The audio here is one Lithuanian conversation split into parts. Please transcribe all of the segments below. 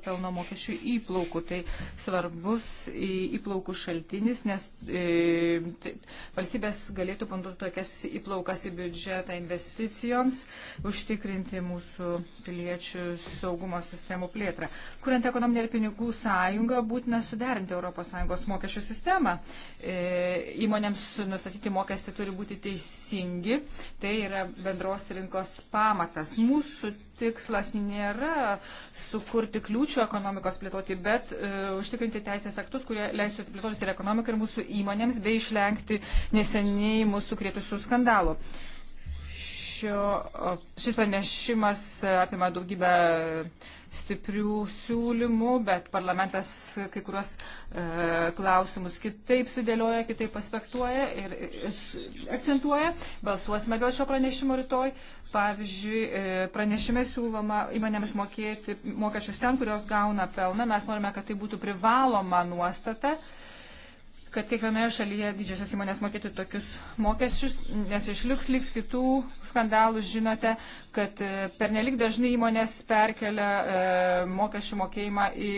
pelno mokesčių įplaukų. Tai svarbus įplaukų šaltinis, nes e, tai valstybės galėtų panduoti tokias įplaukas į biudžetą investicijoms, užtikrinti mūsų piliečių saugumo sistemų plėtrą. Kuriant ekonominę ir pinigų sąjungą, būtina suderinti ES mokesčių sistemą. E, įmonėms nustatyti mokestį turi būti teisingi. Tai yra bendros rinkos pamatas. Mūsų tikslas nėra sukurti kliūčių ekonomikos plėtoti, bet e, užtikrinti teisės aktus, kurie leistų plėtotis ir ekonomikai, ir mūsų įmonėms, bei išvengti neseniai mūsų krėtusių skandalų. Šio, šis pranešimas apima daugybę stiprių siūlymų, bet parlamentas kai kurios e, klausimus kitaip sudėlioja, kitaip aspektuoja ir, ir akcentuoja. Balsuosime dėl šio pranešimo rytoj. Pavyzdžiui, e, pranešime siūloma įmonėms mokėti mokesčius ten, kurios gauna pelną. Mes norime, kad tai būtų privaloma nuostata. E, kad kiekvienoje šalyje didžiosios įmonės mokėtų tokius mokesčius, nes iš liuks liks kitų skandalų žinote, kad e, pernelik dažnai įmonės perkelia e, mokesčių mokėjimą į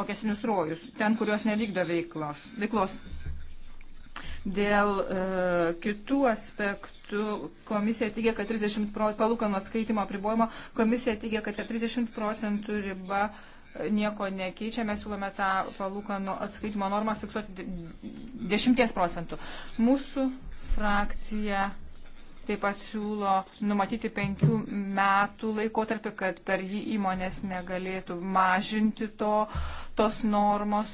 mokesinius rojus, ten, kurios nevykdo veiklos. veiklos. Dėl e, kitų aspektų komisija teigia, kad 30 procentų palūkanų atskaitimo apribojimo, komisija teigia, kad 30 procentų riba nieko nekeičiame, siūlome tą palūkanų atskaitimo normą fiksuoti 10 procentų. Mūsų frakcija taip pat siūlo numatyti penkių metų laikotarpį, kad per jį įmonės negalėtų mažinti to, tos normos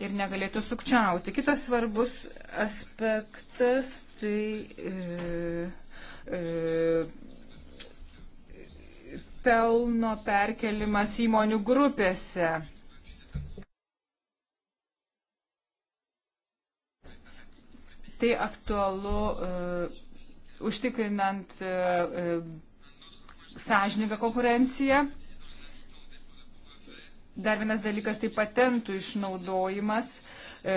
ir negalėtų sukčiauti. Kitas svarbus aspektas tai. E, e, pelno perkelimas įmonių grupėse. Tai aktualu uh, užtikrinant uh, uh, sąžininką konkurenciją. Dar vienas dalykas tai patentų išnaudojimas, e,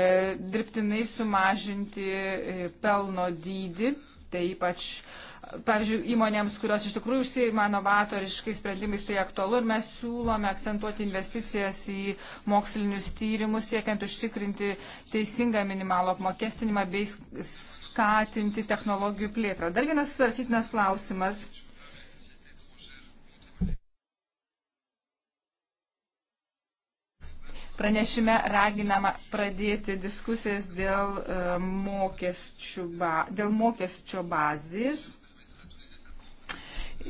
dirbtinai sumažinti e, pelno dydį, tai ypač e, pavyzdžiui, įmonėms, kurios iš tikrųjų užsieima novatoriškais sprendimais, tai aktualu ir mes siūlome akcentuoti investicijas į mokslinius tyrimus, siekiant užtikrinti teisingą minimalų apmokestinimą bei skatinti technologijų plėtrą. Dar vienas svarsytinas klausimas. Pranešime raginama pradėti diskusijas dėl, e, mokesčių, dėl mokesčio bazės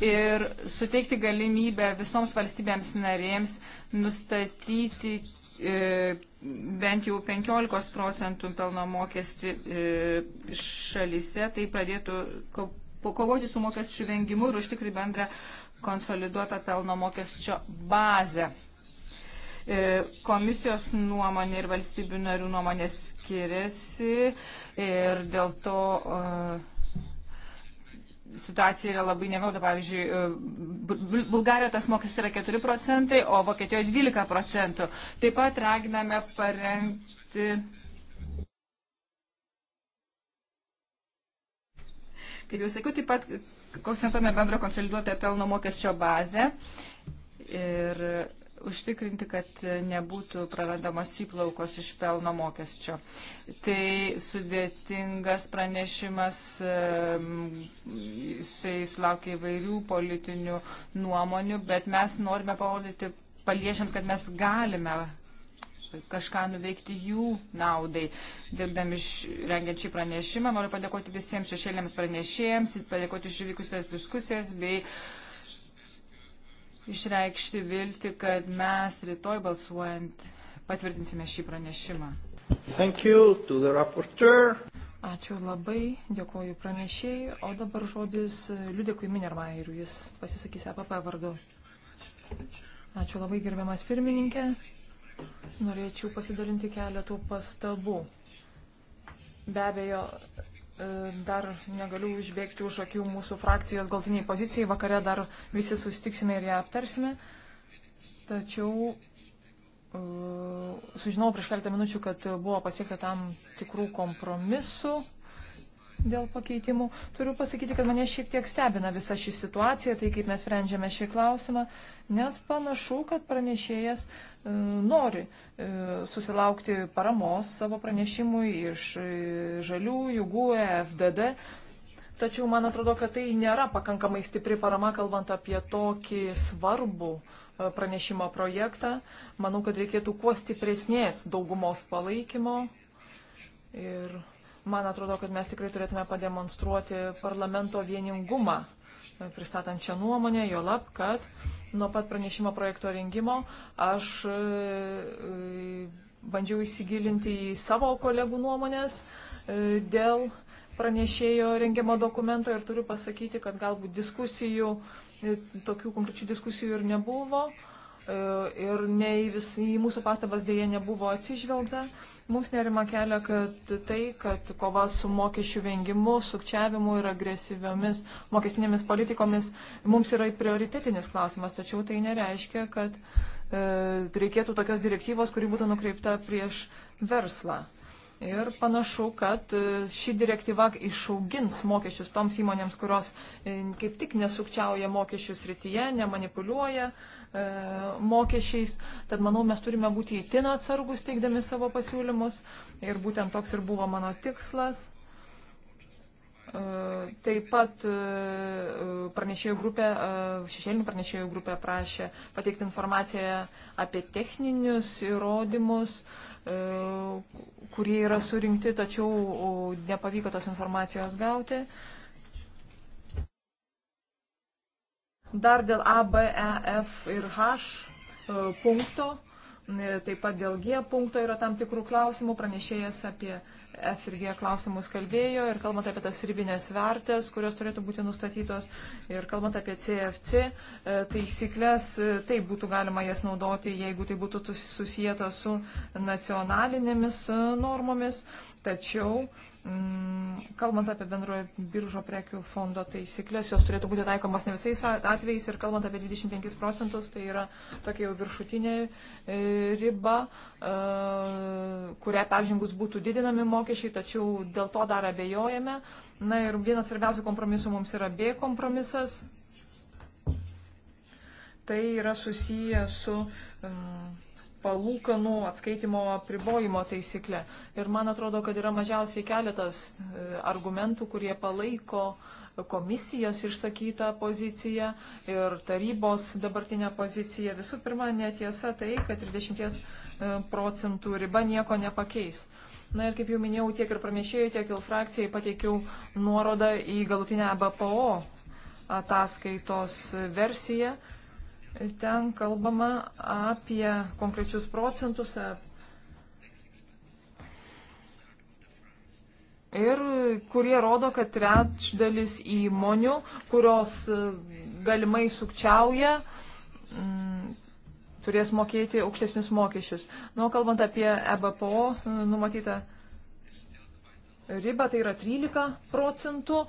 ir suteikti galimybę visoms valstybėms narėms nustatyti e, bent jau 15 procentų pelno mokestį e, šalyse, tai pradėtų kovoti su mokesčių vengimu ir užtikrinti bendrą konsoliduotą pelno mokesčio bazę. E, komisijos nuomonė ir valstybių narių nuomonė skiriasi ir dėl to uh, situacija yra labai nevienoda. Pavyzdžiui, e, Bulgarijoje tas mokestis yra 4 procentai, o Vokietijoje 12 procentų. Taip pat raginame parengti. Kaip jau sakiau, taip pat koncentruojame bendro konsoliduotą pelno mokesčio bazę. Ir užtikrinti, kad nebūtų prarandamos įplaukos iš pelno mokesčio. Tai sudėtingas pranešimas, jisai sulaukia įvairių politinių nuomonių, bet mes norime parodyti paliečiams, kad mes galime kažką nuveikti jų naudai. Dirbdami rengiant šį pranešimą, noriu padėkoti visiems šešėliams pranešėjams, padėkoti už vykusias diskusijas bei uh, išreikšti vilti, kad mes rytoj balsuojant patvirtinsime šį pranešimą. Ačiū labai, dėkoju pranešėjai, o dabar žodis Liudekui Minermai ir jis pasisakys APP e vardu. Ačiū labai gerbiamas pirmininkė. Norėčiau pasidalinti keletų pastabų. Be abejo, E, dar negaliu užbėgti už akių mūsų frakcijos galtiniai pozicijai. Vakare dar visi susitiksime ir ją aptarsime. Tačiau e, sužinojau prieš keletą minučių, kad buvo pasiekta tam tikrų kompromisų dėl pakeitimų. Turiu pasakyti, kad mane šiek tiek stebina visa ši situacija, tai kaip mes sprendžiame šį klausimą, nes panašu, kad pranešėjas e, nori e, susilaukti paramos savo pranešimui iš e, žaliųjų, GUE, FDD. Tačiau man atrodo, kad tai nėra pakankamai stipri parama, kalbant apie tokį svarbų e, pranešimo projektą. Manau, kad reikėtų kuo stipresnės daugumos palaikymo. Ir Man atrodo, kad mes tikrai turėtume pademonstruoti parlamento vieningumą, pristatant šią nuomonę, jo lab, kad nuo pat pranešimo projekto rengimo aš e, bandžiau įsigilinti į savo kolegų nuomonės e, dėl pranešėjo rengiamo dokumento ir turiu pasakyti, kad galbūt diskusijų, e, tokių konkrečių diskusijų ir nebuvo. E, ir nei vis, į mūsų pastabas dėje nebuvo atsižvelgta. Mums nerima kelia, kad tai, kad kova su mokesčių vengimu, sukčiavimu ir agresyviomis mokestinėmis politikomis mums yra prioritetinis klausimas, tačiau tai nereiškia, kad e, reikėtų tokios direktyvos, kuri būtų nukreipta prieš verslą. Ir panašu, kad e, ši direktyva išaugins mokesčius toms įmonėms, kurios e, kaip tik nesukčiauja mokesčių srityje, nemanipuliuoja, e, E, mokesčiais. Tad manau, mes turime būti įtin atsargus teikdami savo pasiūlymus ir būtent toks ir buvo mano tikslas. E, taip pat e, pranešėjų grupė, šešėlinių pranešėjų grupė prašė pateikti informaciją apie techninius įrodymus, kurie yra surinkti, tačiau nepavyko tos informacijos gauti. Dar dėl A, B, E, F ir H e, punkto, e, taip pat dėl G punkto yra tam tikrų klausimų, pranešėjas apie F ir G klausimus kalbėjo ir kalbant apie tas ribinės vertės, kurios turėtų būti nustatytos ir kalbant apie CFC e, taisyklės, tai būtų galima jas naudoti, jeigu tai būtų susijęta su nacionalinėmis normomis. Tačiau, mm, kalbant apie bendrojo biržo prekių fondo taisyklės, jos turėtų būti taikomas ne visais atvejais ir kalbant apie 25 procentus, tai yra tokia jau viršutinė e, riba, e, kurią peržengus būtų didinami mokesčiai, tačiau dėl to dar abejojame. Na ir vienas svarbiausių kompromisų mums yra B kompromisas. Tai yra susiję su. Mm, palūkanų atskaitimo apribojimo taisyklę. Ir man atrodo, kad yra mažiausiai keletas e, argumentų, kurie palaiko komisijos išsakytą poziciją ir tarybos dabartinę poziciją. Visų pirma, netiesa tai, kad 30 e, procentų riba nieko nepakeis. Na ir kaip jau minėjau, tiek ir pranešėjai, tiek ir frakcijai pateikiau nuorodą į galutinę BPO ataskaitos versiją Ten kalbama apie konkrečius procentus. E, ir kurie rodo, kad trečdalis įmonių, kurios e, galimai sukčiauja, mm, turės mokėti aukštesnius mokesčius. Nu, kalbant apie EBPO e, numatytą ribą, tai yra 13 procentų,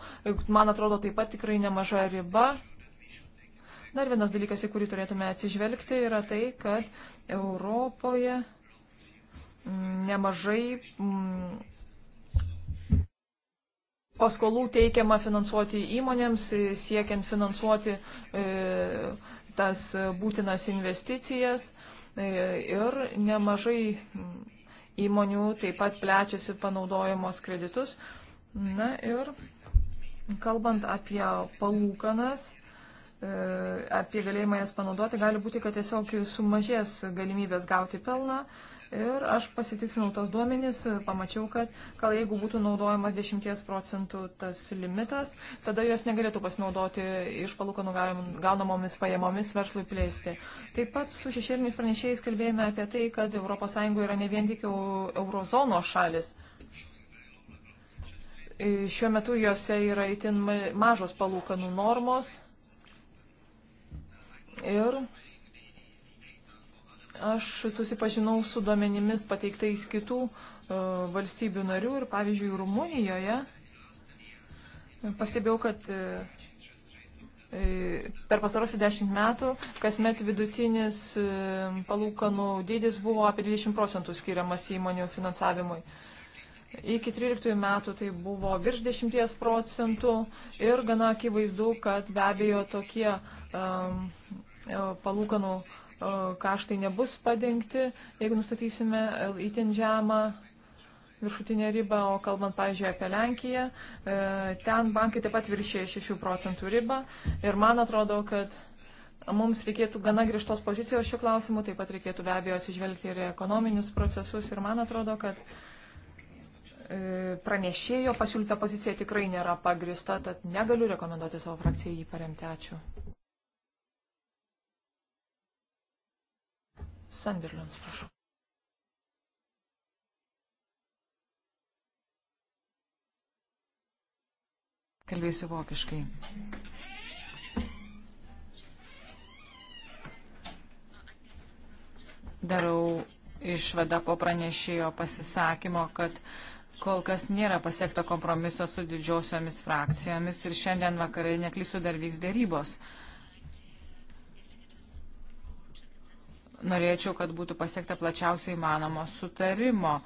man atrodo taip pat tikrai nemaža riba. Dar vienas dalykas, į kurį turėtume atsižvelgti, yra tai, kad Europoje nemažai mm, paskolų teikiama finansuoti įmonėms, siekiant finansuoti e, tas būtinas investicijas e, ir nemažai mm, įmonių taip pat plečiasi panaudojamos kreditus. Na ir kalbant apie palūkanas, E, apie galėjimą jas panaudoti, gali būti, kad tiesiog sumažės galimybės gauti pelną. Ir aš pasitiksinau tos duomenys, pamačiau, kad gal jeigu būtų naudojamas 10 procentų tas limitas, tada jos negalėtų pasinaudoti iš palūkanų gaunamomis pajamomis verslui plėsti. Taip pat su šešėliniais pranešėjais kalbėjome apie tai, kad ES yra ne vien tik eurozono šalis. E, šiuo metu jose yra itin mažos palūkanų normos Ir aš susipažinau su duomenimis pateiktais kitų e, valstybių narių ir pavyzdžiui Rumunijoje pastebėjau, kad e, e per pasarosius dešimt metų kasmet vidutinis e, palūkanų dydis buvo apie 20 procentų skiriamas įmonių finansavimui. E, Iki 13 metų tai buvo virš 10 procentų ir gana akivaizdu, kad be abejo tokie um, e, palūkanų uh, kaštai nebus padengti, jeigu nustatysime įtin e, žemą viršutinę ribą, o kalbant, pavyzdžiui, apie Lenkiją, uh, ten bankai taip pat viršė 6 procentų ribą ir man atrodo, kad mums reikėtų gana griežtos pozicijos šiuo klausimu, taip pat reikėtų be abejo atsižvelgti ir ekonominius procesus ir man atrodo, kad uh, E, pranešėjo pasiūlyta pozicija tikrai nėra pagrista, tad negaliu rekomenduoti savo frakcijai jį paremti. Ačiū. Sanderlands, prašau. Kalbėsiu vokiškai. Darau išvadą po pranešėjo pasisakymo, kad uh, kol kas nėra pasiekta kompromiso su didžiosiomis frakcijomis ir šiandien vakarai neklysiu dar vyks dėrybos. Norėčiau, kad būtų pasiekta plačiausio įmanomo sutarimo.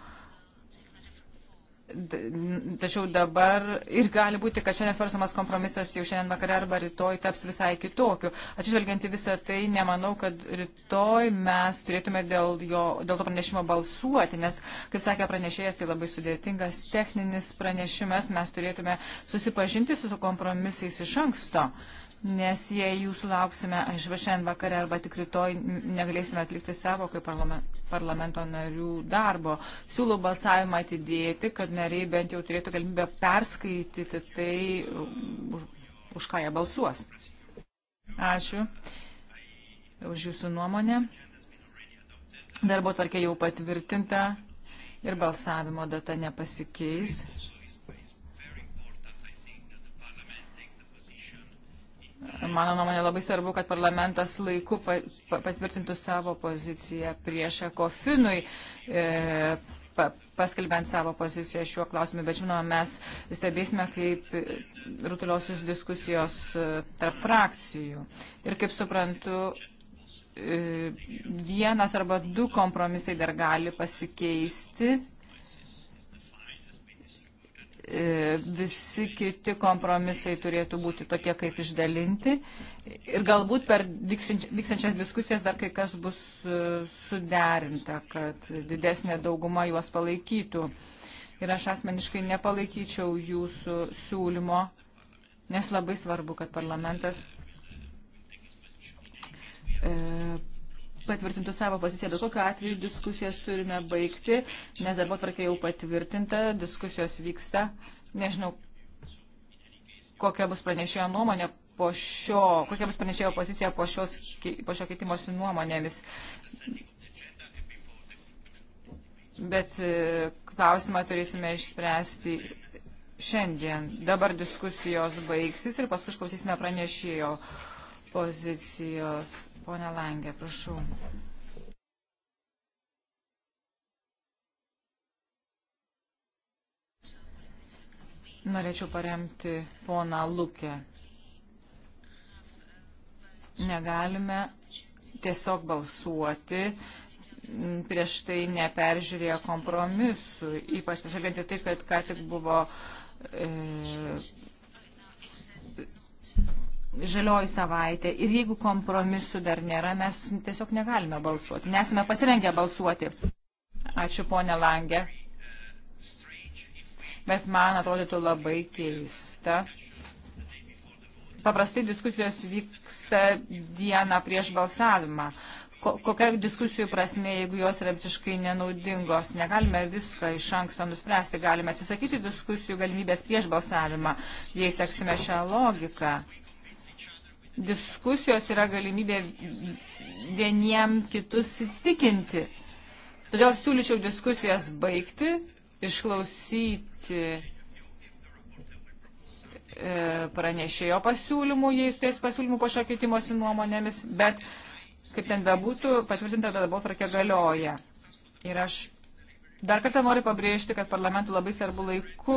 Tačiau dabar ir gali būti, kad šiandien svarstamas kompromisas jau šiandien vakare arba rytoj taps visai kitokiu. Atsižvelgiant į visą tai, nemanau, kad rytoj mes turėtume dėl, jo, dėl to pranešimo balsuoti, nes, kaip sakė pranešėjas, tai labai sudėtingas techninis pranešimas, mes turėtume susipažinti su kompromisais iš anksto. Uh, nes jei jūsų lauksime aš šiandien vakare arba tik rytoj negalėsime atlikti savo kaip parlamento narių darbo. Siūlau balsavimą atidėti, kad nariai bent jau turėtų galimybę perskaityti tai, už ką jie balsuos. Ačiū už jūsų nuomonę. Darbo tvarkė jau patvirtinta ir balsavimo data nepasikeis. Mano nuomonė labai svarbu, kad parlamentas laiku patvirtintų savo poziciją prieš Ekofinui, e, paskelbent savo poziciją šiuo klausimu, bet žinoma, mes stebėsime, kaip rutuliosius diskusijos e, tarp frakcijų. Ir kaip suprantu, e, vienas arba du kompromisai dar gali pasikeisti E, visi kiti kompromisai turėtų būti tokie kaip išdalinti. Ir galbūt per vyksančias diskusijas dar kai kas bus e, suderinta, kad didesnė dauguma juos palaikytų. Ir aš asmeniškai nepalaikyčiau jūsų siūlymo, nes labai svarbu, kad parlamentas. E, patvirtintų savo poziciją. Bet kokiu atveju diskusijas turime baigti, nes darbo tvarkė jau patvirtinta, diskusijos vyksta. Nežinau, kokia bus pranešėjo nuomonė po šio, kokia bus pranešėjo pozicija po, šios, po šio keitimosi nuomonėmis. Bet e, klausimą turėsime išspręsti šiandien. Dabar diskusijos baigsis ir paskui išklausysime pranešėjo pozicijos ponia Langė, prašau. Norėčiau paremti poną Lukę. Negalime tiesiog balsuoti prieš tai neperžiūrėję kompromisų, ypač atsižvelgiant į tai, kad ką tik buvo e, žalioji savaitė ir jeigu kompromisų dar nėra, mes tiesiog negalime balsuoti, nesame pasirengę balsuoti. Ačiū ponė Langė. Bet man atrodytų labai keista. Paprastai diskusijos vyksta dieną prieš balsavimą. Kokia diskusijų prasme, jeigu jos yra visiškai nenaudingos, negalime viską iš anksto nuspręsti, galime atsisakyti diskusijų galimybės prieš balsavimą, jei seksime šią logiką diskusijos yra galimybė vieniem kitus įtikinti. Todėl siūlyčiau diskusijas baigti, išklausyti e, pranešėjo pasiūlymų, jei su tais pasiūlymų po šio keitimosi nuomonėmis, bet kaip ten bebūtų, patvirtinta darbo tvarkė galioja. Ir aš Dar kartą noriu pabrėžti, kad parlamentų labai svarbu laiku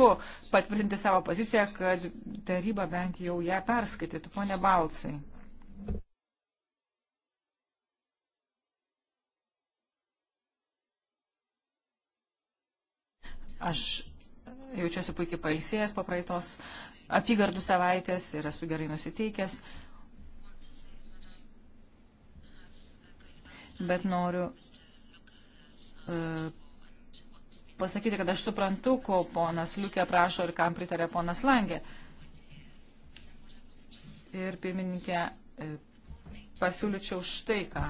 patvirtinti savo poziciją, kad taryba bent jau ją perskaitytų, ponė Balsai. Aš jaučiuosi puikiai pailsėjęs po praeitos apygardų savaitės ir esu gerai nusiteikęs. Bet noriu uh, pasakyti, kad aš suprantu, ko ponas Liukė prašo ir kam pritarė ponas Langė. Ir pirmininkė, e, pasiūlyčiau štai ką.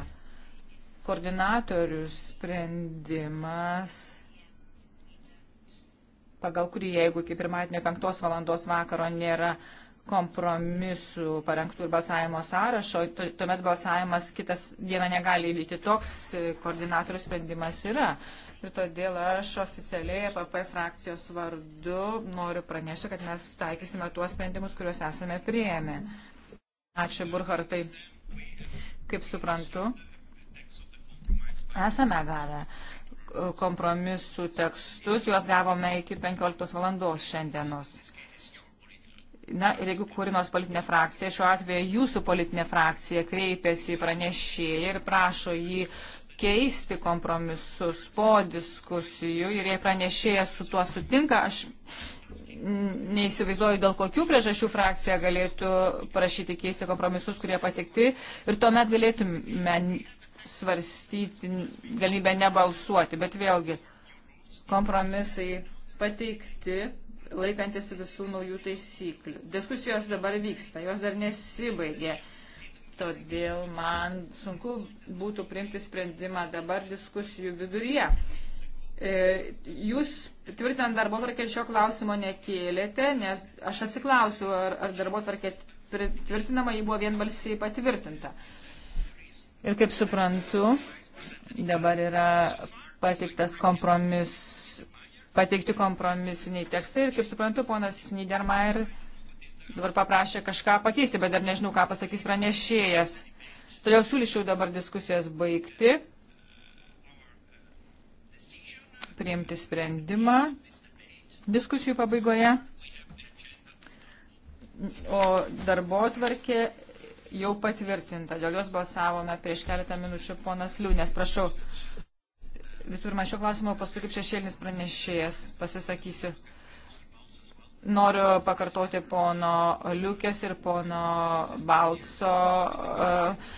Koordinatorių sprendimas, pagal kurį jeigu iki pirmadienio 5 valandos vakaro nėra kompromisų parengtų ir balsavimo sąrašo, tuomet balsavimas kitas dieną negali įvykti. Toks e, koordinatorių sprendimas yra ir todėl aš oficialiai APP frakcijos vardu noriu pranešti, kad mes taikysime tuos sprendimus, kuriuos esame prieėmę. Ačiū, Burhartai. Kaip suprantu, esame gavę kompromisų tekstus, juos gavome iki 15 valandos šiandienos. Na ir jeigu kuri nors politinė frakcija, šiuo atveju jūsų politinė frakcija kreipėsi į pranešėją ir prašo jį keisti kompromisus po diskusijų ir jei pranešėjas su tuo sutinka, aš neįsivaizduoju, dėl kokių priežasčių frakcija galėtų prašyti keisti kompromisus, kurie patikti ir tuomet galėtume svarstyti galimybę nebalsuoti, bet vėlgi kompromisai pateikti laikantis visų naujų taisyklių. Diskusijos dabar vyksta, jos dar nesibaigė. Todėl man sunku būtų priimti sprendimą dabar diskusijų viduryje. E, jūs tvirtinant darbo tvarkę šio klausimo nekėlėte, nes aš atsiklausiu, ar, ar darbo tvarkė tvirtinama, ji buvo vienbalsiai patvirtinta. Ir kaip suprantu, dabar yra pateiktas kompromis, pateikti kompromisiniai tekstai ir kaip suprantu, ponas Niedermayer dabar paprašė kažką pakeisti, bet dar nežinau, ką pasakys pranešėjas. Todėl siūlyčiau dabar diskusijas baigti, priimti sprendimą diskusijų pabaigoje. O darbo atvarkė jau patvirtinta. Dėl jos balsavome prieš keletą minučių ponas Liūnės. Prašau. Visų pirma, šio klausimo paskui kaip šešėlinis pranešėjas pasisakysiu. Noriu pakartoti pono Liukės ir pono Balco uh,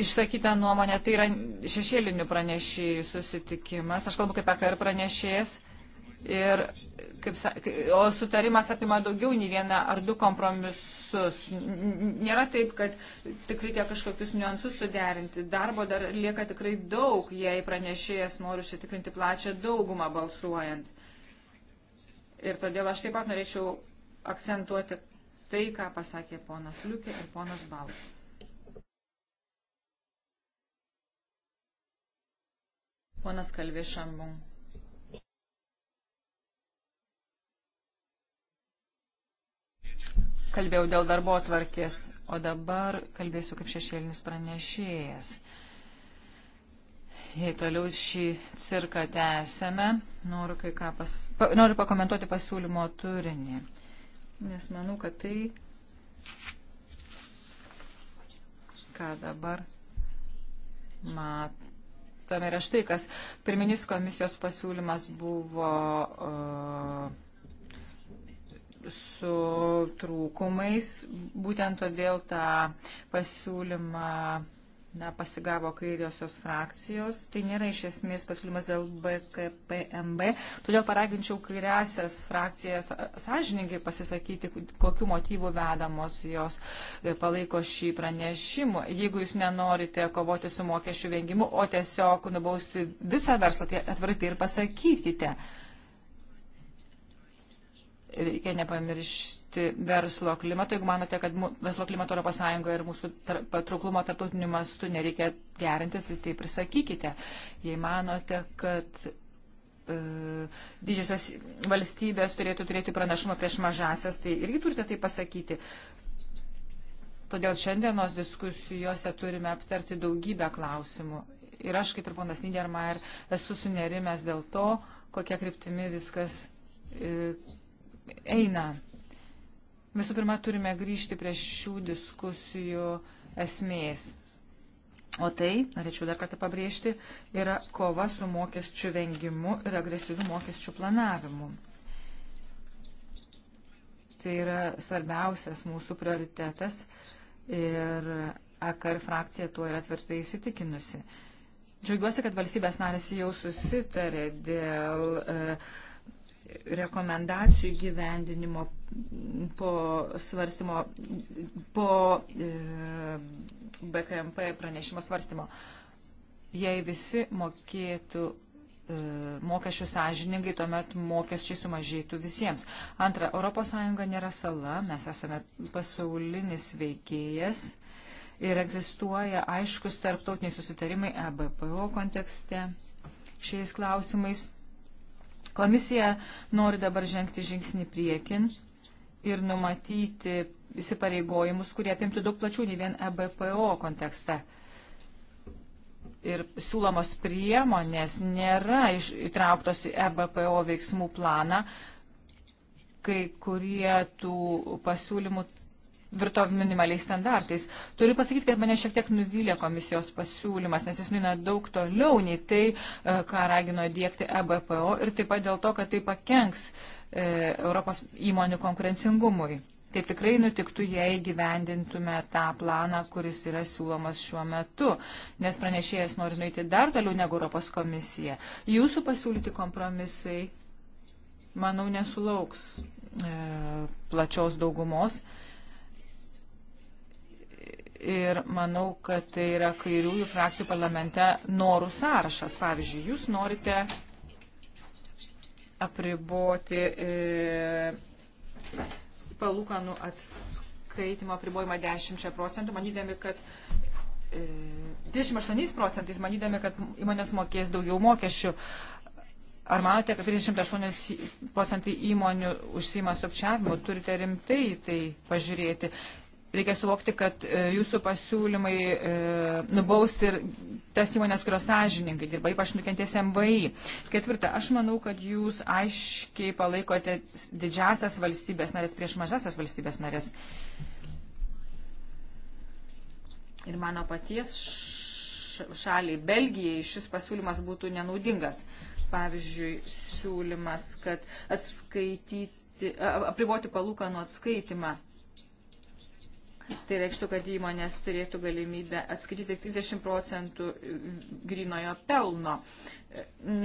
išsakytą nuomonę. Tai yra šešėlinių pranešėjų susitikimas. Aš kalbu kaip AKR pranešėjas. Ir, kaip, o sutarimas apima daugiau nei vieną ar du kompromisus. Nėra taip, kad tik reikia kažkokius niuansus suderinti. Darbo dar lieka tikrai daug, jei pranešėjas nori užsitikrinti plačią daugumą balsuojant. Ir todėl aš taip pat norėčiau akcentuoti tai, ką pasakė ponas Liukė ir ponas Balas. Ponas Kalvė Šambum. Kalbėjau dėl darbo atvarkės, o dabar kalbėsiu kaip šešėlinis pranešėjas jei toliau šį cirką tęsėme, noriu, kai ką pas, pa, noriu pakomentuoti pasiūlymo turinį. Nes manau, kad tai, ką dabar matome, yra štai, kas pirminis komisijos pasiūlymas buvo. Uh, su trūkumais. Būtent todėl tą pasiūlymą na, pasigavo kairiosios frakcijos. Tai nėra iš esmės pasiūlymas dėl BKPMB. Todėl paraginčiau kairiasias frakcijas sąžininkai pasisakyti, kokiu motyvu vedamos jos e, palaiko šį pranešimą. Jeigu jūs nenorite kovoti su mokesčių vengimu, o tiesiog nubausti visą verslą, tai atvirai tai ir pasakykite reikia nepamiršti verslo klimato. Jeigu manote, kad verslo klimato ES ir mūsų tar patrauklumo tarptautiniu mastu nereikia gerinti, tai taip ir sakykite. Jei manote, kad e, didžiosios valstybės turėtų turėti pranašumą prieš mažasias, tai irgi turite tai pasakyti. Todėl šiandienos diskusijose turime aptarti daugybę klausimų. Ir aš, kaip ir ponas Niedermayer, esu sunerimęs dėl to, kokia kryptimi viskas e, eina. Visų pirma, turime grįžti prie šių diskusijų esmės. O tai, norėčiau dar kartą pabrėžti, yra kova su mokesčių vengimu ir agresyviu mokesčių planavimu. Tai yra svarbiausias mūsų prioritetas ir AKR frakcija tuo yra tvirtai įsitikinusi. Džiaugiuosi, kad valstybės narės jau susitarė dėl e, rekomendacijų gyvendinimo po svarstymo, po e, BKMP pranešimo svarstymo. Jei visi mokėtų e, mokesčių sąžiningai, tuomet mokesčiai sumažėtų visiems. Antra, ES nėra sala, mes esame pasaulinis veikėjas ir egzistuoja aiškus tarptautiniai susitarimai EBPO kontekste šiais klausimais Komisija nori dabar žengti žingsnį priekin ir numatyti įsipareigojimus, kurie apimtų daug plačių, nei vien EBPO kontekste. Ir siūlomos priemonės nėra įtrauktos į EBPO veiksmų planą, kai kurie tų pasiūlymų virto minimaliais standartais. Turiu pasakyti, kad mane šiek tiek nuvylė komisijos pasiūlymas, nes jis mina daug toliau nei tai, e, ką ragino dėkti EBPO ir taip pat dėl to, kad tai pakenks e, Europos įmonių konkurencingumui. Taip tikrai nutiktų, jei gyvendintume tą planą, kuris yra siūlomas šiuo metu, nes pranešėjas nori nueiti dar toliau negu Europos komisija. Jūsų pasiūlyti kompromisai, manau, nesulauks e, plačios daugumos. E, Ir manau, kad tai yra kairiųjų frakcijų parlamente norų sąrašas. Pavyzdžiui, jūs norite apriboti e, palūkanų atskaitimo apribojimą 10 procentų, manydami, kad e, 28 procentais, manydami, kad įmonės mokės daugiau mokesčių. Ar manote, kad 38 procentai įmonių užsima sukčiavimu, turite rimtai tai pažiūrėti reikia suvokti, kad e, jūsų pasiūlymai e, nubaus ir tas įmonės, kurios sąžininkai dirba, ypač nukentės MVI. Ketvirta, aš manau, kad jūs aiškiai palaikote didžiasias valstybės narės prieš mažasias valstybės narės. Ir mano paties šaliai, Belgijai, šis pasiūlymas būtų nenaudingas. Pavyzdžiui, siūlymas, kad atskaityti, apriboti palūkanų atskaitimą Tai reikštų, kad įmonės turėtų galimybę atskaityti 30 procentų grinojo pelno.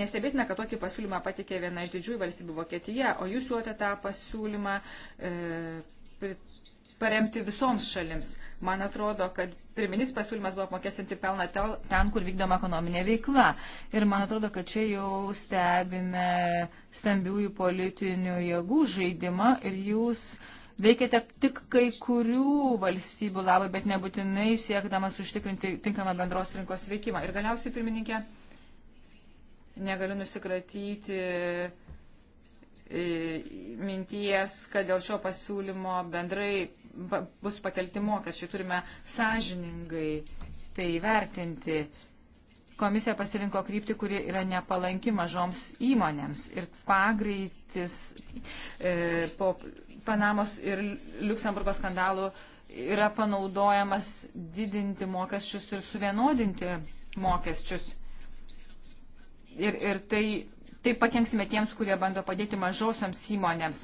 Nestebėtina, kad tokį pasiūlymą patikė viena iš didžiųjų valstybių Vokietija, o jūs siūlote tą pasiūlymą e, paremti visoms šalims. Man atrodo, kad pirminis pasiūlymas buvo apmokestinti pelną ten, kur vykdoma ekonominė veikla. Ir man atrodo, kad čia jau stebime stambiųjų politinių jėgų žaidimą ir jūs. E, veikiate tik kai kurių valstybių labai, bet nebūtinai siekdamas užtikrinti tinkamą bendros rinkos veikimą. Ir galiausiai, pirmininkė, negaliu nusikratyti e, minties, kad dėl šio pasiūlymo bendrai bus pakelti mokesčiai. Turime sąžiningai tai vertinti. Komisija pasirinko kryptį, kuri yra nepalanki mažoms įmonėms ir pagreitis e, po Panamos ir Luksemburgo skandalų yra panaudojamas didinti mokesčius ir suvienodinti mokesčius. Ir, ir tai, tai pakenksime tiems, kurie bando padėti mažosioms įmonėms.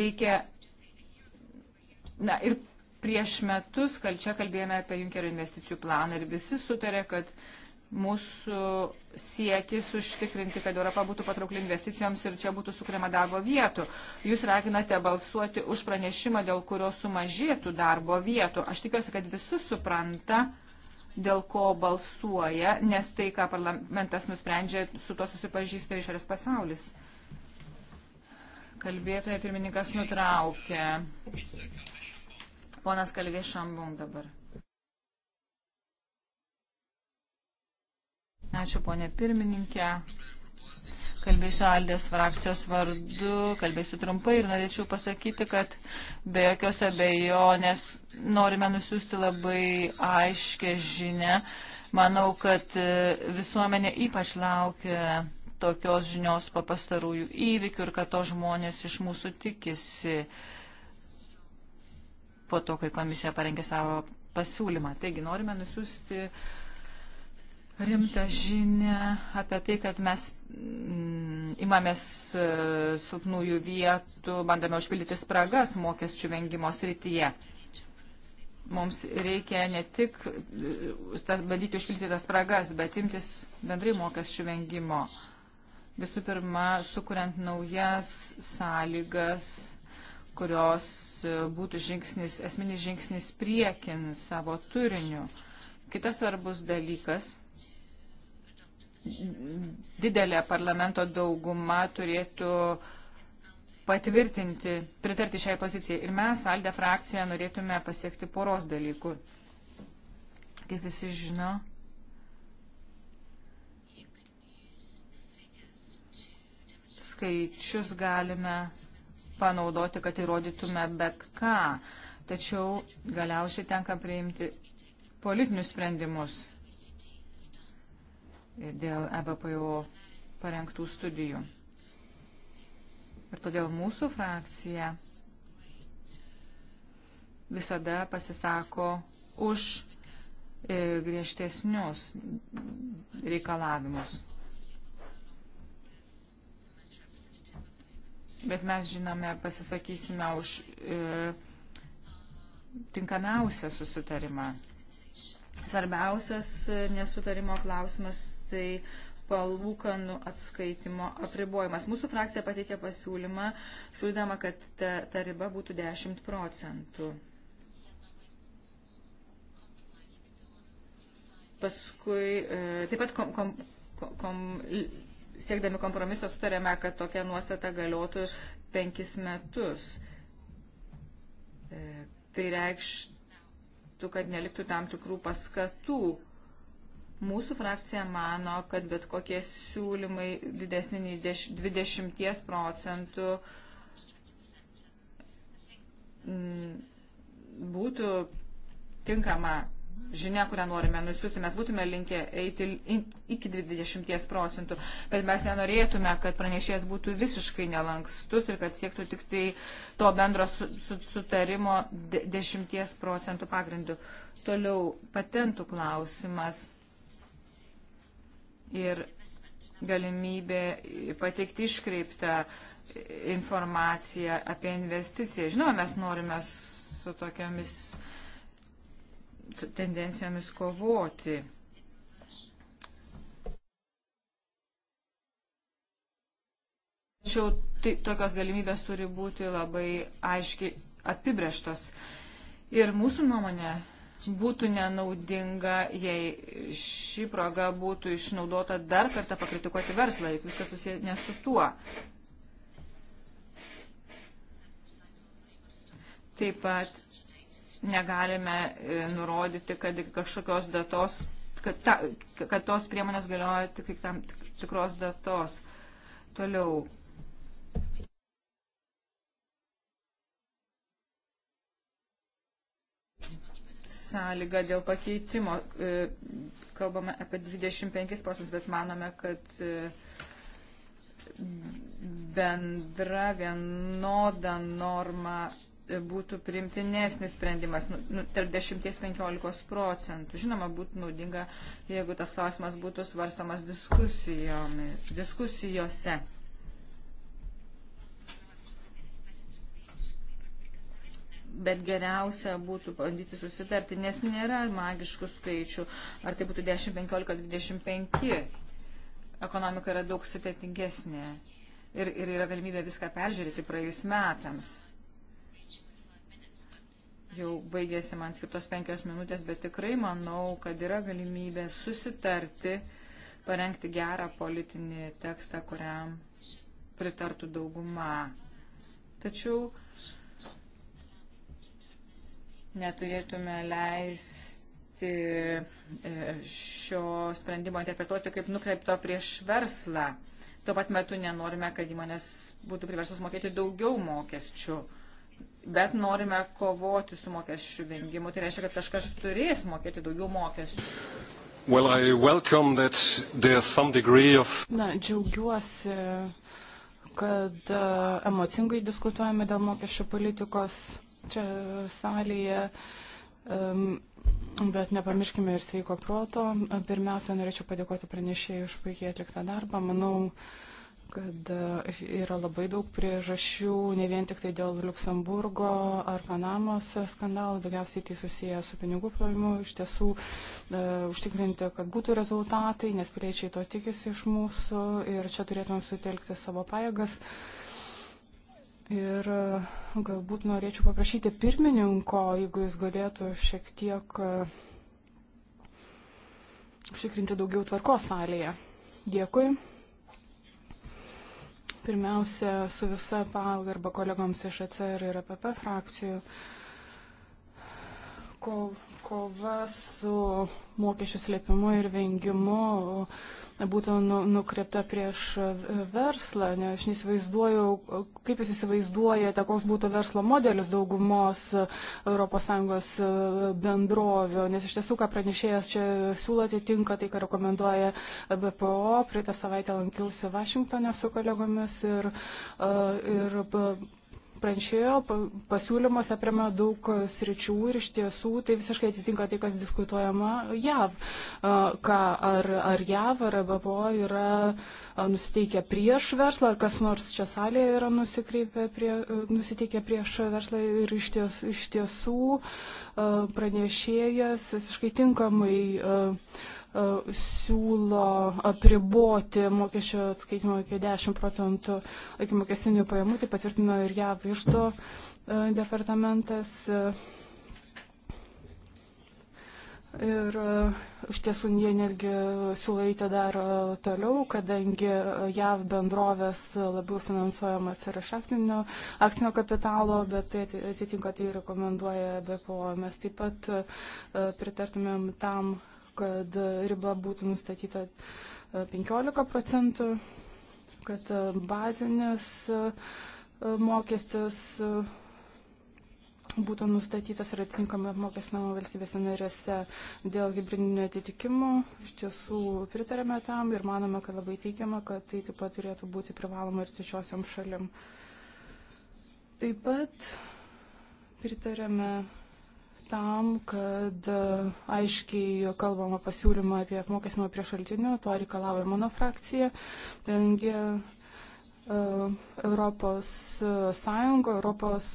Reikia. Na ir prieš metus, kal čia kalbėjome apie Junkerio investicijų planą ir visi sutarė, kad uh, mūsų siekis užtikrinti, kad Europa būtų patraukli investicijoms ir čia būtų sukuriama darbo vietų. Jūs raginate balsuoti už pranešimą, dėl kurio sumažėtų darbo vietų. Aš tikiuosi, kad visi supranta, dėl ko balsuoja, nes tai, ką parlamentas nusprendžia, su to susipažįsta išorės pasaulis. Kalbėtoje pirmininkas nutraukė. Ponas Kalvė Šambum dabar. Ačiū, ponė pirmininkė. Kalbėsiu Aldės frakcijos vardu, kalbėsiu trumpai ir norėčiau pasakyti, kad be jokios abejonės norime nusiųsti labai aiškę žinę. Manau, kad e, visuomenė ypač laukia tokios žinios po pastarųjų įvykių ir kad to žmonės iš mūsų tikisi po to, kai komisija parengė savo pasiūlymą. Taigi norime nusiųsti uh, rimtą žinę apie tai, kad mes mm, imamės e, silpnųjų vietų, bandame užpildyti spragas mokesčių vengimo srityje. Mums reikia ne tik e, bandyti užpildyti tas spragas, bet imtis bendrai mokesčių vengimo. Visų pirma, sukuriant naujas sąlygas, kurios e, būtų žingsnis, esminis žingsnis priekin savo turiniu. Kitas svarbus dalykas didelė parlamento dauguma turėtų patvirtinti, pritarti šiai pozicijai. Ir mes, Alde frakcija, norėtume pasiekti poros dalykų. Kaip visi žino, skaičius galime panaudoti, kad įrodytume bet ką. Tačiau galiausiai tenka priimti politinius sprendimus dėl EBPO parengtų studijų. Ir todėl mūsų frakcija visada pasisako už e, griežtesnius reikalavimus. Bet mes žinome, pasisakysime už e, tinkamiausią susitarimą. Svarbiausias e, nesutarimo klausimas tai palūkanų atskaitimo apribojimas. Mūsų frakcija pateikė pasiūlymą, siūlydama, kad ta, ta riba būtų 10 procentų. Paskui e, taip pat kom, kom, kom, siekdami kompromiso sutarėme, kad tokia nuostata galiotų penkis metus. E, tai reikštų, kad neliktų tam tikrų paskatų Mūsų frakcija mano, kad bet kokie siūlymai didesni nei 20 procentų mm, būtų tinkama žinia, kurią norime nusiųsti, mes būtume linkę eiti iki 20 procentų, bet mes nenorėtume, kad pranešėjas būtų visiškai nelankstus ir kad siektų tik tai to bendro sutarimo 10 procentų pagrindų. Toliau patentų klausimas ir galimybė pateikti iškreiptą informaciją apie investiciją. Žinoma, mes norime su tokiamis tendencijomis kovoti. Tačiau tai, tokios galimybės turi būti labai aiškiai apibrieštos. Ir mūsų nuomonė būtų nenaudinga, jei ši proga būtų išnaudota dar kartą pakritikuoti verslą, juk viskas susiję ne su tuo. Taip pat negalime e, nurodyti, kad kažkokios datos, kad, ta, kad tos priemonės galioja tik tam tikros datos. Toliau sąlyga dėl pakeitimo. E, kalbame apie 25 procentus, bet manome, kad e, bendra vienoda norma e, būtų primtinesnis sprendimas nu, nu tarp 10-15 procentų. Žinoma, būtų naudinga, jeigu tas klausimas būtų svarstamas diskusijose. bet geriausia būtų bandyti susitarti, nes nėra magiškų skaičių, ar tai būtų 10, 15 ar 25. Ekonomika yra daug sudėtingesnė ir, ir yra galimybė viską peržiūrėti praėjus metams. Jau baigėsi man skirtos penkios minutės, bet tikrai manau, kad yra galimybė susitarti, parengti gerą politinį tekstą, kuriam pritartų dauguma. Tačiau neturėtume leisti e, šio sprendimo interpretuoti kaip nukreipto prieš verslą. Tuo pat metu nenorime, kad įmonės būtų priversos mokėti daugiau mokesčių, bet norime kovoti su mokesčių vengimu. Tai reiškia, kad kažkas turės mokėti daugiau mokesčių. Well, I welcome that there's some degree of... Na, džiaugiuosi, kad uh, emocingai diskutuojame dėl mokesčių politikos čia salėje. Bet nepamirškime ir sveiko proto. Pirmiausia, norėčiau padėkoti pranešėjai už puikiai atliktą darbą. Manau, kad e, yra labai daug priežasčių, ne vien tik tai dėl Luksemburgo ar Panamos skandalų, daugiausiai tai susiję su pinigų plovimu, iš tiesų e, užtikrinti, kad būtų rezultatai, nes piliečiai to tikisi iš mūsų ir čia turėtumėm sutelkti savo pajėgas. E, Ir e, galbūt norėčiau paprašyti pirmininko, jeigu jis galėtų šiek tiek e, užtikrinti daugiau tvarkos salėje. Dėkui. Pirmiausia, su visa pagarba kolegoms iš ACR ir APP frakcijų kova su mokesčių slėpimu ir vengimu būtų nu, nukreipta prieš e, verslą, nes aš neįsivaizduoju, kaip jūs įsivaizduojate, koks būtų verslo modelis daugumos ES e, bendrovių, nes iš tiesų, ką pranešėjas čia siūlote, tai tinka tai, ką rekomenduoja BPO. Praeitą savaitę lankiausi Vašingtonė su kolegomis ir, e, ir pranešėjo pasiūlymas aprema daug sričių ir iš tiesų tai visiškai atitinka tai, kas diskutuojama JAV. Ką, ar, ar JAV, ar BPO yra nusiteikę prieš verslą, ar kas nors čia salėje yra prie, nusiteikę prieš verslą ir iš, ties, iš tiesų pranešėjas visiškai tinkamai E, siūlo apriboti mokesčio atskaitimo iki 10 procentų iki mokesinių pajamų, tai patvirtino ir JAV išto e, departamentas. Ir e, iš tiesų jie netgi siūlo eiti dar toliau, kadangi JAV bendrovės labiau finansuojamas yra iš akcinio, akcinio kapitalo, bet tai atitinka tai rekomenduoja BPO. Mes taip pat pritartumėm tam, kad riba būtų nustatyta 15 e, procentų, kad e, bazinis e, mokestis būtų nustatytas ir atitinkamai apmokestinama valstybėse narėse dėl hybridinio atitikimo. Iš tiesų pritarėme tam ir manome, kad labai teikiama, kad tai taip pat turėtų būti privaloma ir trečiosiam šalim. Taip pat pritarėme tam, kad e, aiškiai kalbama pasiūlymą apie apmokestinimą prie šaltinių, to reikalavo ir mano frakcija, kadangi e, Europos e, Sąjunga, Europos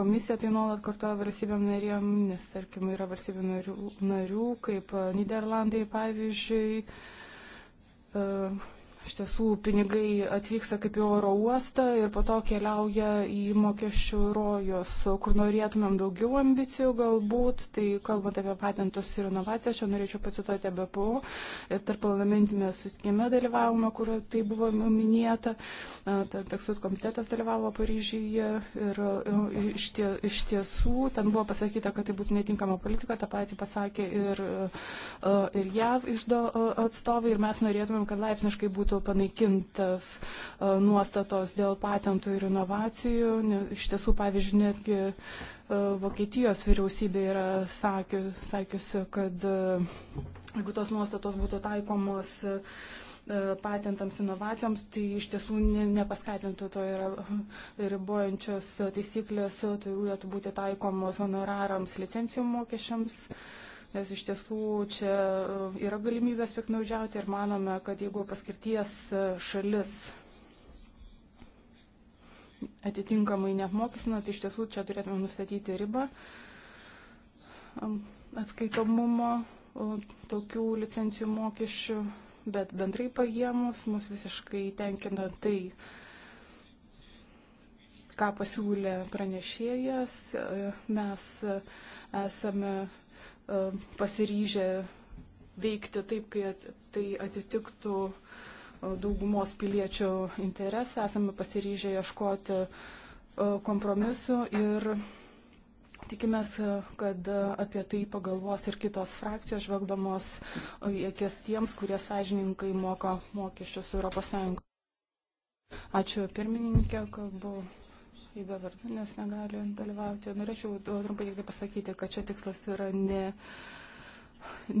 komisija tai nuolat kartoja valstybėm narėm, nes tarkim yra valstybių narių, narių kaip Niderlandai pavyzdžiui, Iš tiesų, pinigai atvyksta kaip į oro uostą ir po to keliauja į mokesčių rojus, kur norėtumėm daugiau ambicijų galbūt. Tai kalbant apie patentus ir inovacijas, čia norėčiau pacituoti BPO ir tarp parlamentinėme sutikime dalyvavome, kur tai buvo minėta. Taksut komitetas dalyvavo Paryžyje ir iš, tie, iš tiesų ten buvo pasakyta, kad tai būtų netinkama politika, tą patį pasakė ir, ir JAV išdo atstovai ir mes norėtumėm, kad laipsniškai būtų būtų panaikintas e, nuostatos dėl patentų ir inovacijų. Iš tiesų, pavyzdžiui, netgi e, Vokietijos vyriausybė yra sakiusi, kad e, jeigu tos nuostatos būtų taikomos patentams, inovacijoms, tai iš tiesų ne, nepaskatintų to yra ribojančios taisyklės, tai turėtų būti taikomos honorarams, licencijų mokesčiams. Uh, nes iš tiesų čia e, yra galimybės piknaudžiauti ir manome, kad jeigu paskirties e, šalis atitinkamai neapmokestina, tai iš tiesų čia turėtume nustatyti ribą atskaitomumo tokių licencijų mokesčių, bet bendrai paėmus mus visiškai tenkina tai, ką pasiūlė pranešėjas. E, mes esame pasiryžę veikti taip, kai tai atitiktų daugumos piliečių interesą, esame pasiryžę ieškoti kompromisu ir tikimės, kad apie tai pagalvos ir kitos frakcijos, žvelgdamos į akis tiems, kurie sąžininkai moka mokesčius ES. Ačiū pirmininkė, kalbu Įbe vardinis negali dalyvauti. Norėčiau trumpai tik pasakyti, kad čia tikslas yra ne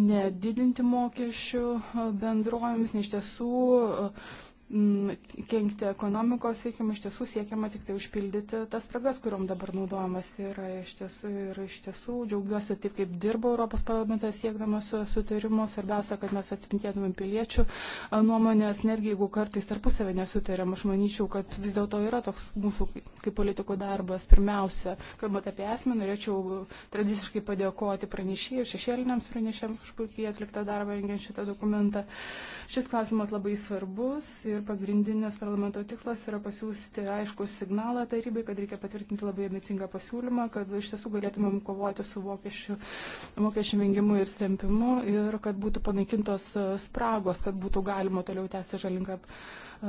nedidinti mokesčių bendrovėms, nes iš tiesų kenkti ekonomikos veikimui, iš tiesų siekiama tik tai užpildyti tas spragas, kuriuom dabar naudojamas yra. Iš tiesų, ir iš tiesų džiaugiuosi taip, kaip dirbo Europos parlamentas siekdamas sutarimo. Svarbiausia, kad mes atspintėtumėm piliečių nuomonės, netgi jeigu kartais tarpusavę nesutarėm. Aš manyčiau, kad vis dėlto yra toks mūsų kaip politikų darbas. Pirmiausia, kalbant apie esmę, norėčiau tradiciškai padėkoti pranešėjai, šešėliniams pranešėjams už puikiai atliktą darbą rengiant šitą dokumentą. Šis klausimas labai svarbus. Ir ir pagrindinis parlamento tikslas yra pasiūsti aišku signalą tarybai, kad reikia patvirtinti labai ambicingą pasiūlymą, kad iš tiesų galėtumėm kovoti su mokesčių, mokesčių vengimu ir stempimu ir kad būtų panaikintos spragos, kad būtų galima toliau tęsti žalingą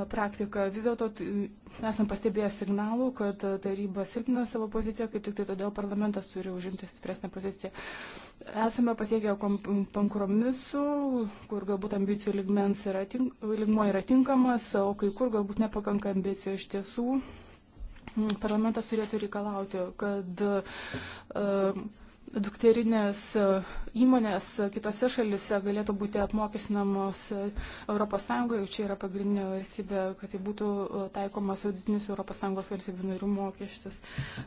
praktiką. Vis dėlto esam pastebėję signalų, kad taryba silpina savo poziciją, kaip tik tai todėl parlamentas turi užimti stipresnę poziciją. Esame pasiekę kompromisų, kur galbūt ambicijų lygmens yra, tink, yra tinkamas, o kai kur galbūt nepakanka ambicijų iš tiesų. Parlamentas turėtų reikalauti, kad uh, dukterinės e, įmonės kitose šalise galėtų būti apmokestinamos ES, čia yra pagrindinė valstybė, kad tai būtų e, taikomas auditinis ES valstybių narių mokestis.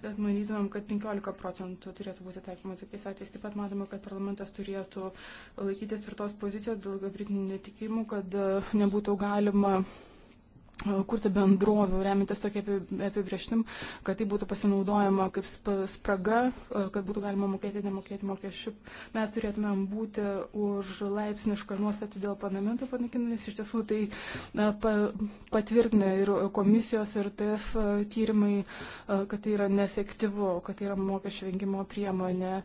E, manytumėm, kad 15 procentų turėtų būti taikoma tokiais atvejais. Taip pat matome, kad parlamentas turėtų laikytis tvirtos pozicijos dėl gabritinių netikimų, kad nebūtų galima kurti bendrovių, remintis tokia apibrieštim, kad tai būtų pasinaudojama kaip spraga, kad būtų galima mokėti, nemokėti mokesčių. Mes turėtumėm būti už laipsnišką nuostatų dėl parlamento panaikinimas. Iš tiesų tai pa, patvirtina ir komisijos, ir TF tyrimai, kad tai yra neefektyvu, kad tai yra mokesčių vengimo priemonė.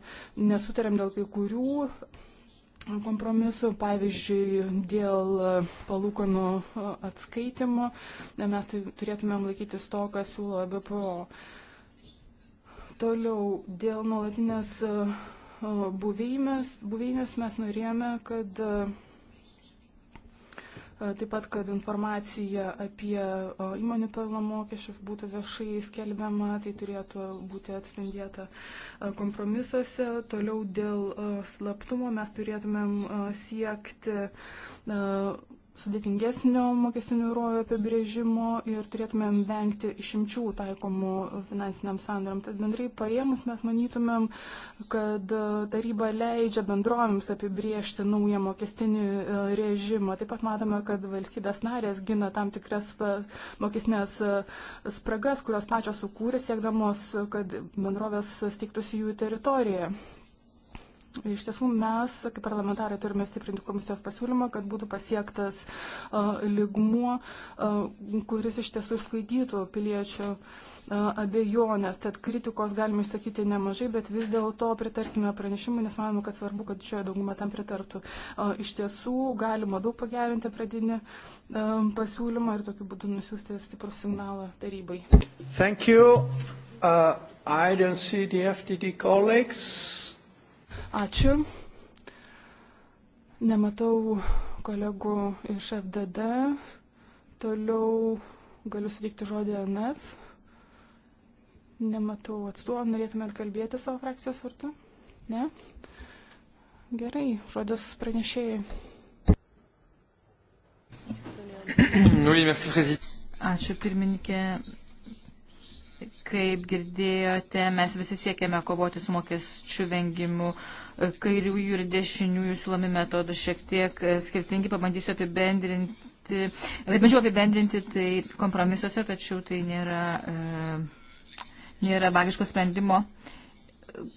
Nesutarėm dėl kai kurių kompromisų, pavyzdžiui, dėl palūkanų atskaitimo, mes turėtumėm laikytis to, ką siūlo BPO. Toliau, dėl nuolatinės buveinės, buveinės mes norėjome, kad E, taip pat, kad informacija apie e, įmonių pelno mokesčius būtų viešai skelbiama, tai turėtų būti atspindėta e, kompromisuose. Toliau dėl slaptumo mes turėtumėm siekti sudėtingesnio mokestinių rojų apibrėžimo ir turėtumėm vengti išimčių taikomų finansiniam sandoriam. Tad bendrai paėmus mes manytumėm, kad taryba leidžia bendrovėms apibrėžti naują mokestinį e, režimą. Taip pat matome, kad valstybės narės gina tam tikras e, mokestinės e, spragas, kurios pačios sukūrė siekdamos, kad bendrovės steigtųsi jų teritorijoje. Iš tiesų mes, kaip parlamentarai, turime stiprinti komisijos pasiūlymą, kad būtų pasiektas uh, ligmuo, uh, kuris iš tiesų išsklaidytų piliečių uh, abejonės. Tad kritikos galime išsakyti nemažai, bet vis dėlto pritarsime pranešimui, nes manome, kad svarbu, kad šioje dauguma tam pritartų. Uh, iš tiesų galima daug pagerinti pradinį uh, pasiūlymą ir tokiu būdu nusiųsti stiprų signalą tarybai. Thank you. Uh, I don't see the FTD colleagues. Ačiū. Nematau kolegų iš FDD. Toliau galiu suteikti žodį NF. Nematau atstovų. Norėtumėt kalbėti savo frakcijos vartu? Ne? Gerai, žodis pranešėjai. Ačiū pirmininkė. Kaip girdėjote, mes visi siekiame kovoti su mokesčių vengimu. Kairiųjų ir dešiniųjų siūlomi metodų šiek tiek e, skirtingi. Pabandysiu apibendrinti. Bandžiau apibendrinti tai kompromisuose, tačiau tai nėra, e, nėra magiško sprendimo. E,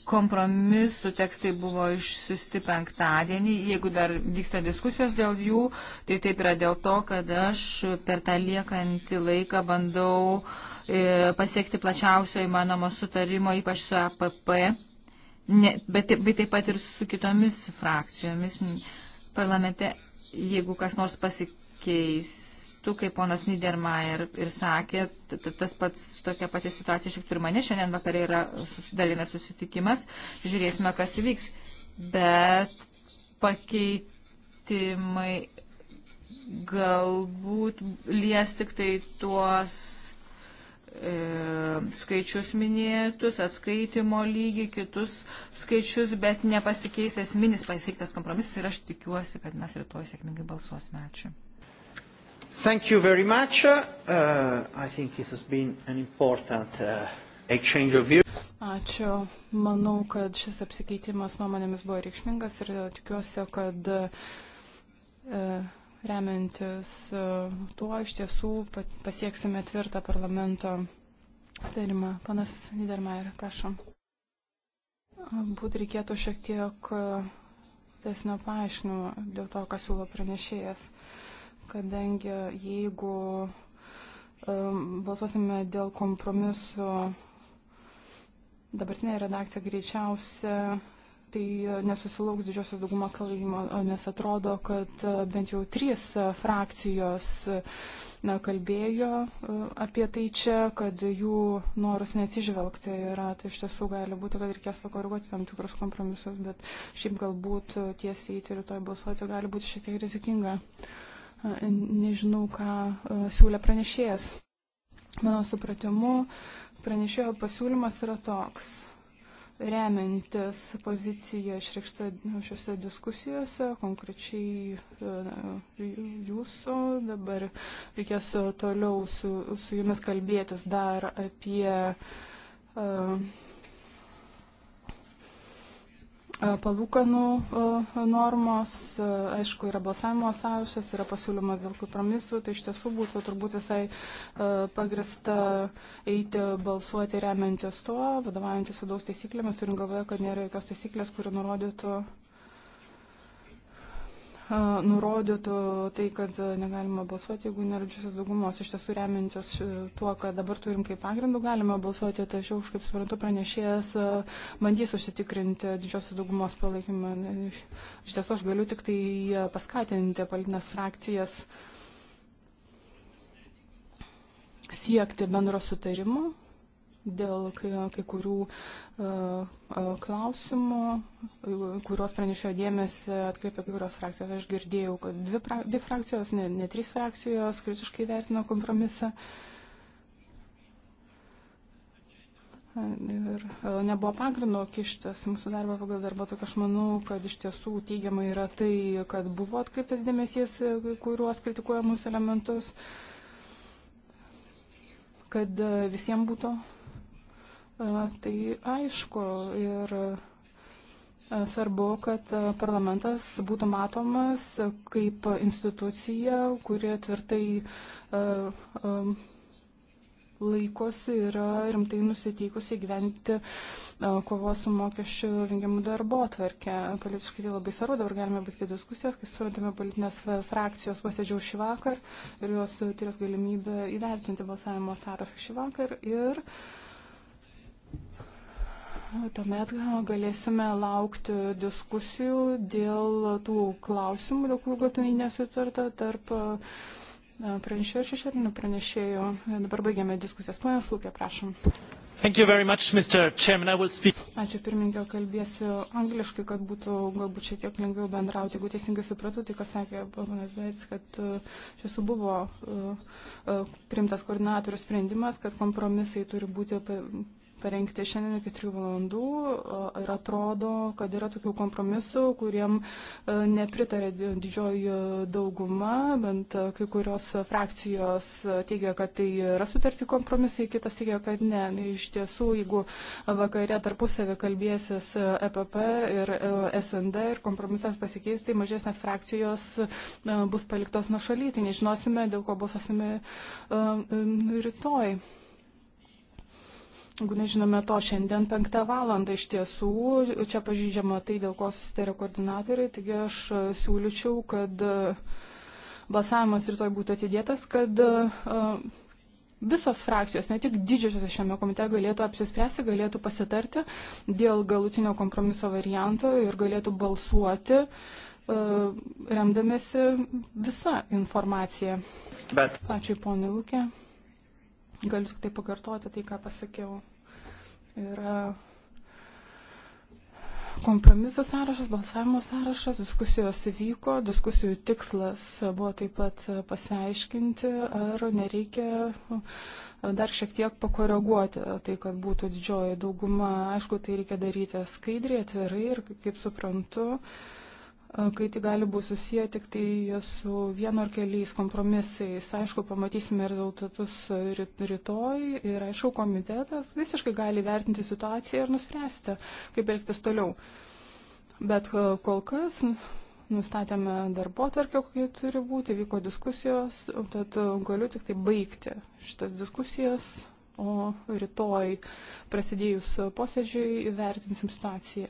kompromisų tekstai buvo išsiusti penktadienį. Jeigu dar vyksta diskusijos dėl jų, tai taip yra dėl to, kad aš per tą liekantį laiką bandau e, pasiekti plačiausio įmanomo sutarimo, ypač su APP, ne, bet, bet taip pat ir su kitomis frakcijomis parlamente, jeigu kas nors pasikeis mastu, kaip ponas Niedermayer ir, ir sakė, tas pats tokia pati situacija šiek tiek ir mane. Šiandien vakarė yra susidalina susitikimas, žiūrėsime, kas vyks. Bet pakeitimai galbūt lies tik tai tuos e, skaičius minėtus, atskaitimo lygį, kitus skaičius, bet nepasikeis esminis pasiektas kompromisas ir aš tikiuosi, kad mes rytoj sėkmingai balsuosime. Ačiū. Thank you very much. Uh, I think this has been an important uh, exchange of views. Ačiū. Manau, kad šis apsikeitimas nuomonėmis buvo reikšmingas ir uh, tikiuosi, kad uh, remiantis uh, tuo iš tiesų pasieksime tvirtą parlamento sutarimą. Panas Niedermayer, prašom. Būtų reikėtų šiek tiek uh, tesnio paaiškinimo dėl to, ką siūlo pranešėjas. Uh, kadangi jeigu balsuosime dėl kompromisu, dabartinė redakcija greičiausia tai nesusilauks didžiosios daugumos palaikymo, nes atrodo, kad e, bent jau trys e, frakcijos na, kalbėjo e, apie tai čia, kad jų norus neatsižvelgti yra. Tai iš tiesų gali būti, kad reikės pakoreguoti tam tikrus kompromisus, bet šiaip galbūt tiesiai į rytoj balsuoti gali būti šiek tiek rizikinga. Uh, nežinau, ką e, siūlė pranešėjas. Mano supratimu, pranešėjo pasiūlymas yra toks. Remiantis poziciją išreikštą šiuose diskusijose, konkrečiai e, jūsų, dabar reikės toliau su, su jumis kalbėtis dar apie uh, palūkanų normos, aišku, yra balsavimo sąrašas, yra pasiūlymas dėl kompromisų, tai iš tiesų būtų turbūt visai pagrista eiti balsuoti remiantis tuo, vadovaujantis vidaus taisyklėmis, turint galvoje, kad nėra jokios taisyklės, kuri nurodytų nurodytų tai, kad negalima balsuoti, jeigu nėra džiusios daugumos. Iš tiesų remintis e, tuo, kad dabar turim kaip pagrindų, galima balsuoti, tačiau, kaip suprantu, pranešėjas bandys užsitikrinti didžiosios daugumos palaikymą. Iš tiesų aš galiu tik tai paskatinti politinės frakcijas siekti bendro sutarimo dėl kai, kai kurių uh, klausimų, kuriuos pranešėjo dėmesį atkreipė kai kurios frakcijos. Aš girdėjau, kad dvi, pra, dvi frakcijos, ne, ne trys frakcijos kritiškai vertino kompromisą. Ir e, nebuvo pagrindo kištis mūsų darbą pagal darbą, tai aš manau, kad iš tiesų teigiama yra tai, kad buvo atkreiptas dėmesys, kuriuos kritikuoja mūsų elementus, kad visiems būtų Tai aišku ir svarbu, kad parlamentas būtų matomas kaip institucija, kurie tvirtai laikosi yra rimtai nusiteikusi gyventi kovos su mokesčių vengimu darbo atvarkę. Politiškai tai labai svarbu, dabar galime baigti diskusijas, kai suradome politinės frakcijos posėdžiau šį vakar ir jos turės galimybę įvertinti balsavimo sąrašą šį vakar. Ir uh, Tuomet galėsime laukti diskusijų dėl tų klausimų, dėl kurių gatinai nesutarta tarp e, pranešėjo ir šešėlinių pranešėjų. Dabar baigiame diskusijas. Pone Slūkė, prašom. Much, speak... Ačiū pirmininkio, kalbėsiu angliškai, kad būtų galbūt šiek tiek lengviau bendrauti. Jeigu teisingai supratau, tai ką sakė ponas Vets, kad e, iš tiesų buvo uh, e, uh, primtas koordinatorių sprendimas, kad kompromisai turi būti parengti šiandien iki 3 valandų ir atrodo, kad yra tokių kompromisų, kuriem e, nepritarė didžioji dauguma, bent e, kai kurios frakcijos teigia, kad tai yra sutarti kompromisai, kitos teigia, kad ne. Iš tiesų, jeigu vakare tarpusavė kalbėsis EPP ir e, SND ir kompromisas pasikeis, tai mažesnės frakcijos bus paliktos nuo šalytai, nežinosime, dėl ko balsuosime rytoj. Jeigu nežinome to, šiandien penktą valandą iš tiesų čia pažydžiama tai, dėl ko susitarė koordinatoriai, taigi aš siūlyčiau, kad e, balsavimas rytoj būtų atidėtas, kad e, e, visos frakcijos, ne tik didžiosios šiame komitete, galėtų apsispręsti, galėtų pasitarti dėl galutinio kompromiso varianto ir galėtų balsuoti remdamėsi visą informaciją. Bet. Ačiū, ponė Lukė. Galiu tik tai pakartoti tai, ką pasakiau yra kompromisų sąrašas, balsavimo sąrašas, diskusijos įvyko, diskusijų tikslas buvo taip pat pasiaiškinti, ar nereikia dar šiek tiek pakoreguoti tai, kad būtų didžioji dauguma. Aišku, tai reikia daryti skaidriai, atvirai ir, kaip suprantu, uh, kai tai gali būti susiję tik tai su vienu ar keliais kompromisais. Aišku, pamatysime rezultatus rytoj ir aišku, komitetas visiškai gali vertinti situaciją ir nuspręsti, kaip elgtis toliau. Bet kol kas nustatėme darbo tvarkę, kokia turi būti, vyko diskusijos, tad galiu tik tai baigti šitas diskusijas o rytoj prasidėjus posėdžiui įvertinsim situaciją.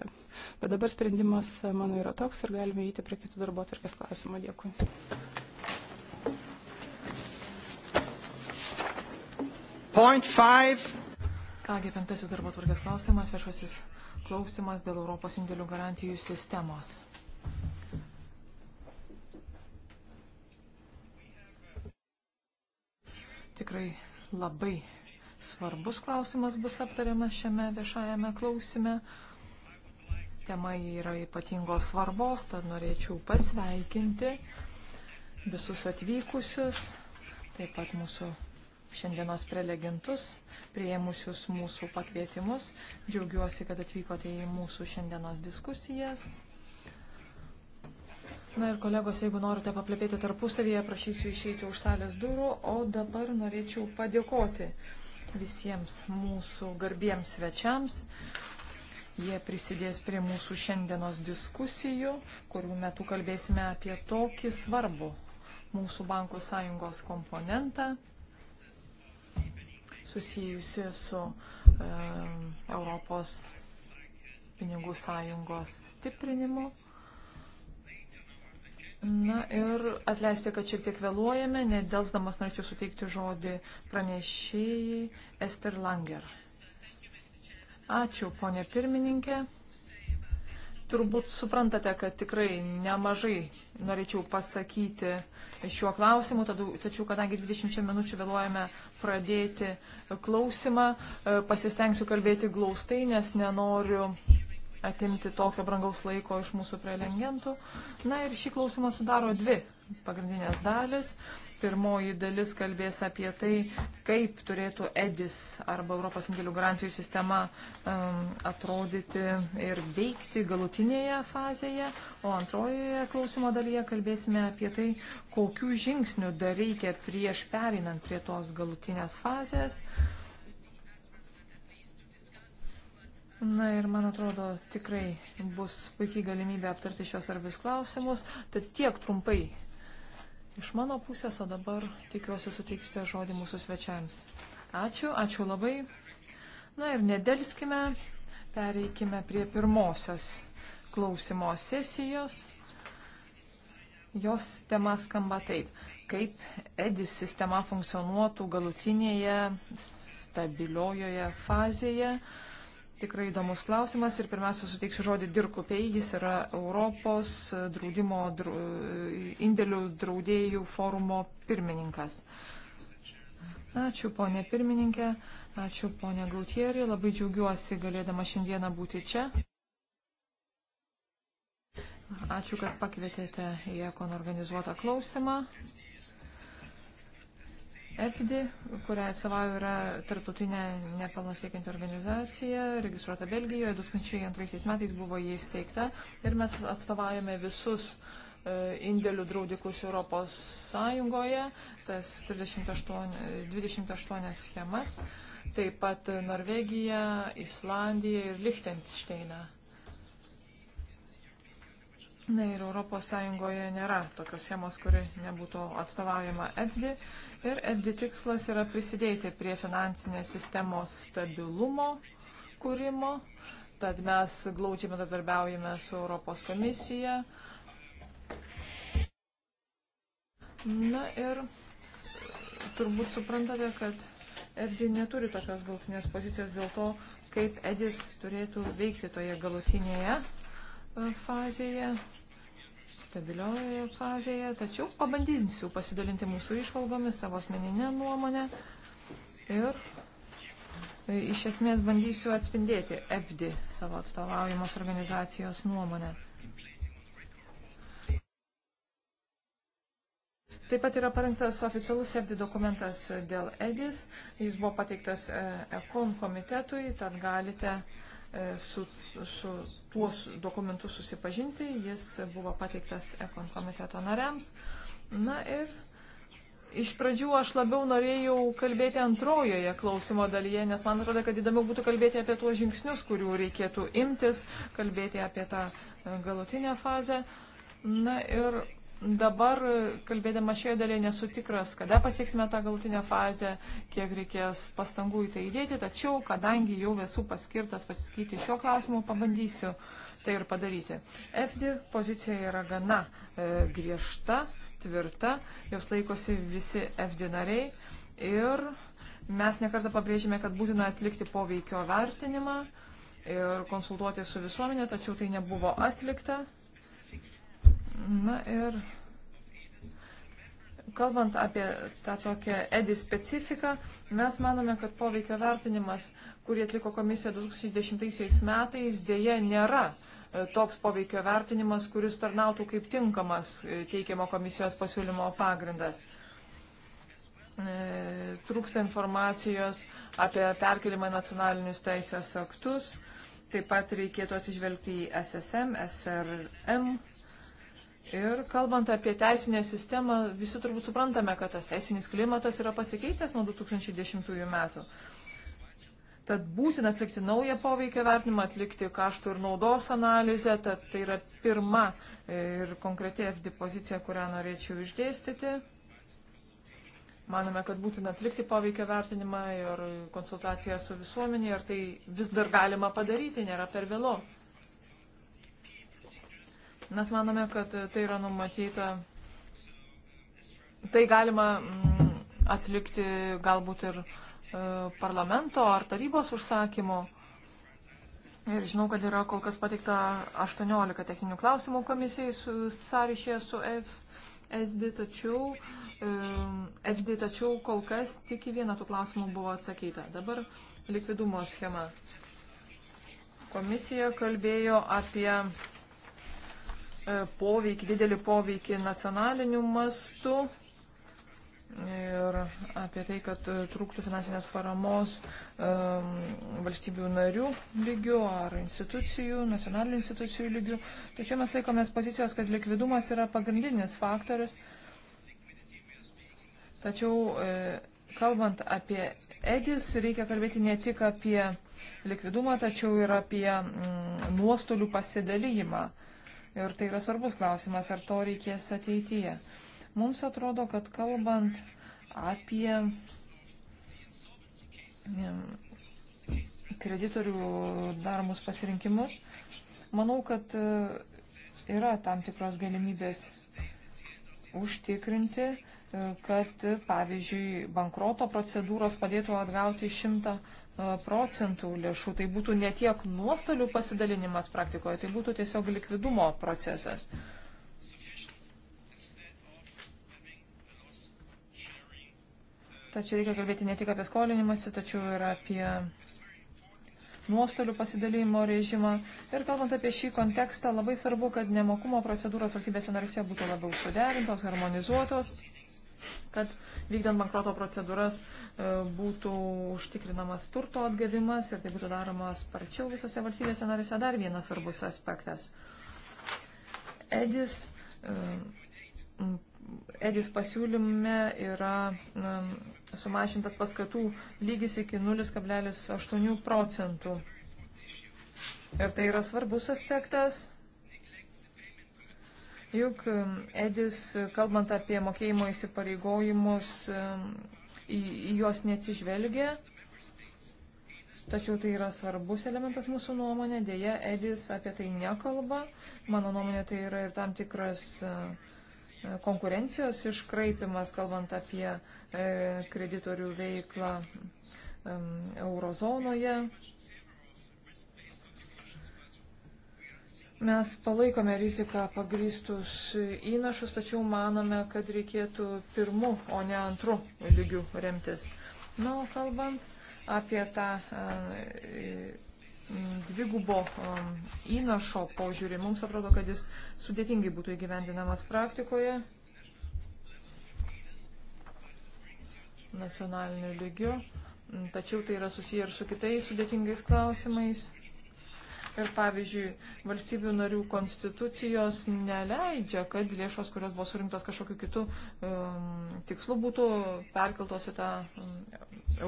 Bet dabar sprendimas mano yra toks ir galime įti prie kitų darbo tarkės klausimų. Dėkui. Point five. Kągi, penktasis darbo tvarkės klausimas, viešasis klausimas dėl Europos indėlių garantijų sistemos. Tikrai labai svarbus klausimas bus aptariamas šiame viešajame klausime. Tema yra ypatingos svarbos, tad norėčiau pasveikinti visus atvykusius, taip pat mūsų šiandienos prelegentus, prieimusius mūsų pakvietimus. Džiaugiuosi, kad atvykote į mūsų šiandienos diskusijas. Na ir kolegos, jeigu norite paplepėti tarpusavyje, prašysiu išeiti už salės durų, o dabar norėčiau padėkoti visiems mūsų garbiems svečiams. Jie prisidės prie mūsų šiandienos diskusijų, kurių metu kalbėsime apie tokį svarbų mūsų bankų sąjungos komponentą susijusi su e, Europos pinigų sąjungos stiprinimu. Na ir atleisti, kad šiek tiek vėluojame, nedelsdamas norėčiau suteikti žodį pranešėjai Ester Langer. Ačiū, ponė pirmininkė. Turbūt suprantate, kad tikrai nemažai norėčiau pasakyti šiuo klausimu, tačiau kadangi 20 minučių vėluojame pradėti klausimą, e, pasistengsiu kalbėti glaustai, nes nenoriu atimti tokio brangaus laiko iš mūsų prelegentų. Na ir šį klausimą sudaro dvi pagrindinės dalis. Pirmoji dalis kalbės apie tai, kaip turėtų EDIS arba Europos indėlių garantijų sistema um, atrodyti ir veikti galutinėje fazėje, o antrojoje klausimo dalyje kalbėsime apie tai, kokių žingsnių dar reikia prieš perinant prie tos galutinės fazės. Uh, Na ir man atrodo, tikrai bus puikiai galimybė aptarti šios svarbius klausimus. Tad tiek trumpai iš mano pusės, o dabar tikiuosi suteiksite žodį mūsų svečiams. Ačiū, ačiū labai. Na ir nedelskime, pereikime prie pirmosios klausimo sesijos. Jos tema skamba taip, kaip EDIS sistema funkcionuotų galutinėje stabiliojoje fazėje Tikrai įdomus klausimas ir pirmiausia suteiksiu žodį Dirkupiai. Jis yra Europos draudimo dra... indėlių draudėjų forumo pirmininkas. Ačiū, ponė pirmininkė. Ačiū, ponė Gautieri. Labai džiaugiuosi galėdama šiandieną būti čia. Ačiū, kad pakvietėte į ekon organizuotą klausimą. EFDI, kurią atstovauju yra tarptautinė nepelno siekianti organizacija, registruota Belgijoje, 2002 metais buvo jie įsteigta ir mes atstovaujame visus e, indėlių draudikus Europos Sąjungoje, tas 38, 28 schemas, taip pat Norvegiją, Islandiją ir Lichtensteiną. Na ir ES nėra tokios schemos, kuri nebūtų atstovaujama EFDI. Ir EFDI tikslas yra prisidėti prie finansinės sistemos stabilumo kūrimo. Tad mes glaudžiai bendradarbiaujame su Europos komisija. Na ir turbūt suprantate, kad EFDI neturi tokios galtinės pozicijos dėl to, kaip EDIS turėtų veikti toje galutinėje e, fazėje stabiliojoje fazėje, tačiau pabandysiu pasidalinti mūsų išvalgomis, savo asmeninę nuomonę ir e, iš esmės bandysiu atspindėti EFDI savo atstovaujamos organizacijos nuomonę. Taip pat yra parengtas oficialus EFDI dokumentas dėl EDIS. Jis buvo pateiktas EKON komitetui, tad galite uh, E, su, su tuo dokumentu susipažinti, jis buvo pateiktas ekon komiteto nariams. Na ir iš pradžių aš labiau norėjau kalbėti antrojoje klausimo dalyje, nes man atrodo, kad įdomiau būtų kalbėti apie tuos žingsnius, kurių reikėtų imtis, kalbėti apie tą e, galutinę fazę. Na ir Dabar, kalbėdama šioje dalyje, nesu tikras, kada pasieksime tą galutinę fazę, kiek reikės pastangų į tai įdėti, tačiau, kadangi jau esu paskirtas pasiskyti šiuo klausimu, pabandysiu tai ir padaryti. FD pozicija yra gana e, griežta, tvirta, jos laikosi visi FD nariai ir mes nekartą pabrėžėme, kad būtina atlikti poveikio vertinimą ir konsultuoti su visuomenė, tačiau tai nebuvo atlikta. Na ir kalbant apie tą tokią EDI specifiką, mes manome, kad poveikio vertinimas, kurį atliko komisija 2010 metais, dėje nėra e, toks poveikio vertinimas, kuris tarnautų kaip tinkamas e, teikiamo komisijos pasiūlymo pagrindas. E, trūksta informacijos apie perkelimą nacionalinius teisės aktus. Taip pat reikėtų atsižvelgti į SSM, SRM Ir kalbant apie teisinę sistemą, visi turbūt suprantame, kad tas teisinis klimatas yra pasikeitęs nuo 2010 metų. Tad būtina atlikti naują poveikio vertinimą, atlikti kaštų ir naudos analizę. Tad tai yra pirma ir konkreti FD pozicija, kurią norėčiau išdėstyti. Manome, kad būtina atlikti poveikio vertinimą ir konsultaciją su visuomenė, ir tai vis dar galima padaryti, nėra per vėlu. Mes manome, kad tai yra numatyta, tai galima mm, atlikti galbūt ir e, parlamento ar tarybos užsakymu. Ir žinau, kad yra kol kas pateikta 18 techninių klausimų komisijai su sąryšė su FSD, tačiau, e, FD, tačiau kol kas tik į vieną tų klausimų buvo atsakyta. Dabar likvidumo schema. Komisija kalbėjo apie E, poveikį, didelį poveikį nacionaliniu mastu ir apie tai, kad trūktų finansinės paramos um, valstybių narių lygių ar institucijų, nacionalinių institucijų lygių. Tačiau mes laikomės pozicijos, kad likvidumas yra pagrindinis faktorius. Tačiau e, kalbant apie EDIS, reikia kalbėti ne tik apie likvidumą, tačiau ir apie mm, nuostolių pasidalyjimą. E, Ir tai yra svarbus klausimas, ar to reikės ateityje. Mums atrodo, kad kalbant apie kreditorių daromus pasirinkimus, manau, kad e, yra tam tikros galimybės užtikrinti, e, kad, pavyzdžiui, bankroto procedūros padėtų atgauti 100 E, procentų lėšų. Tai būtų ne tiek nuostolių pasidalinimas praktikoje, tai būtų tiesiog likvidumo procesas. Tačiau reikia kalbėti ne tik apie skolinimąsi, tačiau ir apie nuostolių pasidalymo režimą. Ir kalbant apie šį kontekstą, labai svarbu, kad nemokumo procedūros valstybėse narėse būtų labiau suderintos, harmonizuotos kad vykdant bankroto procedūras e, būtų užtikrinamas turto atgavimas ir tai būtų daroma sparčiau visose valstybėse narėse. Dar vienas svarbus aspektas. Edis, e, Edis pasiūlyme yra sumažintas paskatų lygis iki 0,8 procentų. Ir tai yra svarbus aspektas. Juk um, Edis, kalbant apie mokėjimo įsipareigojimus, um, į, į juos neatsižvelgia. Tačiau tai yra svarbus elementas mūsų nuomonė. Deja, Edis apie tai nekalba. Mano nuomonė tai yra ir tam tikras uh, konkurencijos iškraipimas, kalbant apie uh, kreditorių veiklą um, eurozonoje. Mes palaikome riziką pagrįstus įnašus, tačiau manome, kad reikėtų pirmų, o ne antrų lygių remtis. Na, o kalbant apie tą e, dvigubo įnašo požiūrį, mums atrodo, kad jis sudėtingai būtų įgyvendinamas praktikoje nacionaliniu lygiu, tačiau tai yra susiję ir su kitais sudėtingais klausimais. Ir pavyzdžiui, valstybių narių konstitucijos neleidžia, kad lėšos, kurios buvo surinktos kažkokiu kitu um, tikslu, būtų perkeltos į tą um,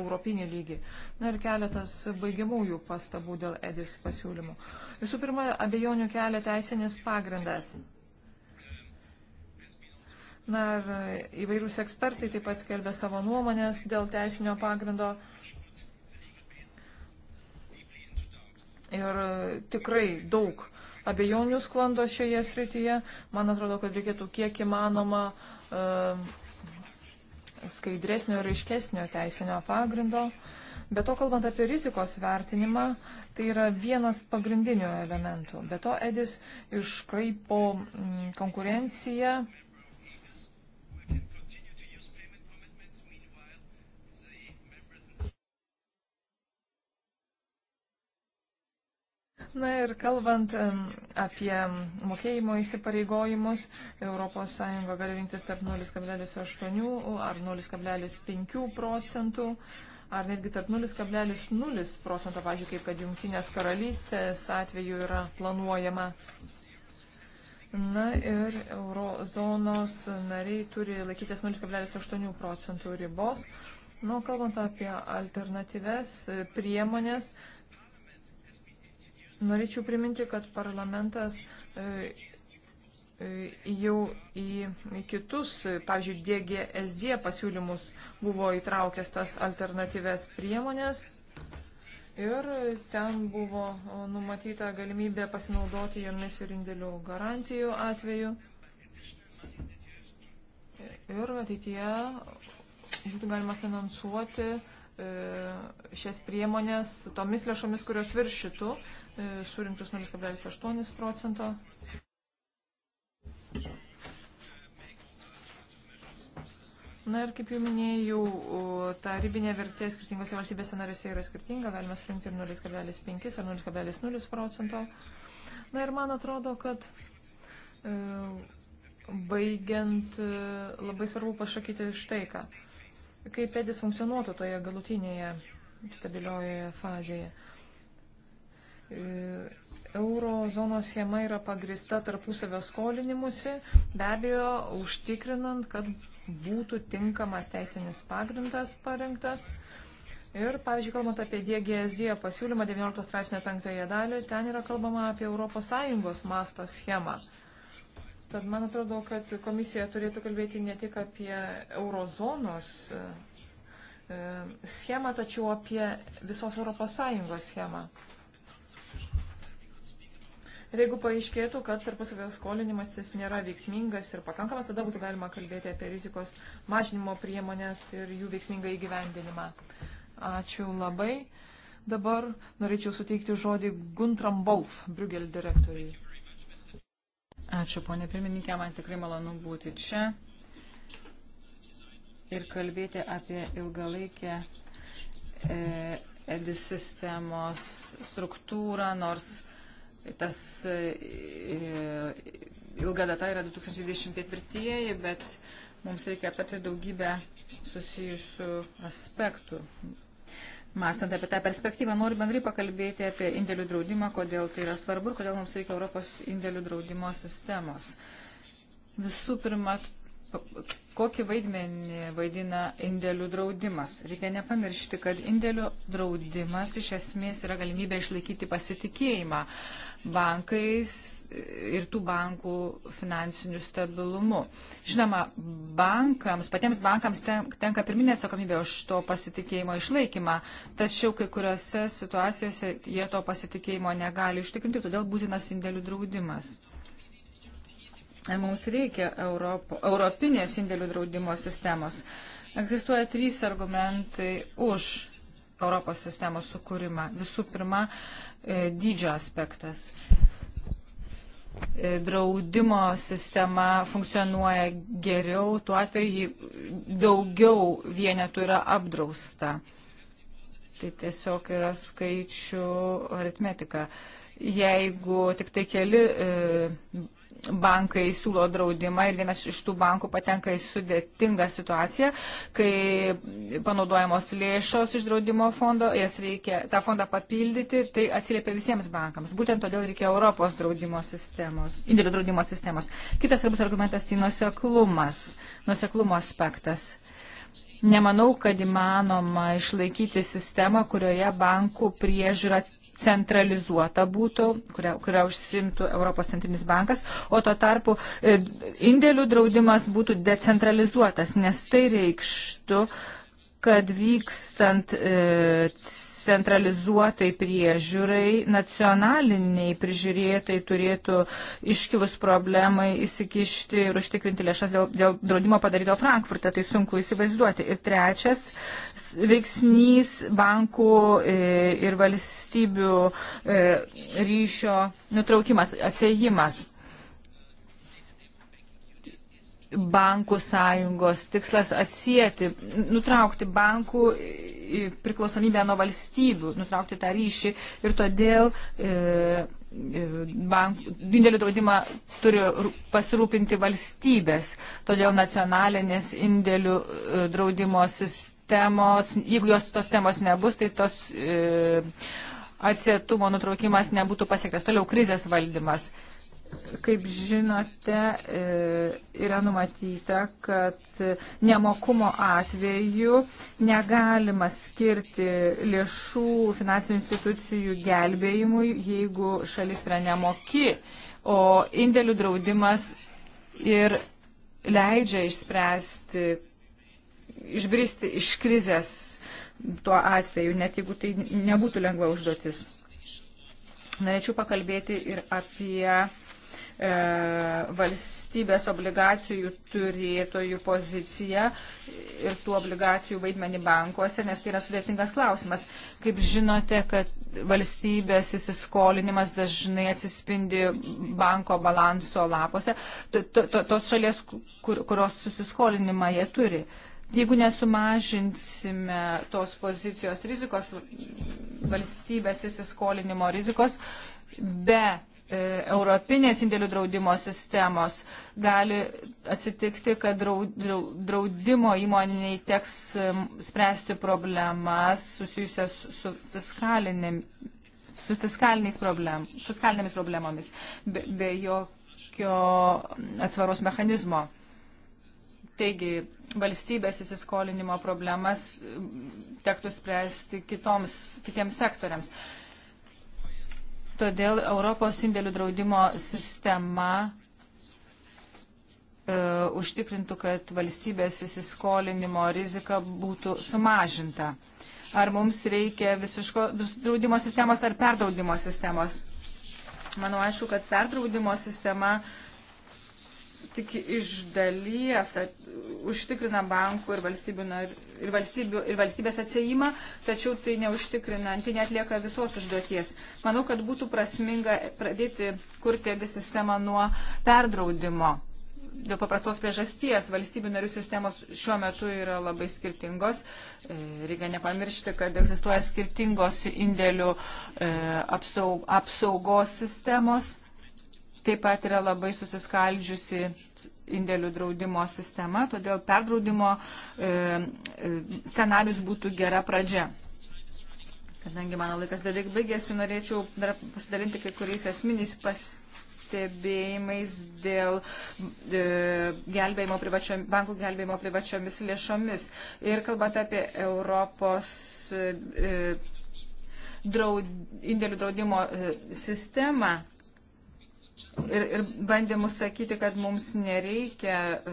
europinį lygį. Na ir keletas baigiamųjų pastabų dėl Edis pasiūlymų. Visų pirma, abejonių kelia teisinis pagrindas. Na ir e, įvairūs ekspertai taip pat skelbė savo nuomonės dėl teisinio pagrindo. Ir e, tikrai daug abejonių sklando šioje srityje. Man atrodo, kad reikėtų kiek įmanoma e, skaidresnio ir aiškesnio teisinio pagrindo. Be to, kalbant apie rizikos vertinimą, tai yra vienas pagrindinių elementų. Be to, Edis iškraipo konkurenciją Na ir kalbant apie mokėjimo įsipareigojimus, ES gali rinktis tarp 0,8 ar 0,5 procentų, ar netgi tarp 0,0 procento, pažiūrėjau, kaip kad Junktinės karalystės atveju yra planuojama. Na ir eurozonos nariai turi laikytis 0,8 procentų ribos. Na, nu, kalbant apie alternatyves priemonės, Norėčiau priminti, kad parlamentas e, e, jau į kitus, pavyzdžiui, DGSD pasiūlymus buvo įtraukęs tas alternatyves priemonės ir ten buvo numatyta galimybė pasinaudoti jomis ir indėlių garantijų atveju. Ir ateityje būtų galima finansuoti e, šias priemonės tomis lėšomis, kurios viršytų E, surinktus 0,8 procento. Na ir kaip jau minėjau, ta ribinė vertė skirtingose valstybėse narėse yra skirtinga, galima surinkti ir 0,5 ar 0,0 procento. Na ir man atrodo, kad e, baigiant e, labai svarbu pasakyti štai ką. Kaip edis funkcionuotų toje galutinėje stabiliojoje fazėje. E, E, eurozonos schema yra pagrista tarpusavio skolinimusi, be abejo, užtikrinant, kad būtų tinkamas teisinis pagrindas parengtas. Ir, pavyzdžiui, kalbant apie DGSD pasiūlymą 19 straipsnio 5 dalį, ten yra kalbama apie ES masto schemą. Tad man atrodo, kad komisija turėtų kalbėti ne tik apie eurozonos e, e, schemą, tačiau apie visos ES schemą. Ir jeigu paaiškėtų, kad tarpusavio skolinimasis nėra veiksmingas ir pakankamas, tada būtų galima kalbėti apie rizikos mažinimo priemonės ir jų veiksmingą įgyvendinimą. Ačiū labai. Dabar norėčiau suteikti žodį Guntram Wolf, Briugel direktoriai. Ačiū, ponė pirmininkė, man tikrai malonu būti čia ir kalbėti apie ilgalaikę e, EDIS sistemos struktūrą, nors Tas e, e, ilga data yra 2024, bet mums reikia aptarti daugybę susijusių aspektų. Mąstant apie tą perspektyvą, noriu bendrai pakalbėti apie indėlių draudimą, kodėl tai yra svarbu ir kodėl mums reikia Europos indėlių draudimo sistemos. Visų pirma, kokį vaidmenį vaidina indėlių draudimas. Reikia nepamiršti, kad indėlių draudimas iš esmės yra galimybė išlaikyti pasitikėjimą bankais ir tų bankų finansiniu stabilumu. Žinoma, bankams, patiems bankams tenka pirminė atsakomybė už to pasitikėjimo išlaikymą, tačiau kai kuriuose situacijose jie to pasitikėjimo negali ištikrinti, todėl būtinas indėlių draudimas. Mums reikia Europo, europinės indėlių draudimo sistemos. Egzistuoja trys argumentai už Europos sistemos sukūrimą. Visų pirma, e, dydžio aspektas. E, draudimo sistema funkcionuoja geriau, tuo atveju daugiau vienetų yra apdrausta. Tai tiesiog yra skaičių aritmetika. Jeigu tik tai keli e, bankai siūlo draudimą ir vienas iš tų bankų patenka į sudėtingą situaciją, kai panaudojamos lėšos iš draudimo fondo, jas reikia tą fondą papildyti, tai atsiliepia visiems bankams. Būtent todėl reikia Europos draudimo sistemos, indėlių draudimo sistemos. Kitas svarbus argumentas tai nuseklumas, nuseklumo aspektas. Nemanau, kad įmanoma išlaikyti sistemą, kurioje bankų priežiūra centralizuota būtų, kurią, kurią užsimtų Europos centrinis bankas, o tuo tarpu e, indėlių draudimas būtų decentralizuotas, nes tai reikštų, kad vykstant e, centralizuotai priežiūrai, nacionaliniai prižiūrėtai turėtų iškilus problemai įsikišti ir užtikrinti lėšas dėl, dėl draudimo padaryto Frankfurte, tai sunku įsivaizduoti. Ir trečias veiksnys bankų e, ir valstybių e, ryšio nutraukimas, atsėjimas bankų sąjungos tikslas atsijėti, nutraukti bankų priklausomybę nuo valstybių, nutraukti tą ryšį ir todėl e, e bank, indėlių draudimą turi pasirūpinti valstybės. Todėl nacionalinės indėlių e, draudimo sistemos, jeigu jos tos temos nebus, tai tos e, atsietumo nutraukimas nebūtų pasiektas. Toliau krizės valdymas. E, Kaip žinote, e, yra numatyta, kad nemokumo atveju negalima skirti lėšų finansinių institucijų gelbėjimui, jeigu šalis yra nemoki, o indėlių draudimas ir leidžia išspręsti, išbristi iš krizės tuo atveju, net jeigu tai nebūtų lengva užduotis. Norėčiau pakalbėti ir apie E, valstybės obligacijų turėtojų poziciją ir tų obligacijų vaidmenį bankuose, nes tai yra sudėtingas klausimas. Kaip žinote, kad valstybės įsiskolinimas dažnai atsispindi banko balanso lapose, to, to, to, tos šalies, kur, kurios susiskolinimą jie turi. Jeigu nesumažinsime tos pozicijos rizikos, valstybės įsiskolinimo rizikos, be E, europinės indėlių draudimo sistemos. Gali atsitikti, kad draudimo įmoniai teks e, spręsti problemas susijusias su, fiskalinėm, su problem, fiskalinėmis problemomis be, be jokio atsvaros mechanizmo. Taigi, valstybės įsiskolinimo problemas tektų spręsti kitoms, kitiems sektoriams. Uh, Todėl Europos indėlių draudimo sistema e, užtikrintų, kad valstybės įsiskolinimo rizika būtų sumažinta. Ar mums reikia visiško draudimo sistemos ar perdraudimo sistemos? Manau, aišku, kad perdraudimo sistema tik iš dalies at, užtikrina bankų ir valstybių nar, ir, ir valstybės atsėjimą, tačiau tai neužtikrinant, tai netlieka visos užduoties. Manau, kad būtų prasminga pradėti kurti abi sistemą nuo perdraudimo. Dėl paprastos priežasties valstybių narių sistemos šiuo metu yra labai skirtingos. E, reikia nepamiršti, kad egzistuoja skirtingos indėlių e, apsaugos sistemos taip pat yra labai susiskaldžiusi indėlių draudimo sistema, todėl perdraudimo e, e, scenarius būtų gera pradžia. Kadangi mano laikas beveik baigėsi, norėčiau dar pasidalinti kai kuriais esminiais pastebėjimais dėl e, gelbėjimo privačio, bankų gelbėjimo privačiomis lėšomis. Ir kalbant apie Europos draud, indėlių draudimo sistemą, ir, ir bandė mus sakyti, kad mums nereikia e,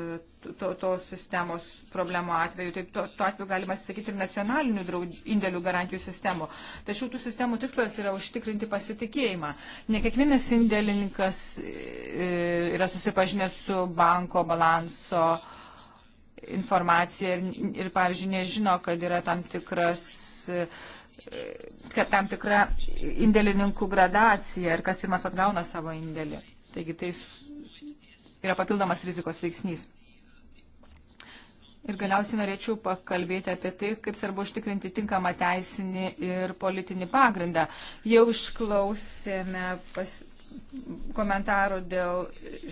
to, tos sistemos problemo atveju. Tai tuo, tuo atveju galima sakyti ir nacionalinių draud, indėlių garantijų sistemų. Tačiau tų sistemų tikslas yra užtikrinti pasitikėjimą. Ne kiekvienas indėlininkas e, yra susipažinęs su banko balanso informacija ir, ir pavyzdžiui, nežino, kad yra tam tikras kad tam tikra indėlininkų gradacija ir kas pirmas atgauna savo indėlį. Taigi tai yra papildomas rizikos veiksnys. Ir galiausiai norėčiau pakalbėti apie tai, kaip svarbu užtikrinti tinkamą teisinį ir politinį pagrindą. Jau išklausėme pas, komentarų dėl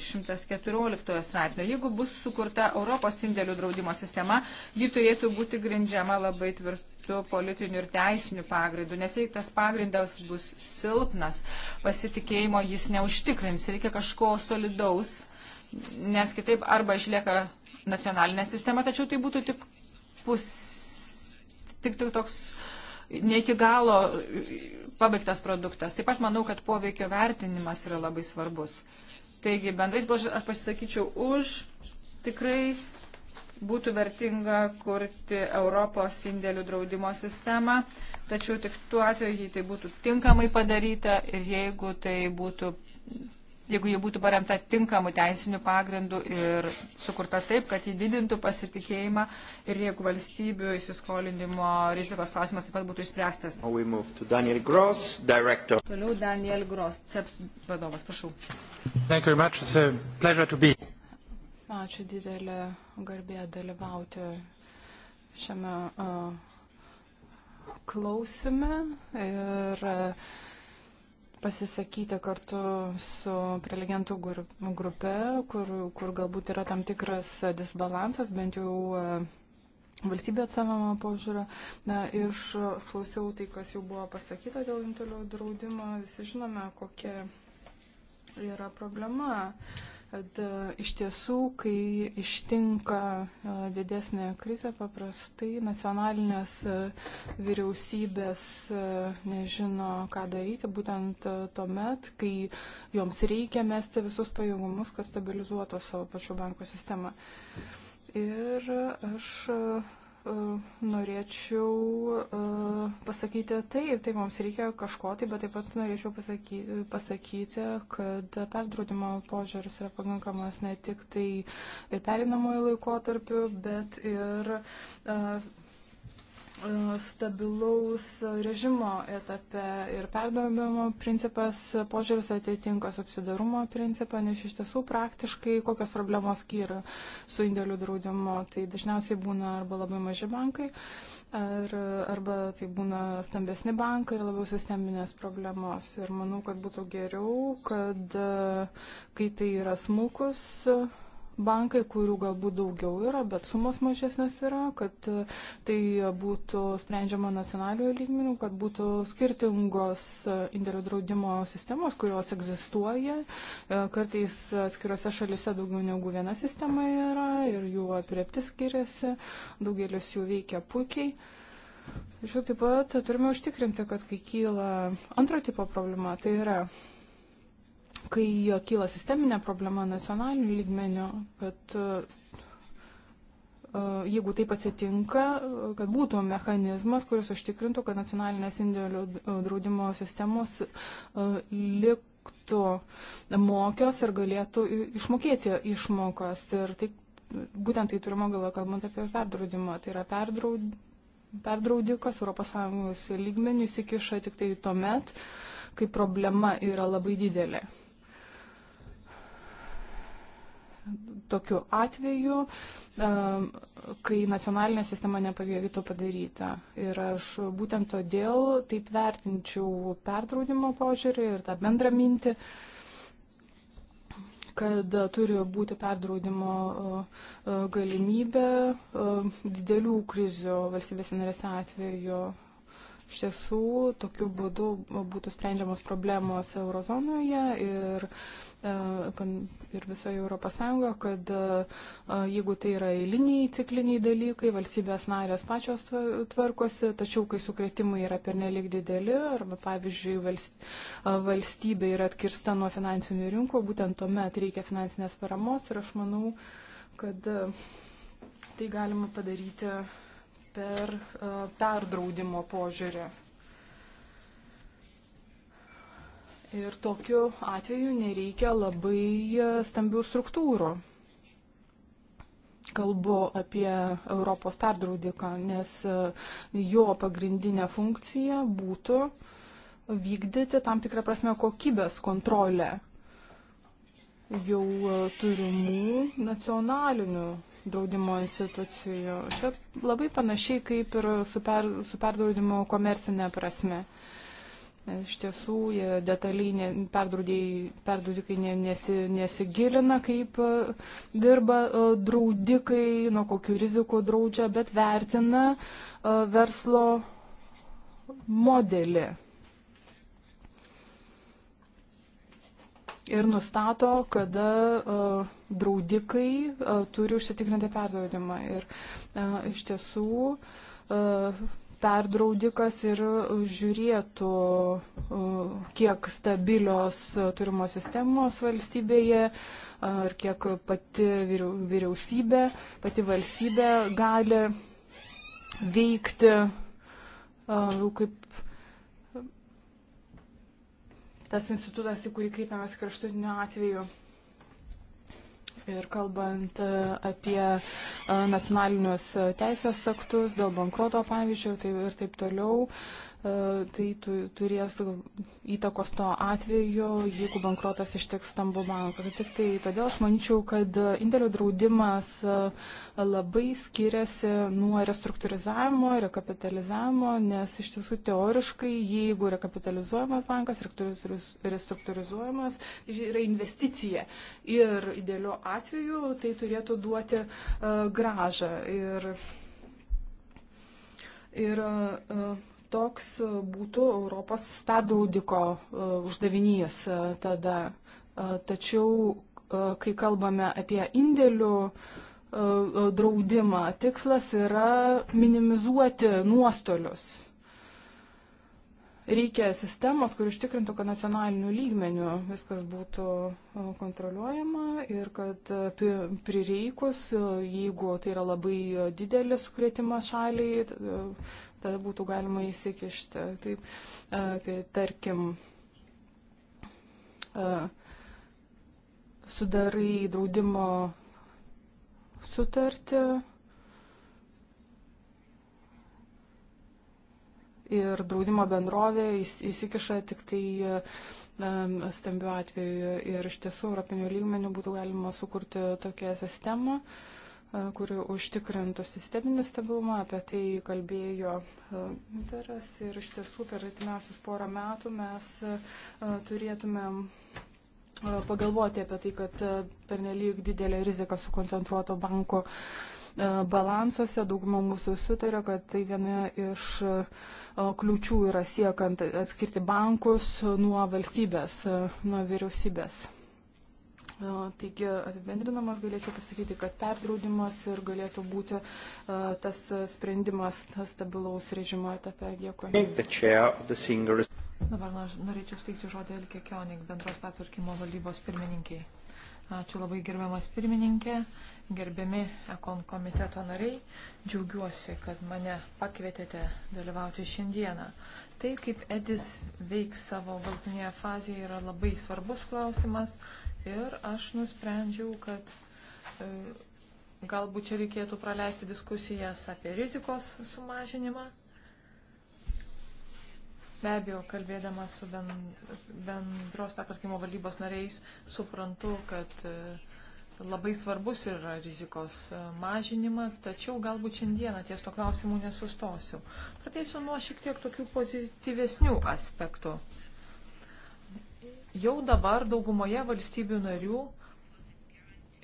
114 straipsnio. Jeigu bus sukurta Europos indėlių draudimo sistema, ji turėtų būti grindžiama labai tvirtu politiniu ir teisiniu pagrindu, nes jei tas pagrindas bus silpnas, pasitikėjimo jis neužtikrins. Reikia kažko solidaus, nes kitaip arba išlieka nacionalinė sistema, tačiau tai būtų tik pus, tik, tik toks uh, ne iki galo pabaigtas produktas. Taip pat manau, kad poveikio vertinimas yra labai svarbus. Taigi, bendrais požiūrės, aš pasisakyčiau už tikrai būtų vertinga kurti Europos indėlių draudimo sistemą, tačiau tik tuo atveju, jei tai būtų tinkamai padaryta ir jeigu tai būtų jeigu ji būtų paremta tinkamu teisiniu pagrindu ir sukurta taip, kad ji didintų pasitikėjimą ir jeigu valstybių įsiskolinimo rizikos klausimas taip pat būtų išspręstas. Daniel Gross, director. Toliau Daniel Gross, CEPS vadovas, prašau. Ačiū didelė garbė dalyvauti šiame uh, klausime ir uh, pasisakyti kartu su prelegentų grupe, kur, kur galbūt yra tam tikras disbalansas, bent jau e, valstybė atsavama požiūrė. Na, iš klausiau tai, kas jau buvo pasakyta dėl intolio draudimo, visi žinome, kokia yra problema. Uh, kad e, iš tiesų, kai ištinka e, didesnė krizė, paprastai nacionalinės e, vyriausybės nežino, ką daryti, būtent tuomet, kai joms reikia mesti visus pajėgumus, kad stabilizuotų savo pačių bankų sistemą. Ir aš E, norėčiau e, pasakyti taip, taip mums reikia kažko, tai, bet taip pat norėčiau pasakyti, pasakyti kad perdraudimo požiūris yra pakankamas ne tik tai ir perinamojo laikotarpiu, bet ir e, E, stabilaus režimo etape ir perdavimo principas požiūris atitinka subsidarumo principą, nes iš tiesų praktiškai kokios problemos kyra su indėlių draudimu. Tai dažniausiai būna arba labai maži bankai, ar, arba tai būna stambesni bankai ir labiau sisteminės problemos. Ir manau, kad būtų geriau, kad e, kai tai yra smulkus bankai, kurių galbūt daugiau yra, bet sumos mažesnės yra, kad e, tai būtų sprendžiama nacionaliojo lygmenių, kad būtų skirtingos e, indėlių draudimo sistemos, kurios egzistuoja. E, kartais atskiriuose šalise daugiau negu viena sistema yra ir jų aprieptis skiriasi, daugelis jų veikia puikiai. Tačiau taip pat turime užtikrinti, kad kai kyla antro tipo problema, tai yra kai kyla sisteminė problema nacionaliniu lygmeniu, kad e, e, jeigu taip atsitinka, kad būtų mechanizmas, kuris užtikrintų, kad nacionalinės indėlių e, draudimo sistemos liktų mokios ir galėtų išmokėti išmokas. Ir tai, būtent tai turime galvoje, kalbant apie perdraudimą. Tai yra perdraud, perdraudikas ES lygmenių įsikiša tik tai tuomet, kai problema yra labai didelė tokiu atveju, kai nacionalinė sistema nepavėjo to padaryti. Ir aš būtent todėl taip vertinčiau perdraudimo požiūrį ir tą bendrą mintį kad turi būti perdraudimo e, e, galimybė e, didelių krizių valstybės narėse atveju Iš tiesų, tokiu būdu būtų sprendžiamos problemos eurozonoje ir e, ir visoje Europos Sąjungoje, kad e, jeigu tai yra eiliniai cikliniai dalykai, valstybės narės pačios tvarkosi, tačiau kai sukretimai yra pernelik dideli, arba pavyzdžiui e, valstybė yra atkirsta nuo finansinių rinkų, būtent tuomet reikia finansinės paramos ir aš manau, kad tai galima padaryti per e, perdraudimo požiūrį. Ir tokiu atveju nereikia labai e, stambių struktūrų. Kalbu apie Europos perdraudiką, nes e, jo pagrindinė funkcija būtų vykdyti tam tikrą prasme kokybės kontrolę jau turimų nacionalinių draudimo institucijų. Čia labai panašiai kaip ir su, per, su perdraudimu komercinė prasme. Iš tiesų, detaliai perdraudikai nesi, nesigilina, kaip e, dirba e, draudikai, nuo kokių rizikų draudžia, bet vertina e, verslo modelį ir nustato, kada e, draudikai e, turi užsitikrinti perdraudimą. Ir e, iš tiesų perdraudikas ir žiūrėtų, kiek stabilios turimos sistemos valstybėje ir kiek pati vyriausybė, pati valstybė gali veikti, kaip tas institutas, į kurį kreipiamės kraštutiniu atveju. Ir kalbant e, apie e, nacionalinius e, teisės aktus dėl bankroto pavyzdžių ir taip, ir taip toliau, E, tai turės įtakos to atveju, jeigu bankrotas ištiks stambų banką. Tai tik tai todėl aš manyčiau, kad indėlių draudimas e, labai skiriasi nuo restruktūrizavimo, rekapitalizavimo, nes iš tiesų teoriškai, jeigu rekapitalizuojamas bankas, restruktūrizuojamas, tai yra investicija. Ir idealiu atveju tai turėtų duoti uh, e, gražą. Ir, ir uh, toks e, būtų Europos stabaudiko e, uždavinys e, tada. Tačiau, kai kalbame apie indėlių draudimą, tikslas yra minimizuoti nuostolius. Reikia sistemos, kur užtikrintų, kad nacionaliniu lygmeniu viskas būtų kontroliuojama ir kad prireikus, jeigu tai yra labai didelis sukrėtimas šaliai, tada būtų galima įsikišti. Taip, kai tarkim sudarai draudimo sutartį ir draudimo bendrovė įsikiša tik tai stambiu atveju ir iš tiesų europinių lygmenių būtų galima sukurti tokią sistemą, uh, E, kuri užtikrintų sisteminį stabilumą, apie tai kalbėjo e, Interas ir iš tiesų per atimiausius porą metų mes e, turėtumėm pagalvoti apie tai, kad pernelyg didelė rizika sukoncentruoto banko balansuose. Dauguma mūsų sutarė, kad tai viena iš kliučių yra siekant atskirti bankus nuo valstybės, nuo vyriausybės. E, taigi apibendrinamas galėčiau pasakyti, kad perdraudimas ir galėtų būti e, tas sprendimas tas stabilaus režimo etape. Dėkui. Dabar norėčiau steigti žodį Elke Kionik, bendros patvarkymo valdybos pirmininkiai. Ačiū labai gerbiamas pirmininkė, gerbiami ekon komiteto nariai. Džiaugiuosi, kad mane pakvietėte dalyvauti šiandieną. Tai, kaip Edis veiks savo galtinėje fazėje, yra labai svarbus klausimas Ir aš nusprendžiau, kad e, galbūt čia reikėtų praleisti diskusijas apie rizikos sumažinimą. Be abejo, kalbėdamas su bendros pertvarkymo valdybos nariais, suprantu, kad e, labai svarbus yra rizikos e, mažinimas, tačiau galbūt šiandieną ties to klausimų nesustosiu. Pradėsiu nuo šiek tiek tokių pozityvesnių aspektų. Jau dabar daugumoje valstybių narių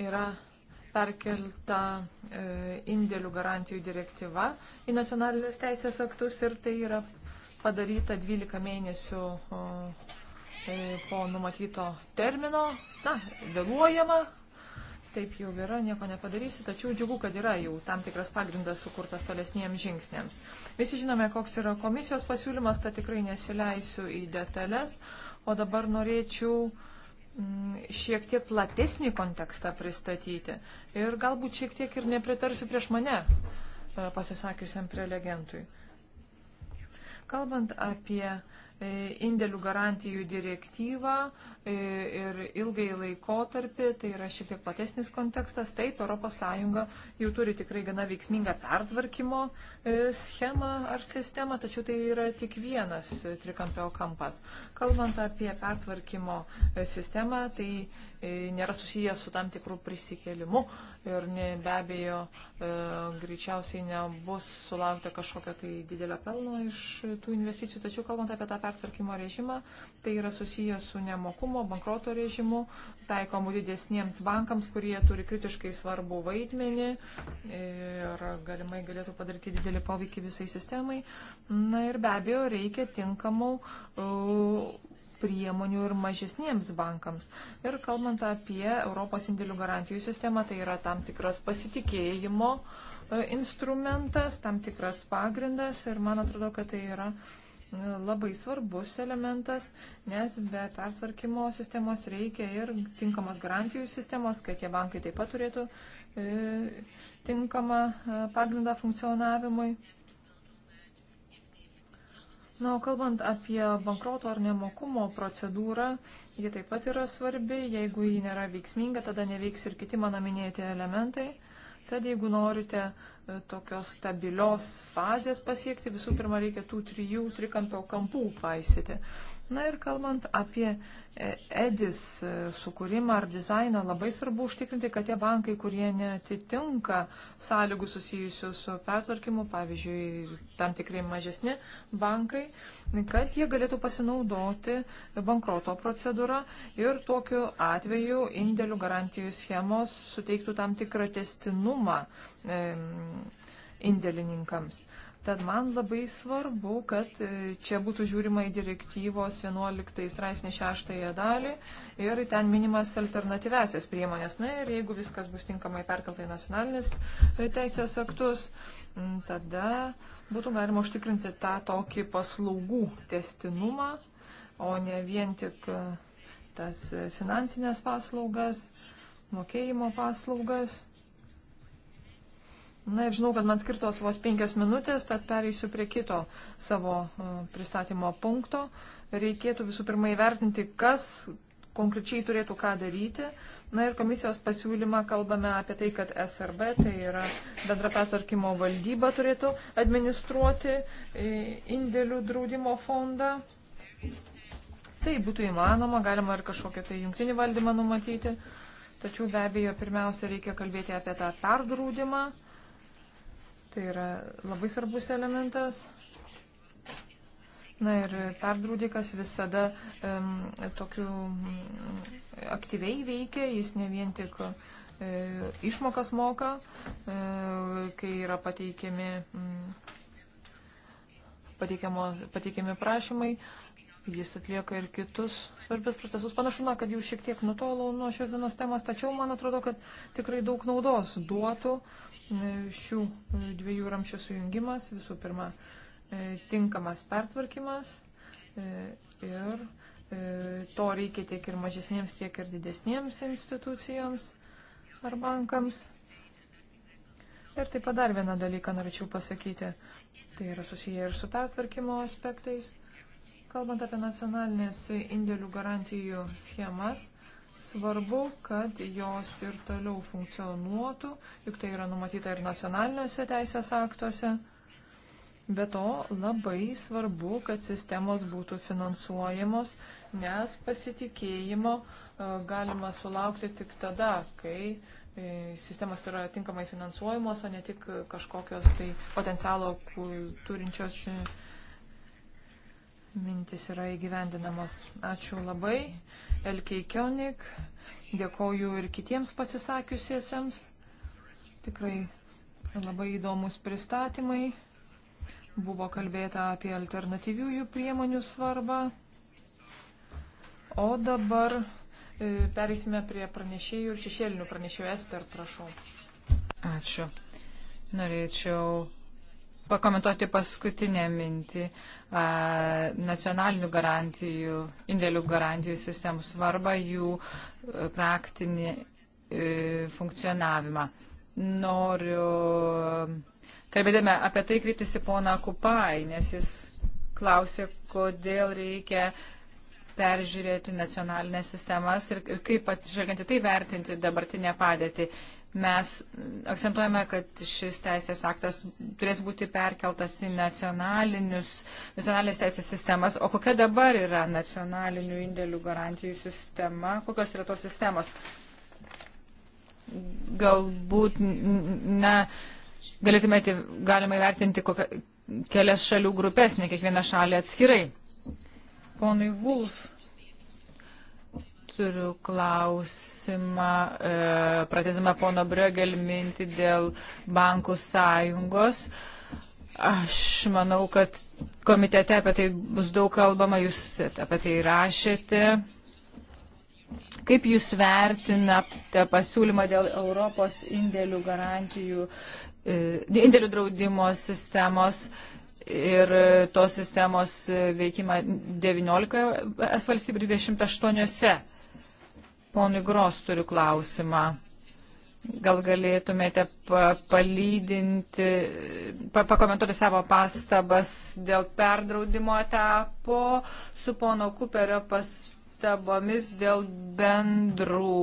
yra perkelta e, indėlių garantijų direktyva į nacionalinius teisės aktus ir tai yra padaryta 12 mėnesių e, po numatyto termino. Na, vėluojama, taip jau yra, nieko nepadarysi, tačiau džiugu, kad yra jau tam tikras pagrindas sukurtas tolesniems žingsniams. Visi žinome, koks yra komisijos pasiūlymas, tad tikrai nesileisiu į detalės. O dabar norėčiau mm, šiek tiek platesnį kontekstą pristatyti. Ir galbūt šiek tiek ir nepritarsiu prieš mane e, pasisakiusiam prelegentui. Kalbant apie e, indėlių garantijų direktyvą, ir ilgai laikotarpį, tai yra šiek tiek platesnis kontekstas. Taip, ES jau turi tikrai gana veiksmingą pertvarkymo schemą ar sistemą, tačiau tai yra tik vienas trikampio kampas. Kalbant apie pertvarkymo sistemą, tai nėra susijęs su tam tikrų prisikėlimu ir ne, be abejo greičiausiai nebus sulaukta kažkokio tai didelio pelno iš tų investicijų, tačiau kalbant apie tą pertvarkymo režimą, tai yra susijęs su nemokumu režimo, bankroto režimų, taikomų didesniems bankams, kurie turi kritiškai svarbų vaidmenį ir galimai galėtų padaryti didelį poveikį visai sistemai. Na ir be abejo, reikia tinkamų e, priemonių ir mažesniems bankams. Ir kalbant apie Europos indėlių garantijų sistemą, tai yra tam tikras pasitikėjimo e, instrumentas, tam tikras pagrindas ir man atrodo, kad tai yra labai svarbus elementas, nes be pertvarkymo sistemos reikia ir tinkamos garantijų sistemos, kad tie bankai taip pat turėtų e, tinkamą e, pagrindą funkcionavimui. Na, o kalbant apie bankroto ar nemokumo procedūrą, ji taip pat yra svarbi. Jeigu ji nėra veiksminga, tada neveiks ir kiti mano minėti elementai. E, Tad jeigu norite e, tokios stabilios fazės pasiekti, visų pirma reikia tų trijų trikampio kampų paisyti. Na ir kalbant apie edis sukūrimą ar dizainą, labai svarbu užtikrinti, kad tie bankai, kurie netitinka sąlygų susijusių su pertvarkymu, pavyzdžiui, tam tikrai mažesni bankai, kad jie galėtų pasinaudoti bankroto procedūrą ir tokiu atveju indėlių garantijų schemos suteiktų tam tikrą testinumą indėlininkams. Tad man labai svarbu, kad e, čia būtų žiūrima į direktyvos 11 straipsnį 6 dalį ir ten minimas alternatyvesias priemonės. Na ir jeigu viskas bus tinkamai perkelta į nacionalinis e, teisės aktus, tada būtų galima užtikrinti tą tokį paslaugų testinumą, o ne vien tik e, tas finansinės paslaugas, mokėjimo paslaugas. Na ir žinau, kad man skirtos vos penkias minutės, tad pereisiu prie kito savo e, pristatymo punkto. Reikėtų visų pirma įvertinti, kas konkrečiai turėtų ką daryti. Na ir komisijos pasiūlymą kalbame apie tai, kad SRB, tai yra bendra pertvarkymo valdyba, turėtų administruoti e, indėlių draudimo fondą. Tai būtų įmanoma, galima ir kažkokią tai jungtinį valdymą numatyti. Tačiau be abejo, pirmiausia, reikia kalbėti apie tą perdraudimą. Tai yra labai svarbus elementas. Na ir perdraudikas visada um, tokiu mm, aktyviai veikia, jis ne vien tik e, išmokas moka, e, kai yra pateikiami, m, mm, pateikiamo, pateikiami prašymai, jis atlieka ir kitus svarbius procesus. Panašu, na, kad jau šiek tiek nutolau nuo šios dienos temos, tačiau man atrodo, kad tikrai daug naudos duotų. E, šių e, dviejų ramščių sujungimas, visų pirma, e, tinkamas pertvarkymas e, ir to reikia tiek ir mažesniems, tiek ir didesniems institucijoms ar bankams. Ir taip pat dar vieną dalyką norėčiau pasakyti. Tai yra susiję ir su pertvarkymo aspektais. Kalbant apie nacionalinės indėlių garantijų schemas, Svarbu, kad jos ir toliau funkcionuotų, juk tai yra numatyta ir nacionaliniuose teisės aktuose. Be to labai svarbu, kad sistemos būtų finansuojamos, nes pasitikėjimo e, galima sulaukti tik tada, kai e, sistemas yra tinkamai finansuojamos, o ne tik kažkokios tai potencialo turinčios e, mintis yra įgyvendinamos. Ačiū labai, Elkei Kionik, dėkoju ir kitiems pasisakiusiesiems. Tikrai labai įdomus pristatymai. Buvo kalbėta apie alternatyviųjų priemonių svarbą. O dabar e, pereisime prie pranešėjų ir šešėlinių pranešėjų. Ester, prašau. Ačiū. Norėčiau pakomentuoti paskutinę mintį nacionalinių garantijų, indėlių garantijų sistemų svarbą, jų e, praktinį e, funkcionavimą. Noriu, kalbėdami apie tai, kryptis į poną Kupai, nes jis klausė, kodėl reikia peržiūrėti nacionalinės sistemas ir, ir kaip atsižvelgiant į tai vertinti dabartinę padėtį. Mes akcentuojame, kad šis teisės aktas turės būti perkeltas į nacionalinės teisės sistemas. O kokia dabar yra nacionalinių indėlių garantijų sistema? Kokios yra tos sistemos? Galbūt, na, galėtumėte, galima įvertinti kokią, kelias šalių grupės, ne kiekvieną šalį atskirai. Ponui Vulf Turiu klausimą, e, pratesimą pono Bregel minti dėl bankų sąjungos. Aš manau, kad komitete apie tai bus daug kalbama, jūs apie tai rašėte. Kaip jūs vertinate pasiūlymą dėl Europos indėlių garantijų, e, indėlių draudimo sistemos ir tos sistemos veikimą 19 es valstybių 28? Ponui Gros turiu klausimą. Gal galėtumėte palydinti, pakomentuoti savo pastabas dėl perdraudimo etapo su pono Kuperio pastabomis dėl bendrų,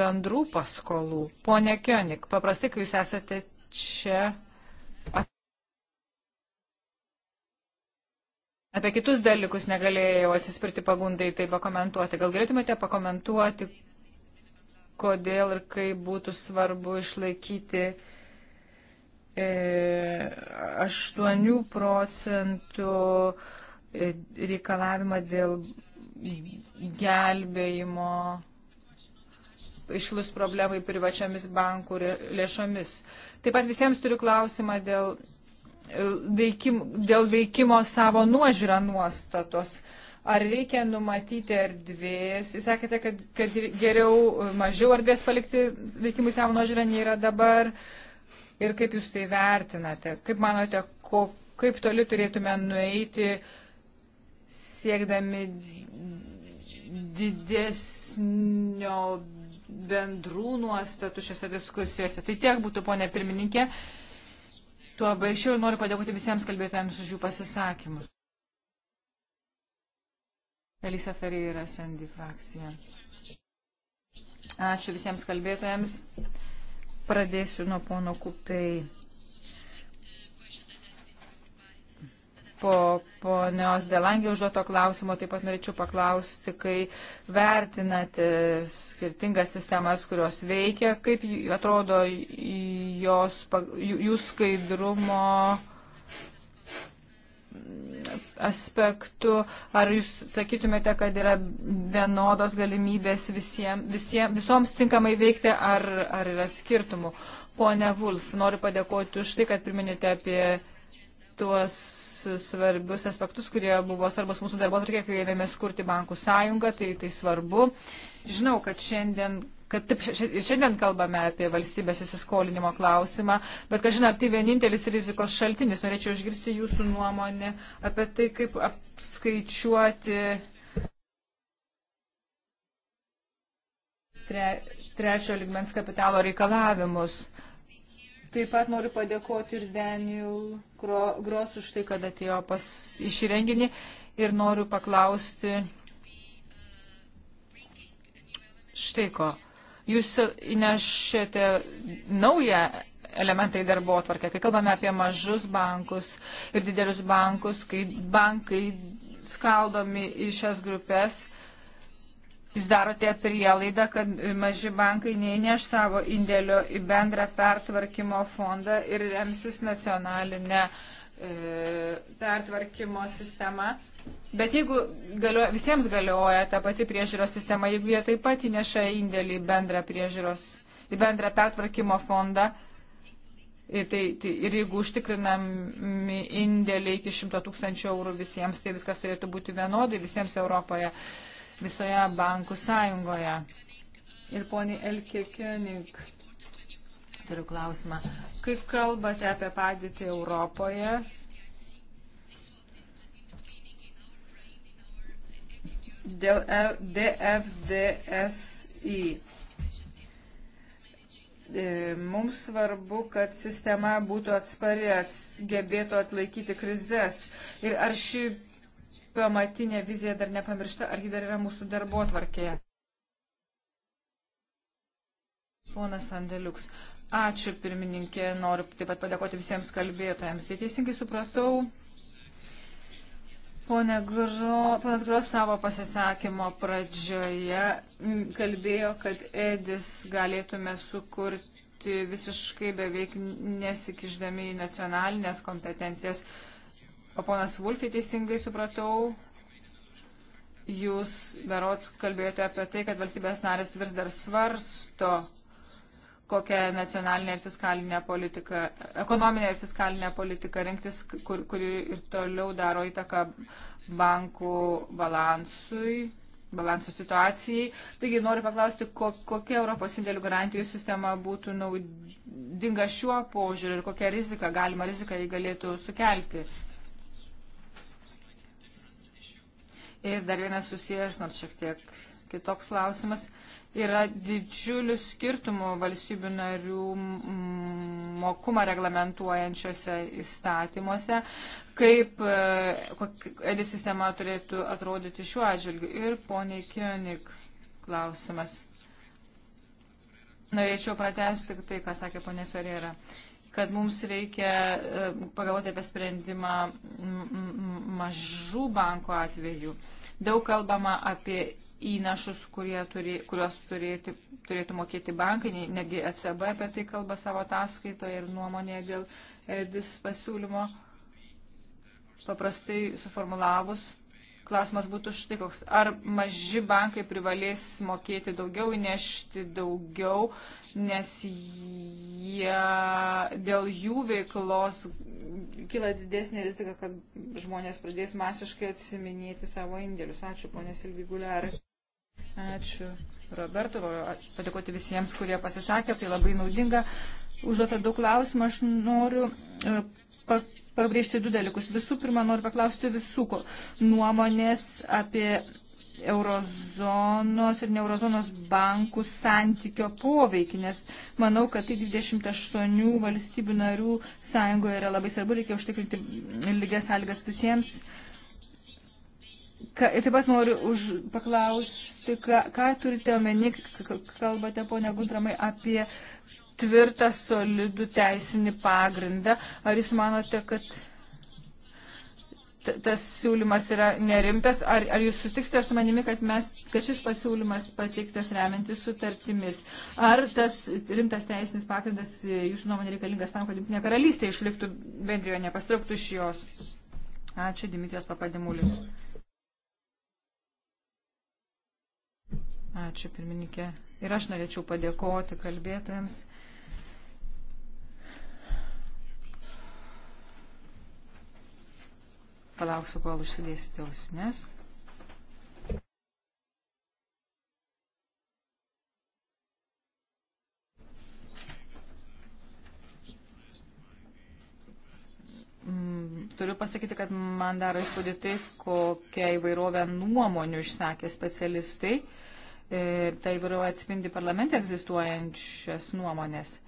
bendrų paskolų. Pone Kionik, paprastai, kai jūs esate čia, Apie kitus dalykus negalėjau atsispirti pagundai tai pakomentuoti. Gal galėtumėte pakomentuoti, kodėl ir kaip būtų svarbu išlaikyti e, 8 procentų e, reikalavimą dėl gelbėjimo iškilus problemai privačiamis bankų lėšomis. Taip pat visiems turiu klausimą dėl veikim, dėl veikimo savo nuožiūrą nuostatos. Ar reikia numatyti erdvės? Jūs sakėte, kad, kad geriau mažiau erdvės palikti veikimui savo nuožiūrą nei yra dabar. Ir kaip jūs tai vertinate? Kaip manote, ko, kaip toli turėtume nueiti siekdami didesnio bendrų nuostatų šiose diskusijose. Tai tiek būtų, ponė pirmininkė tuo baišiau ir noriu padėkoti visiems kalbėtojams už jų pasisakymus. Elisa Ferreira, Sandy frakcija. Ačiū visiems kalbėtojams. Pradėsiu nuo pono Kupei. po ponios Delangė užduoto klausimo taip pat norėčiau paklausti, kai vertinate skirtingas sistemas, kurios veikia, kaip atrodo jos, jų skaidrumo aspektu, ar jūs sakytumėte, kad yra vienodos galimybės visiem, visiem, visoms tinkamai veikti, ar, ar yra skirtumų. Pone Vulf, noriu padėkoti už tai, kad priminėte apie tuos svarbius aspektus, kurie buvo svarbus mūsų darbo atvarkė, kai ėmėmės kurti bankų sąjungą, tai tai svarbu. Žinau, kad šiandien kad taip, šiandien kalbame apie valstybės įsiskolinimo klausimą, bet, kažin, ar tai vienintelis rizikos šaltinis, norėčiau išgirsti jūsų nuomonę apie tai, kaip apskaičiuoti tre, trečio ligmens kapitalo reikalavimus. Uh, Taip pat noriu padėkoti ir Daniel Gros už tai, kad atėjo pas iš renginį ir noriu paklausti štai ko. Jūs įnešėte naują elementai darbo atvarkė. Kai kalbame apie mažus bankus ir didelius bankus, kai bankai skaldomi į šias grupės, uh, Jūs darote prielaidą, kad maži bankai neįneš savo indėlio į bendrą pertvarkymo fondą ir remsis nacionalinę e, pertvarkymo sistemą. Bet jeigu galio, visiems galioja ta pati priežiūros sistema, jeigu jie taip pat įneša indėlį į bendrą priežiūros, į bendrą pertvarkymo fondą, Ir, tai, tai, ir jeigu užtikrinami indėliai iki 100 tūkstančių eurų visiems, tai viskas turėtų būti vienodai visiems Europoje. Uh, visoje bankų sąjungoje. Ir poniai Elke König, turiu klausimą. Kai kalbate apie padėtį Europoje, dėl DFDSI. E, mums svarbu, kad sistema būtų atspari, gebėtų atlaikyti krizės. Ir ar ši pamatinė vizija dar nepamiršta, ar ji dar yra mūsų darbo atvarkėje. Ponas Andeliuks, ačiū pirmininkė, noriu taip pat padėkoti visiems kalbėtojams. Jei teisingai supratau, Pone Gro, ponas Gros savo pasisakymo pradžioje kalbėjo, kad Edis galėtume sukurti visiškai beveik nesikiždami į nacionalinės kompetencijas. O ponas Vulfi, teisingai supratau, jūs berots kalbėjote apie tai, kad valstybės narės vis dar svarsto, kokią nacionalinę ir fiskalinę politiką, ekonominę ir fiskalinę politiką rinktis, kur, kuri ir toliau daro įtaką bankų balansui balansų situacijai. Taigi noriu paklausti, ko, kokia Europos indėlių garantijų sistema būtų naudinga šiuo požiūriu ir kokią riziką, galima riziką jį galėtų sukelti. Ir dar vienas susijęs, nors šiek tiek kitoks klausimas, yra didžiulių skirtumų valstybių narių mokumą reglamentuojančiose įstatymuose, kaip e, edi sistema turėtų atrodyti šiuo atžvilgiu. Ir poniai Kionik klausimas. Norėčiau pratesti tai, ką sakė ponė Ferėra. Uh, kad mums reikia e, pagalvoti apie sprendimą mažų banko atveju. Daug kalbama apie įnašus, turi, kuriuos turėti, turėtų mokėti bankai, negi ECB apie tai kalba savo ataskaitoje ir nuomonėje dėl EDIS pasiūlymo. Paprastai suformulavus klausimas būtų štai koks. Ar maži bankai privalės mokėti daugiau, įnešti daugiau, nes jie, dėl jų veiklos kyla didesnė rizika, kad žmonės pradės masiškai atsiminėti savo indėlius. Ačiū, ponė Silviguliarai. Ačiū Roberto, padėkoti visiems, kurie pasisakė, tai labai naudinga. Užduota daug klausimų, aš noriu e, pabrėžti du dalykus. Visų pirma, noriu paklausti visų nuomonės apie eurozonos ir neurozonos bankų santykio poveikį, nes manau, kad tai 28 valstybių narių sąjungoje yra labai svarbu, reikia užtikrinti lygias sąlygas visiems. Ka, taip pat noriu už, paklausti, ką, ką turite omeny, kalbate, ponia Gudramai, apie tvirtą, solidų teisinį pagrindą. Ar jūs manote, kad tas siūlymas yra nerimtas? Ar, ar jūs sutiksite su manimi, kad, mes, kad šis pasiūlymas pateiktas remiantis sutartimis? Ar tas rimtas teisinis pagrindas e, jūsų nuomonė reikalingas tam, kad Junktinė karalystė išliktų bendrijoje, nepastrauktų iš jos? Ačiū, Dimitrijos papadimulis. Ačiū, pirmininkė. Ir aš norėčiau padėkoti kalbėtojams. Palauksiu, kol užsidėsite ausines. Mm, turiu pasakyti, kad man daro įspūdį tai, kokią įvairovę nuomonių išsakė specialistai. Ir tai įvairovė atspindi parlamente egzistuojančias nuomonės.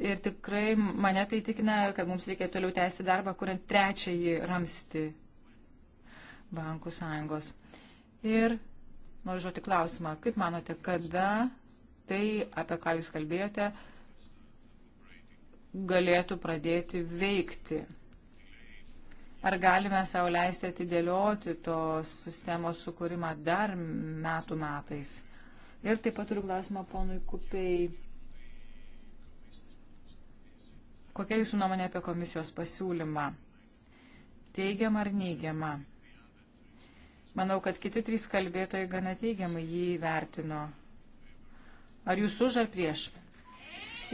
Ir tikrai mane tai tikina, kad mums reikia toliau tęsti darbą, kuriant trečiąjį ramsti bankų sąjungos. Ir noriu žodį klausimą, kaip manote, kada tai, apie ką jūs kalbėjote, galėtų pradėti veikti? Ar galime savo leisti atidėlioti tos sistemos sukūrimą dar metų metais? Ir taip pat turiu klausimą ponui Kupėjai Kokia jūsų nuomonė apie komisijos pasiūlymą? Teigiama ar neigiama? Manau, kad kiti trys kalbėtojai gana teigiamai jį vertino. Ar jūs už ar prieš?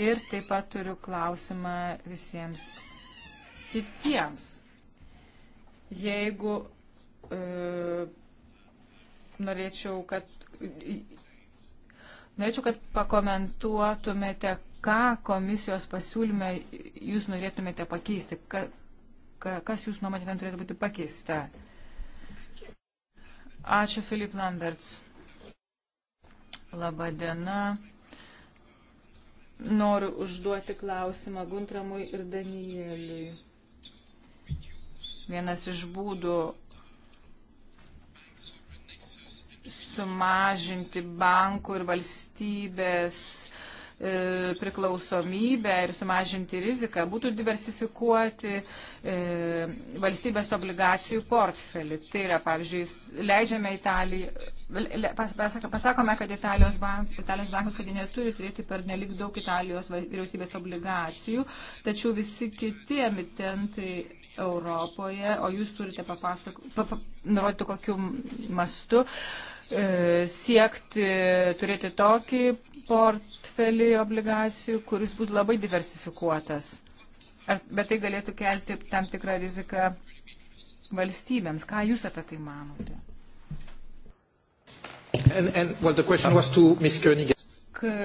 Ir taip pat turiu klausimą visiems kitiems. Jeigu e, norėčiau, kad Norėčiau, kad pakomentuotumėte, ką komisijos pasiūlyme jūs norėtumėte pakeisti, ka, ka, kas jūs nuomonė ten turėtų būti pakeista. Ačiū, Filip Lamberts. Labą dieną. Noriu užduoti klausimą Guntramui ir Danieliui. Vienas iš būdų sumažinti bankų ir valstybės E, priklausomybę ir sumažinti riziką, būtų diversifikuoti e, valstybės obligacijų portfelį. Tai yra, pavyzdžiui, leidžiame Italijai, pasakome, kad Italijos, bank, Italijos bankas, kad jie neturi turėti per nelik daug Italijos vyriausybės obligacijų, tačiau visi kiti emitentai Europoje, o jūs turite papasako, pap, nurodyti kokiu mastu e, siekti turėti tokį portfelį obligacijų, kuris būtų labai diversifikuotas. Ar, bet tai galėtų kelti tam tikrą riziką valstybėms. Ką Jūs apie tai manote? And, and, well,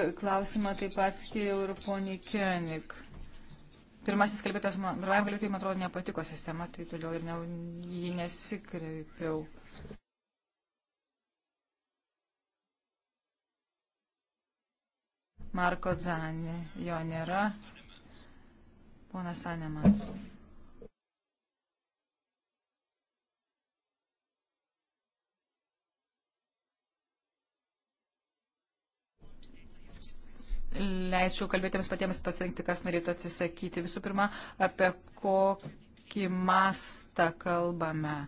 Klausimą taip pat skiriau ir poniai Kionik. Pirmasis kalbėtas, man, pirmajam kalbėtojui, man atrodo, nepatiko sistema, tai todėl ir ne, jį nesikreipiau. Marko Dzanė, jo nėra. Ponas Anemans. Leisčiau kalbėtėms patiems pasirinkti, kas norėtų atsisakyti. Visų pirma, apie kokį mastą kalbame.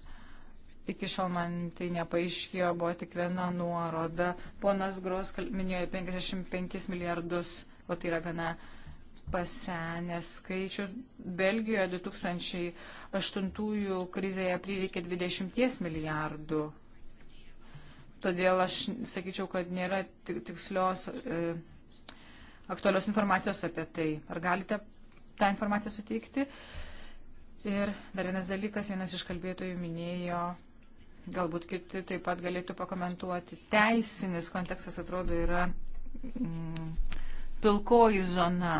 Iki šiol man tai nepaaiškėjo, buvo tik viena nuoroda. Ponas Gros minėjo 55 milijardus, o tai yra gana pasenęs skaičius. Belgijoje 2008 krizėje prireikė 20 milijardų. Todėl aš sakyčiau, kad nėra tikslios e, aktualios informacijos apie tai. Ar galite tą informaciją suteikti? Ir dar vienas dalykas, vienas iš kalbėtojų minėjo Galbūt kiti taip pat galėtų pakomentuoti. Teisinis kontekstas atrodo yra mm, pilkoji zona.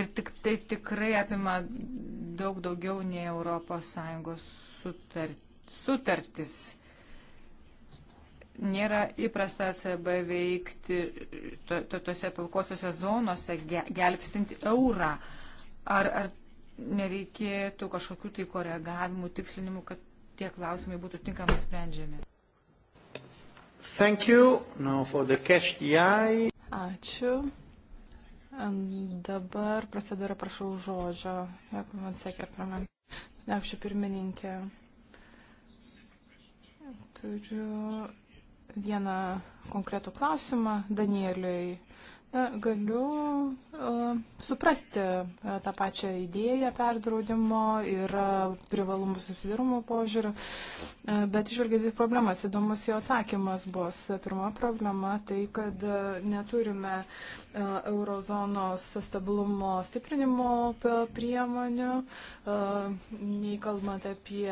Ir tik tai tikrai apima daug daugiau nei ES sutart, sutartis. Nėra įprasta ECB veikti to, to, tose pilkosiuose zonose, gelbstinti eurą. Ar, ar nereikėtų kažkokių tai koregavimų, tikslinimų, kad tie klausimai būtų tinkamai sprendžiami. Thank you. Now for the cash DI. Ačiū. Dabar procedūra prašau žodžio. Jeigu man sekė, praman. Ačiū pirmininkė. Turiu vieną konkretų klausimą Danieliui Galiu uh, suprasti uh, tą pačią idėją perdraudimo ir uh, privalumų subsidirumo požiūrių, uh, bet išvelgiant į problemas, įdomus jo atsakymas bus. Pirma problema tai, kad uh, neturime uh, eurozonos stabilumo stiprinimo priemonių, uh, nei kalbant apie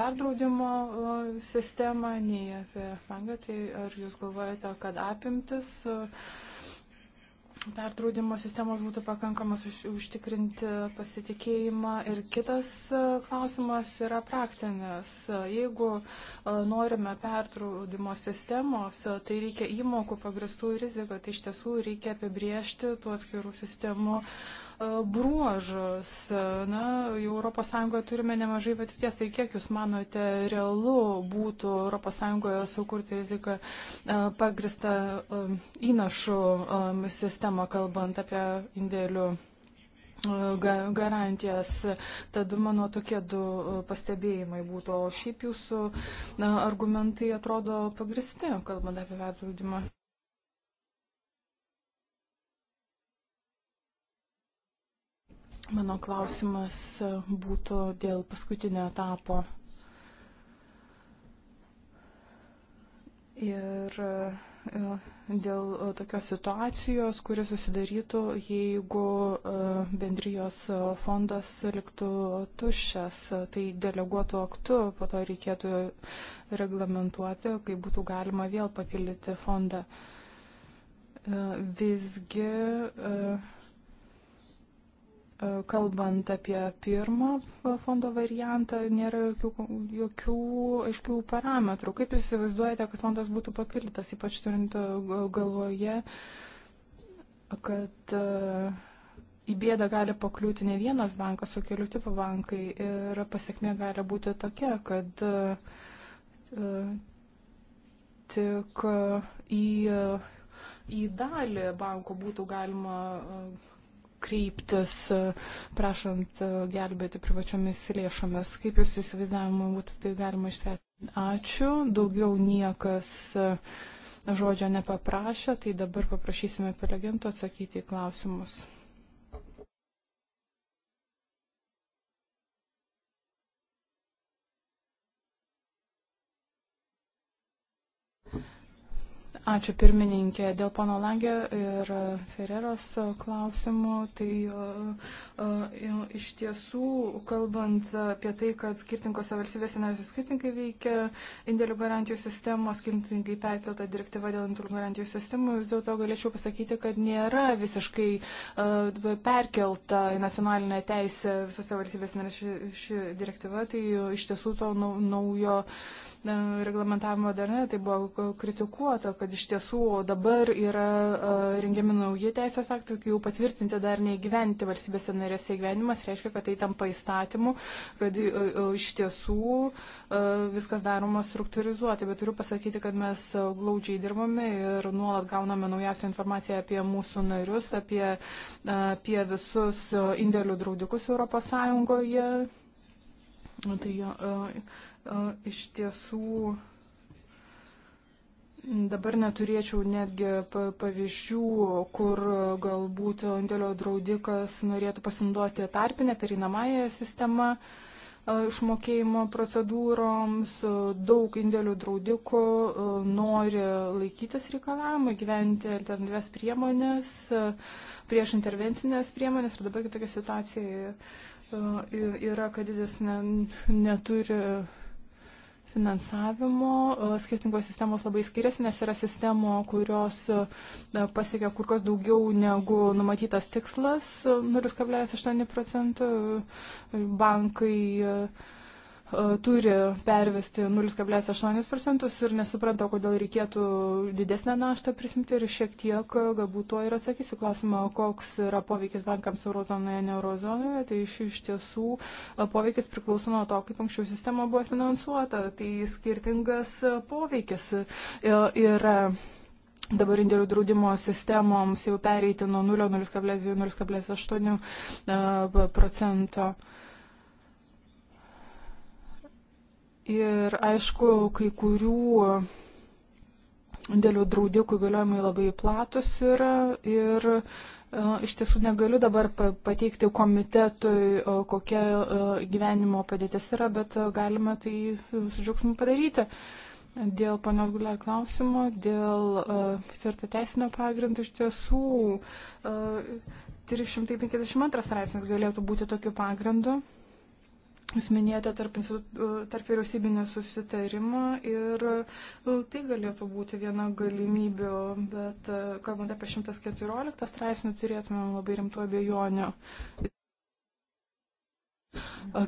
perdraudimo uh, sistemą, nei apie fangą. Tai ar jūs galvojate, kad apimtis. Uh, perdraudimo sistemos būtų pakankamas už, užtikrinti pasitikėjimą. Ir kitas e, klausimas yra praktinis. Jeigu e, norime perdraudimo sistemos, e, tai reikia įmokų pagristų riziką, tai iš tiesų reikia apibriežti tų atskirų sistemų uh, E, bruožus. Na, jau ES turime nemažai patirties, tai kiek Jūs manote, realu būtų ES sukurti riziką e, pagristą e, įnašų sistemą, kalbant apie indėlių garantijas. Tad mano tokie du pastebėjimai būtų. O šiaip jūsų argumentai atrodo pagristi, kalbant apie vedrūdimą. Mano klausimas e, būtų dėl paskutinio etapo. Ir e, dėl e, tokios situacijos, kuri susidarytų, jeigu bendrijos fondas liktų tuščias, tai deleguotų aktu, po to reikėtų reglamentuoti, kaip būtų galima vėl papildyti fondą. Visgi. Uh, Kalbant apie pirmą fondo variantą, nėra jokių, jokių aiškių parametrų. Kaip Jūs įsivaizduojate, kad fondas būtų papildytas, ypač turint e, galvoje, kad e, į bėdą gali pakliūti ne vienas bankas, o kelių tipų bankai. Ir pasiekmė gali būti tokia, kad e, tik į, į dalį banko būtų galima kreiptis, prašant gelbėti privačiomis lėšomis. Kaip jūs įsivaizdavimą būtų tai galima išspręsti? Ačiū. Daugiau niekas žodžio nepaprašė, tai dabar paprašysime prelegento atsakyti į klausimus. Ačiū pirmininkė. Dėl pono Langė ir e, Ferreros e, klausimų, tai e, iš tiesų, kalbant apie tai, kad skirtingose valstybėse narėse skirtingai veikia indėlių garantijų sistemos, skirtingai perkelta direktyva dėl indėlių garantijų sistemų, vis dėlto galėčiau pasakyti, kad nėra visiškai perkelta į nacionalinę teisę visose valstybėse narėse ši direktyva, tai iš tiesų to naujo. Na, reglamentavimo dar ne, tai buvo kritikuota, kad iš tiesų dabar yra rengiami nauji teisės aktai, kai jau patvirtinti dar neįgyventi valstybėse narėse įgyvenimas, reiškia, kad tai tampa įstatymu, kad iš tiesų viskas daroma struktūrizuoti. Bet turiu pasakyti, kad mes glaudžiai dirbame ir nuolat gauname naujausią informaciją apie mūsų narius, apie, apie visus indėlių draudikus Europos Sąjungoje. Nu, tai, uh, iš tiesų Dabar neturėčiau netgi pavyzdžių, kur galbūt indėlio draudikas norėtų pasinaudoti tarpinę perinamąją sistemą išmokėjimo procedūroms. Daug indėlių draudikų nori laikytis reikalavimą, gyventi alternatyves priemonės, prieš intervencinės priemonės ir dabar tokia situacija yra, kad jis ne, neturi finansavimo e, skirtingos sistemos labai skiriasi, nes yra sistemo, kurios e, pasiekia kur kas daugiau negu numatytas tikslas 0,8 e, procentų. Bankai E, turi pervesti 0,8 procentus ir nesupranta, kodėl reikėtų didesnę naštą prisimti ir šiek tiek e, galbūt tuo ir atsakysiu klausimą, koks yra poveikis bankams eurozonoje, ne eurozonoje. Tai iš, iš tiesų e, poveikis priklauso nuo to, kaip anksčiau sistema buvo finansuota. Tai skirtingas poveikis yra. Dabar indėlių draudimo sistemoms jau pereiti nuo 0,02,0,8 procento Ir aišku, kai kurių dėlių draudikų galiojimai labai platus yra ir e, iš tiesų negaliu dabar pateikti komitetui, e, kokia e, gyvenimo padėtis yra, bet galime tai su džiaugsmu padaryti. Dėl panios Gulė klausimo, dėl uh, tvirto teisinio pagrindo iš tiesų uh, 352 straipsnis galėtų būti tokiu pagrindu. Uh, Jūs minėjote tarp, tarp vyriausybinio susitarimą ir e, tai galėtų būti viena galimybių, bet e, kalbant apie 114 straipsnių turėtumėm labai rimtų abejonių.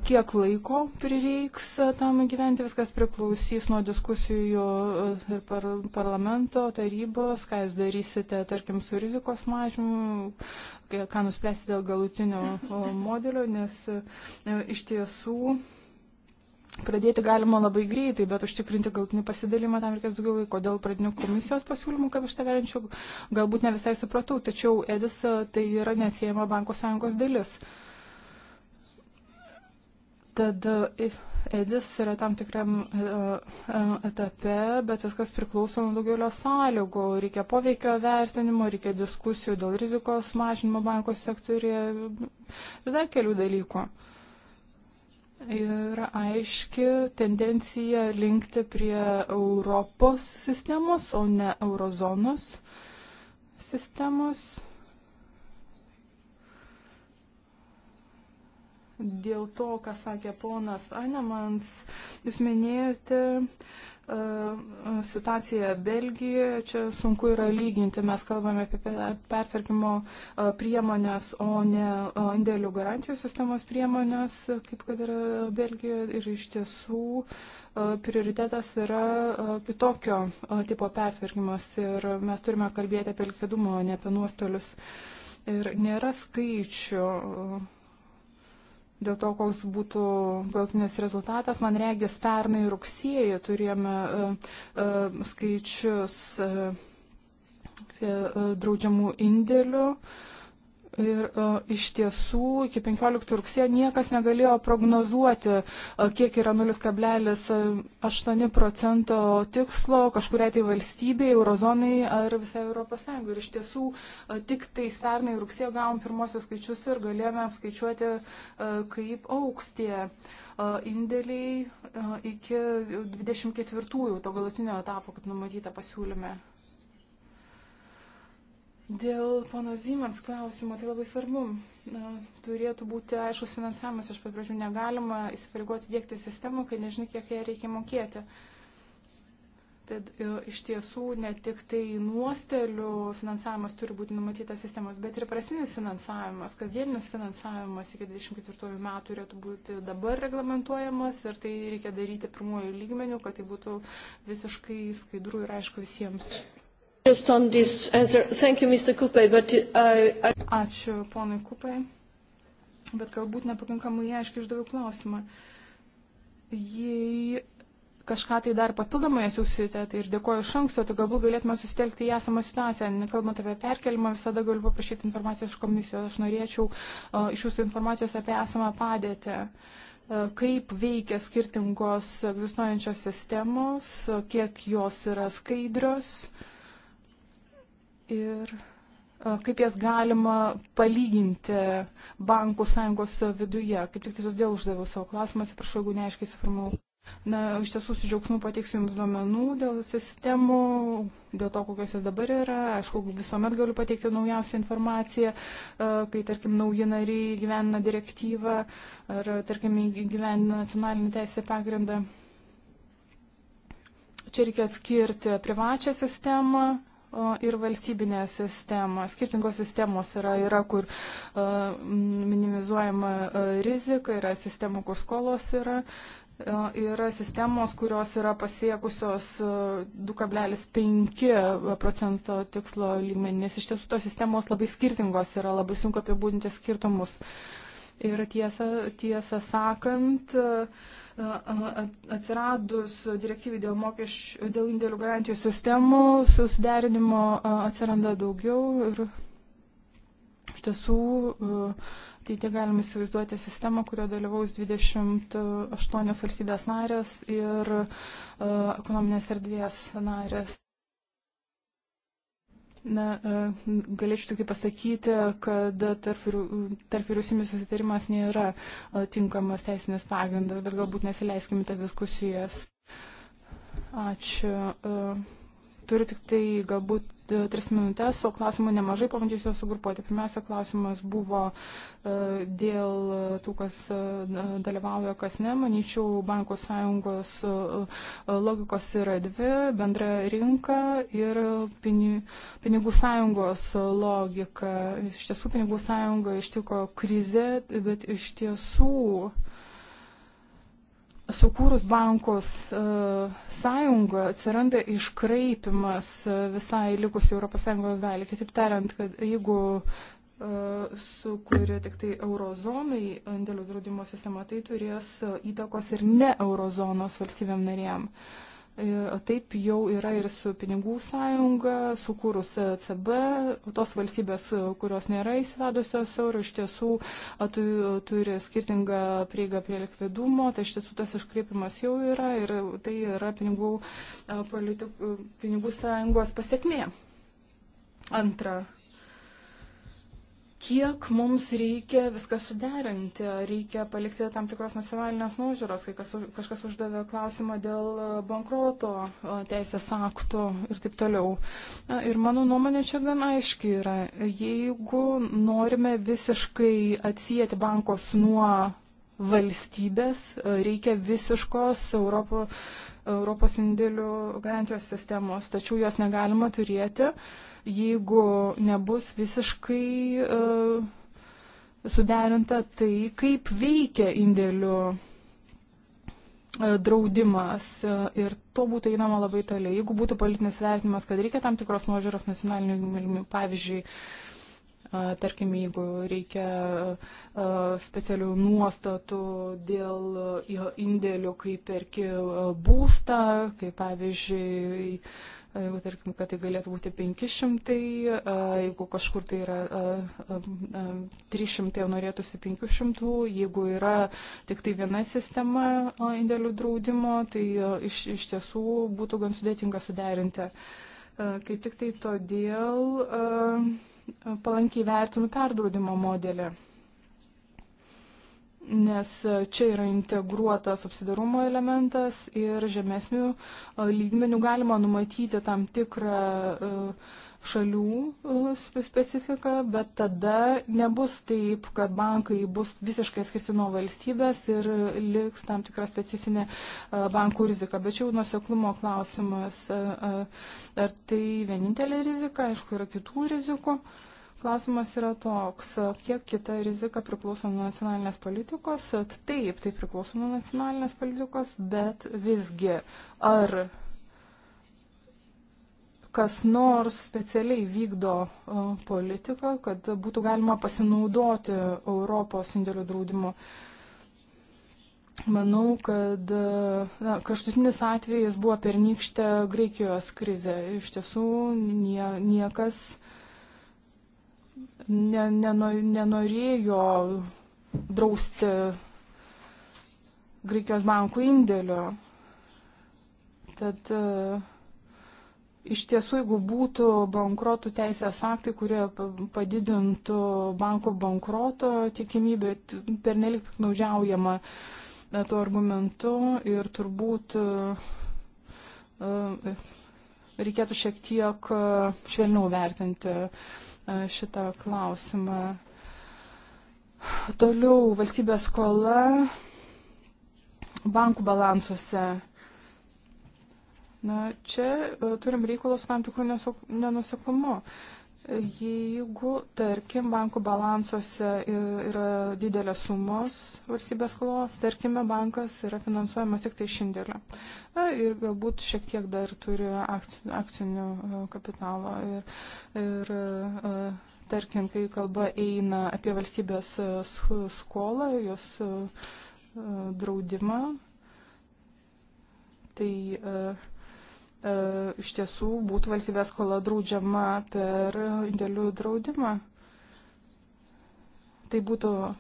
Kiek laiko prireiks tam gyventi, viskas priklausys nuo diskusijų ir e, par, parlamento tarybos, ką jūs darysite, tarkim, su rizikos mažinimu, ką nuspręsite dėl galutinio modelio, nes e, iš tiesų pradėti galima labai greitai, bet užtikrinti galutinį pasidalimą tam reikės daugiau laiko. Dėl pradinių komisijos pasiūlymų, kaip aš taverinčiau, galbūt ne visai supratau, tačiau Edis e, tai yra nesijama bankų sąjungos dalis. Uh, Tad e, Edis yra tam tikram e, e, etape, bet viskas priklauso nuo daugelio sąlygų. Reikia poveikio vertinimo, reikia diskusijų dėl rizikos mažinimo banko sektorėje ir dar kelių dalykų. Yra aiški tendencija linkti prie Europos sistemos, o ne eurozonos sistemos dėl to, ką sakė ponas Anemans, jūs minėjote uh, situaciją Belgijoje, čia sunku yra lyginti, mes kalbame apie pertvarkymo e, priemonės, o ne e, indėlių garantijų sistemos priemonės, kaip kad yra Belgijoje ir iš tiesų prioritetas yra kitokio tipo pertvarkymas ir mes turime kalbėti apie likvidumą, o ne apie nuostolius. Ir nėra skaičių dėl to, koks būtų galtinis rezultatas. Man regis, pernai rugsėjį turėjome uh, uh, skaičius uh, draudžiamų indėlių. Uh, Ir e, iš tiesų iki 15 rugsėjo niekas negalėjo prognozuoti, e, kiek yra 0,8 procento tikslo kažkuriai tai valstybei, eurozonai ar visai ES. Ir iš tiesų e, tik tais pernai rugsėjo gavom pirmosios skaičius ir galėjome apskaičiuoti, kaip auks tie indėliai iki 24-ųjų to galutinio etapo, kaip numatyta pasiūlyme. Dėl pono Zymans klausimo, tai labai svarbu. Na, turėtų būti aiškus finansavimas iš pat pradžių. Negalima įsipareigoti dėkti sistemą, kai nežinai, kiek ją reikia mokėti. Tad e, iš tiesų ne tik tai nuostelių finansavimas turi būti numatytas sistemos, bet ir prasinis finansavimas, kasdieninis finansavimas iki 24 metų turėtų būti dabar reglamentuojamas ir tai reikia daryti pirmojų lygmenių, kad tai būtų visiškai skaidru ir aišku visiems. Just on this answer, thank you, Mr. Kupai, but I, I... Ačiū ponui Kupai, bet galbūt nepakankamai aiškiai išdaviau klausimą. Jei kažką tai dar papildomai siūsite, tai ir dėkoju iš anksto, tai galbūt galėtume susitelkti į esamą situaciją. Nekalbant apie perkelimą, visada galiu paprašyti informacijos iš komisijos. Aš norėčiau uh, iš jūsų informacijos apie esamą padėtį. Uh, kaip veikia skirtingos egzistuojančios sistemos, uh, kiek jos yra skaidrios. Uh, ir e, kaip jas galima palyginti bankų sąjungos viduje. Kaip tik tai todėl uždaviau savo klausimą, atsiprašau, jeigu neaiškiai suformulau. Na, iš tiesų, su džiaugsmu pateiksiu Jums duomenų dėl sistemų, dėl to, kokios jos dabar yra. Aišku, visuomet galiu pateikti naujausią informaciją, e, kai, tarkim, nauji nariai gyvena direktyvą ar, tarkim, gyvena nacionalinį teisę pagrindą. Čia reikia atskirti privačią sistemą ir valstybinė sistema. Skirtingos sistemos yra, yra kur minimizuojama rizika, yra sistemų, kur skolos yra. Yra sistemos, kurios yra pasiekusios 2,5 procento tikslo lygmenys. Iš tiesų, tos sistemos labai skirtingos yra, labai sunku apibūdinti skirtumus. Ir tiesą, tiesą sakant, uh, atsiradus direktyvai dėl, mokesčių, dėl indėlių garantijų sistemų, susiderinimo atsiranda daugiau ir iš tiesų ateitie galime įsivaizduoti sistemą, kurio dalyvaus 28 valstybės narės ir ekonominės erdvės narės. Na, e, galėčiau tik tai pasakyti, kad tarp, tarp vyriausybinis susitarimas nėra e, tinkamas teisinės pagrindas, bet galbūt nesileiskime tas diskusijas. Ačiū. E, turiu tik tai galbūt E, tris minutės, o klausimų nemažai, pabandysiu juos sugrupuoti. Pirmiausia, klausimas buvo e, dėl tų, kas e, dalyvauja, kas ne. Manyčiau, bankų sąjungos logikos yra dvi - bendra rinka ir pinigų sąjungos logika. Iš tiesų, pinigų sąjunga ištiko krizė, bet iš tiesų sukūrus bankus e, sąjungą atsiranda iškraipimas e, visai likusiai ES dalį. Kitaip tariant, kad jeigu e, sukuria tik tai eurozonai indėlių draudimo sistema, tai turės įtakos ir ne eurozonos valstybėm narėm. Uh, E, taip jau yra ir su pinigų sąjunga, sukūrus e CB, tos valstybės, kurios nėra įsivedusios eurų, iš tiesų tu, turi skirtingą prieigą prie likvidumo, tai iš tiesų tas iškreipimas jau yra ir tai yra pinigų, politik, pinigų sąjungos pasiekmė. Antra, kiek mums reikia viską suderinti, reikia palikti tam tikros nacionalinės nuožiūros, kai kas, kažkas uždavė klausimą dėl e, bankroto e, teisės aktų ir taip toliau. Ir mano nuomonė čia gan aiški yra, jeigu norime visiškai atsijėti bankos nuo valstybės, e, reikia visiškos Europo, Europos indėlių garantijos sistemos, tačiau jos negalima turėti. Uh, jeigu nebus visiškai uh, suderinta tai, kaip veikia indėlių e, draudimas e, ir to būtų einama labai toliai. Jeigu būtų politinis vertinimas, kad reikia tam tikros nuožiūros nacionalinių lygmenių, pavyzdžiui, tarkim, jeigu reikia specialių nuostatų dėl indėlių, kaip perki būstą, kaip pavyzdžiui, jeigu tarkim, kad tai galėtų būti 500, jeigu kažkur tai yra 300, norėtųsi 500, jeigu yra tik tai viena sistema indėlių draudimo, tai iš, iš tiesų būtų gan sudėtinga suderinti. Kaip tik tai todėl palankiai vertinu perdraudimo modelį nes čia yra integruotas subsidarumo elementas ir žemesnių e, lygmenių galima numatyti tam tikrą e, šalių e, specifiką, bet tada nebus taip, kad bankai bus visiškai skirti nuo valstybės ir liks tam tikra specifinė bankų rizika. Bet čia jau nuseklumo klausimas, ar tai vienintelė rizika, aišku, yra kitų rizikų. Uh, Klausimas yra toks, kiek kita rizika priklauso nuo nacionalinės politikos. Taip, tai priklauso nuo nacionalinės politikos, bet visgi ar kas nors specialiai vykdo e, politiką, kad būtų galima pasinaudoti Europos indėlių draudimu. Manau, kad e, na, kraštutinis atvejis buvo pernykštė Graikijos krizė. Iš tiesų nie, niekas ne, neno, nenorėjo drausti Graikijos bankų indėlio. Tad e, iš tiesų, jeigu būtų bankrotų teisės aktai, kurie padidintų banko bankroto tikimybę, pernelik piknaudžiaujama e, tuo argumentu ir turbūt e, reikėtų šiek tiek švelniau vertinti E, šitą klausimą. Toliau valstybės skola bankų balansuose. Na, čia e, turim reikalus tam tikrų nenuseklumu. Jeigu, tarkim, bankų balansuose yra didelės sumos valstybės skolos, tarkime, bankas yra finansuojamas tik tai iš indėlio. Na, ir galbūt šiek tiek dar turi akcinių e, kapitalo. Ir, ir, e, tarkim, kai kalba eina apie valstybės e, skolą, jos draudimą, tai uh, E, iš tiesų būtų valstybės skola draudžiama per indėlių draudimą. Tai būtų e,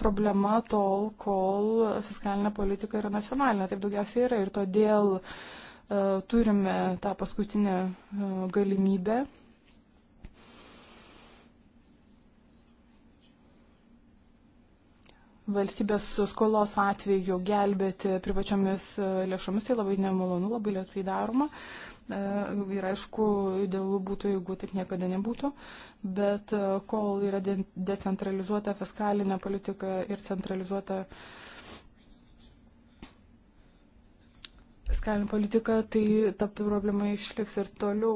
problema tol, kol fiskalinė politika yra nacionalinė, taip daugiausiai yra ir todėl e, turime tą paskutinę galimybę valstybės skolos atveju gelbėti privačiomis e, lėšomis, tai labai nemalonu, labai lietai daroma. E, ir aišku, idealu būtų, jeigu taip niekada nebūtų, bet e, kol yra decentralizuota fiskalinė politika ir centralizuota uh, fiskalinė politika, tai ta problema išliks ir toliau.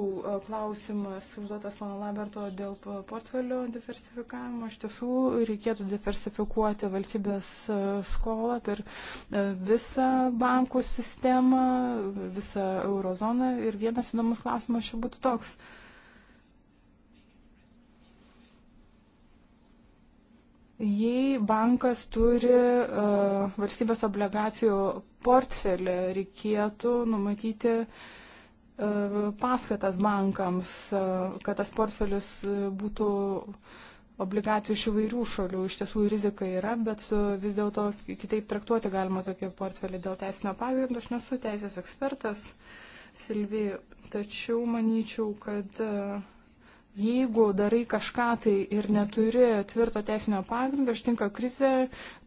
Klausimas užduotas mano Laberto dėl portfelio diversifikavimo. Iš tiesų reikėtų diversifikuoti valstybės skolą per visą bankų sistemą, visą eurozoną. Ir vienas įdomus klausimas čia būtų toks. Uh, jei bankas turi uh, valstybės obligacijų portfelį, reikėtų numatyti uh, paskatas bankams, uh, kad tas portfelis būtų obligacijų iš įvairių šalių. Iš tiesų rizika yra, bet vis dėlto kitaip traktuoti galima tokį portfelį dėl teisinio pagrindo. Aš nesu teisės ekspertas, Silvi, tačiau manyčiau, kad uh, Jeigu darai kažką tai ir neturi tvirto teisinio pagrindo, ištinka krizė,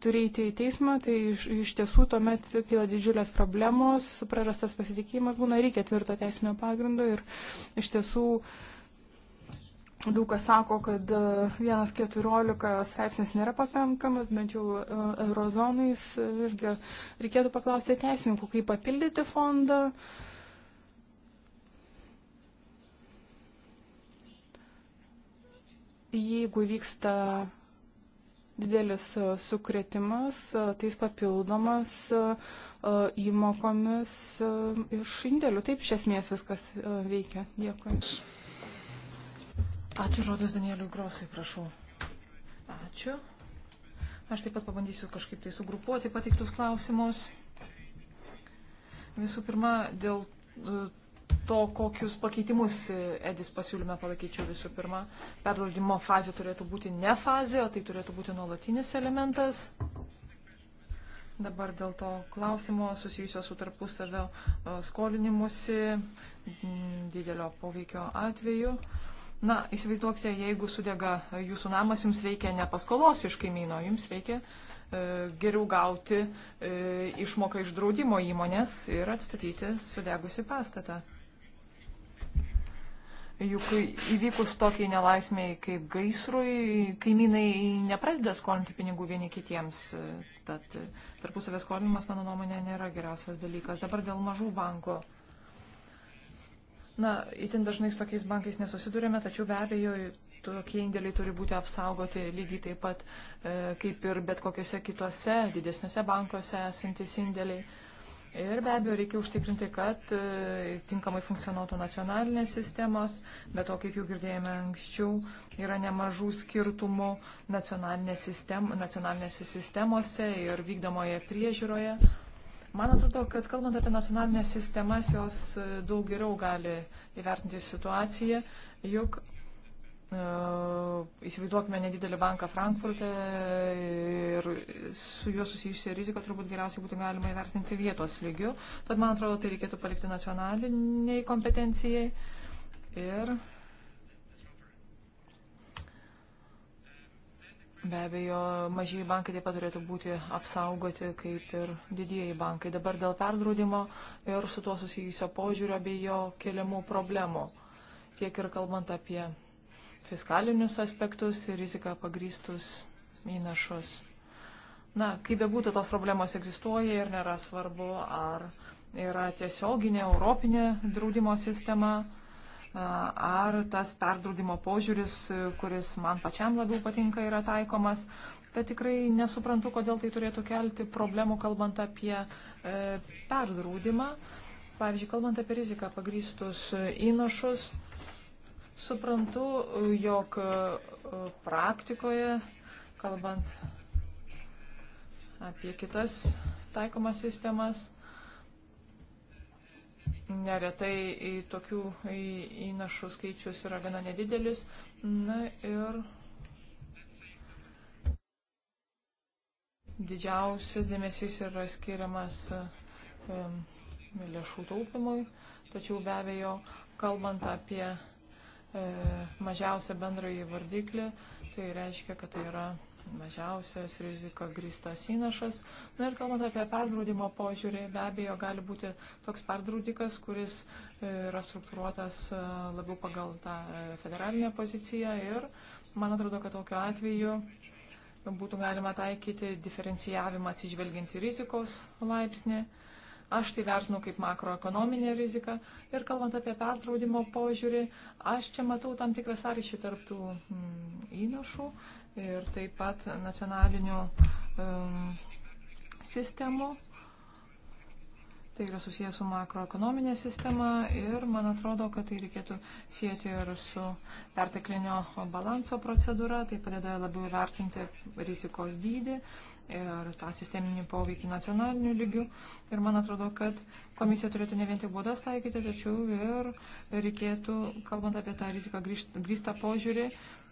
turi įti į teismą, tai iš, iš tiesų tuomet kyla didžiulės problemos, prarastas pasitikėjimas būna, reikia tvirto teisinio pagrindo ir iš tiesų daug kas sako, kad 1.14 e, straipsnis nėra pakankamas, bent jau e, eurozonais e, irgi reikėtų paklausti teisininkų, kaip papildyti fondą. Uh, jeigu vyksta didelis e, sukretimas, e, tai jis papildomas e, įmokomis iš indėlių. Taip iš esmės viskas veikia. Dėkui. Ačiū žodis Danieliu Grosui, prašau. Ačiū. Aš taip pat pabandysiu kažkaip tai sugrupuoti pateiktus klausimus. Visų pirma, dėl to, kokius pakeitimus Edis pasiūlyme palaikyčiau visų pirma. Perlaidimo fazė turėtų būti ne fazė, o tai turėtų būti nuolatinis elementas. Dabar dėl to klausimo susijusio su tarpusavio skolinimusi didelio poveikio atveju. Na, įsivaizduokite, jeigu sudega jūsų namas, jums reikia ne paskolos iš kaimyno, jums reikia e, geriau gauti e, išmoką iš draudimo įmonės ir atstatyti sudegusi pastatą. Juk įvykus tokiai nelaismiai kaip gaisrui, kaimynai nepradeda skolinti pinigų vieni kitiems. Tad tarpusavės skolinimas, mano nuomonė, nėra geriausias dalykas. Dabar dėl mažų bankų. Na, itin dažnai su tokiais bankais nesusidurėme, tačiau be abejo, tokie indėliai turi būti apsaugoti lygiai taip pat, e, kaip ir bet kokiuose kitose didesniuose bankuose esantis indėliai. Ir be abejo, reikia užtikrinti, kad e, tinkamai funkcionuotų nacionalinės sistemos, bet to, kaip jau girdėjome anksčiau, yra nemažų skirtumų nacionalinės, sistem, nacionalinės sistemose ir vykdomoje priežiūroje. Man atrodo, kad kalbant apie nacionalinės sistemas, jos e, daug geriau gali įvertinti situaciją, juk E, įsivaizduokime nedidelį banką Frankfurte ir su juo susijusią riziką turbūt geriausiai būtų galima įvertinti vietos lygiu. Tad man atrodo, tai reikėtų palikti nacionaliniai kompetencijai. Ir Be abejo, mažieji bankai taip pat turėtų būti apsaugoti kaip ir didieji bankai. Dabar dėl perdraudimo ir su tuo susijusio požiūrio bei jo keliamų problemų. Tiek ir kalbant apie fiskalinius aspektus ir riziką pagrystus įnašus. Na, kaip bebūtų, tos problemos egzistuoja ir nėra svarbu, ar yra tiesioginė europinė draudimo sistema, ar tas perdraudimo požiūris, kuris man pačiam labiau patinka, yra taikomas. Bet tai tikrai nesuprantu, kodėl tai turėtų kelti problemų, kalbant apie e, perdraudimą. Pavyzdžiui, kalbant apie riziką pagrįstus įnašus, Suprantu, jog e, praktikoje, kalbant apie kitas taikomas sistemas, neretai tokių įnašų skaičius yra gana nedidelis. Na ir didžiausias dėmesys yra skiriamas e, lėšų taupimui, tačiau be abejo, kalbant apie E, mažiausią bendrąjį vardiklį, tai reiškia, kad tai yra mažiausias rizika grįstas įnašas. Na ir kalbant apie perdraudimo požiūrį, be abejo, gali būti toks perdraudikas, kuris e, yra struktūruotas e, labiau pagal tą federalinę poziciją ir man atrodo, kad tokiu atveju būtų galima taikyti diferencijavimą atsižvelgiant į rizikos laipsnį. Aš tai vertinu kaip makroekonominė rizika. Ir kalbant apie perdraudimo požiūrį, aš čia matau tam tikrą sąryšį tarptų mm, įnašų ir taip pat nacionalinių mm, sistemų. Tai yra susijęs su makroekonominė sistema ir man atrodo, kad tai reikėtų sieti ir su perteklinio balanso procedūra. Tai padeda labiau vertinti rizikos dydį ir tą sisteminį poveikį nacionaliniu lygiu. Ir man atrodo, kad komisija turėtų ne vien tik būdas taikyti, tačiau ir reikėtų, kalbant apie tą riziką grįstą požiūrį,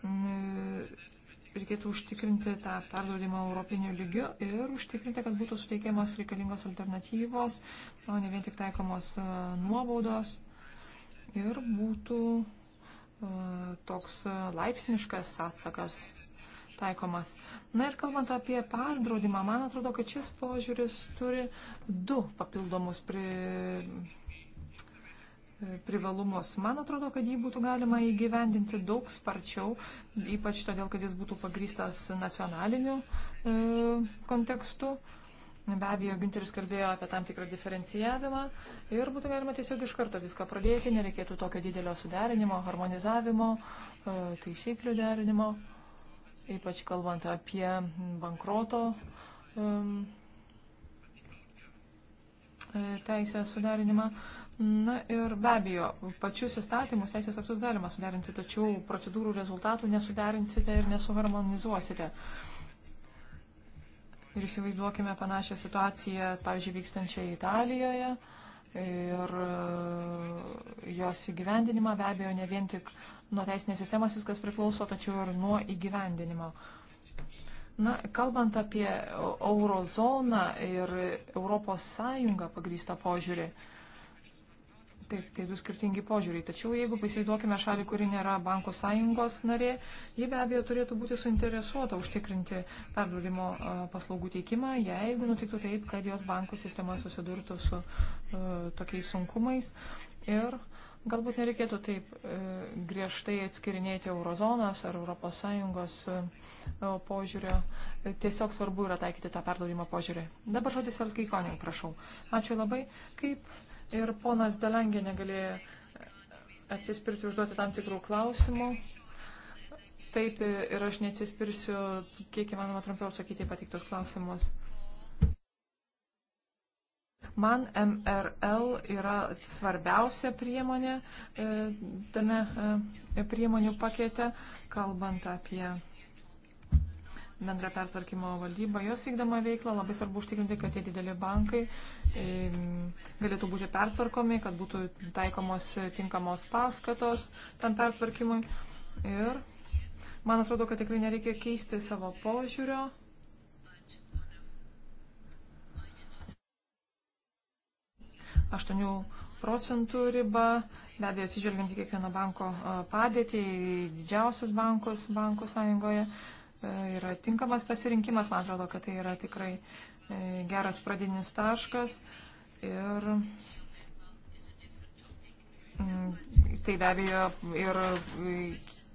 mm, reikėtų užtikrinti tą perduodimą europiniu lygiu ir užtikrinti, kad būtų suteikiamas reikalingos alternatyvos, o ne vien tik taikomos e, nuobaudos. Ir būtų e, toks e, laipsniškas atsakas taikomas. Na ir kalbant apie perdraudimą, man atrodo, kad šis požiūris turi du papildomus pri... privalumus. Man atrodo, kad jį būtų galima įgyvendinti daug sparčiau, ypač todėl, kad jis būtų pagrystas nacionaliniu e, kontekstu. Be abejo, Günteris kalbėjo apie tam tikrą diferencijavimą ir būtų galima tiesiog iš karto viską pradėti, nereikėtų tokio didelio suderinimo, harmonizavimo, e, taisyklių derinimo ypač kalbant apie bankroto um, teisę suderinimą. Na ir be abejo, pačius įstatymus, teisės aktus galima suderinti, tačiau procedūrų rezultatų nesuderinsite ir nesuharmonizuosite. Ir įsivaizduokime panašią situaciją, pavyzdžiui, vykstančią Italijoje. Uh, ir e, jos įgyvendinimą. Be abejo, ne vien tik nuo teisinės sistemas viskas priklauso, tačiau ir nuo įgyvendinimo. Na, kalbant apie eurozoną ir Europos Sąjungą pagrįstą požiūrį, Taip, tai du skirtingi požiūriai. Tačiau jeigu įsivaizduokime šalį, kuri nėra bankų sąjungos narė, ji be abejo turėtų būti suinteresuota užtikrinti perdavimo paslaugų teikimą, jeigu nutiktų taip, kad jos bankų sistema susidurtų su uh, tokiais sunkumais. Ir galbūt nereikėtų taip uh, griežtai atskirinėti eurozonos ar ES uh, e, požiūrio. Tiesiog svarbu yra taikyti tą perdavimo požiūrį. Dabar žodis Elkai Konė, prašau. Ačiū labai. Kaip ir ponas Delangė negalėjo atsispirti užduoti tam tikrų klausimų. Taip ir aš neatsispirsiu, kiek įmanoma trumpiau atsakyti į patiktus klausimus. Man MRL yra svarbiausia priemonė e, tame e, priemonių pakete, kalbant apie bendrą pertvarkymo valdybą, jos vykdomą veiklą. Labai svarbu užtikrinti, kad tie dideli bankai e, galėtų būti pertvarkomi, kad būtų taikomos tinkamos paskatos tam pertvarkymui. Ir man atrodo, kad tikrai nereikia keisti savo požiūrio. Aštuonių procentų riba, be abejo atsižvelgiant į kiekvieno banko e, padėtį, į didžiausius bankus, bankų sąjungoje. Uh, E, yra tinkamas pasirinkimas. Man atrodo, kad tai yra tikrai e, geras pradinis taškas. Ir mm, tai be abejo ir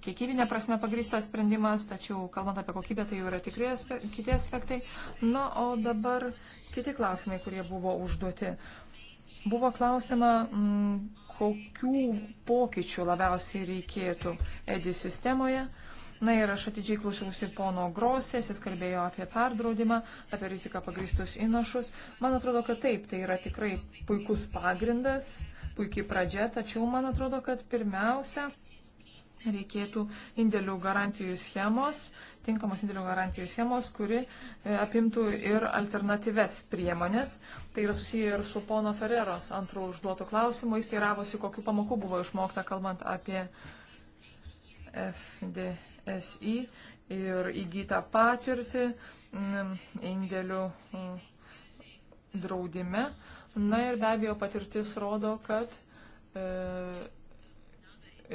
kiekybinė prasme pagrįstas sprendimas, tačiau kalbant apie kokybę, tai jau yra tikrai aspe, kiti aspektai. Na, o dabar kiti klausimai, kurie buvo užduoti. Buvo klausima, m, mm, kokių pokyčių labiausiai reikėtų EDI sistemoje. Na ir aš atidžiai klausiausi pono Grosės, jis kalbėjo apie perdraudimą, apie riziką pagristus įnašus. Man atrodo, kad taip, tai yra tikrai puikus pagrindas, puikiai pradžia, tačiau man atrodo, kad pirmiausia reikėtų indėlių garantijų schemos, tinkamos indėlių garantijų schemos, kuri e, apimtų ir alternatyves priemonės. Tai yra susiję ir su pono Ferreros antrų užduotų klausimų. Jis teiravosi, kokiu pamoku buvo išmokta, kalbant apie FDI. E. SI ir įgytą patirtį mm, indėlių mm, draudime. Na ir be abejo patirtis rodo, kad e,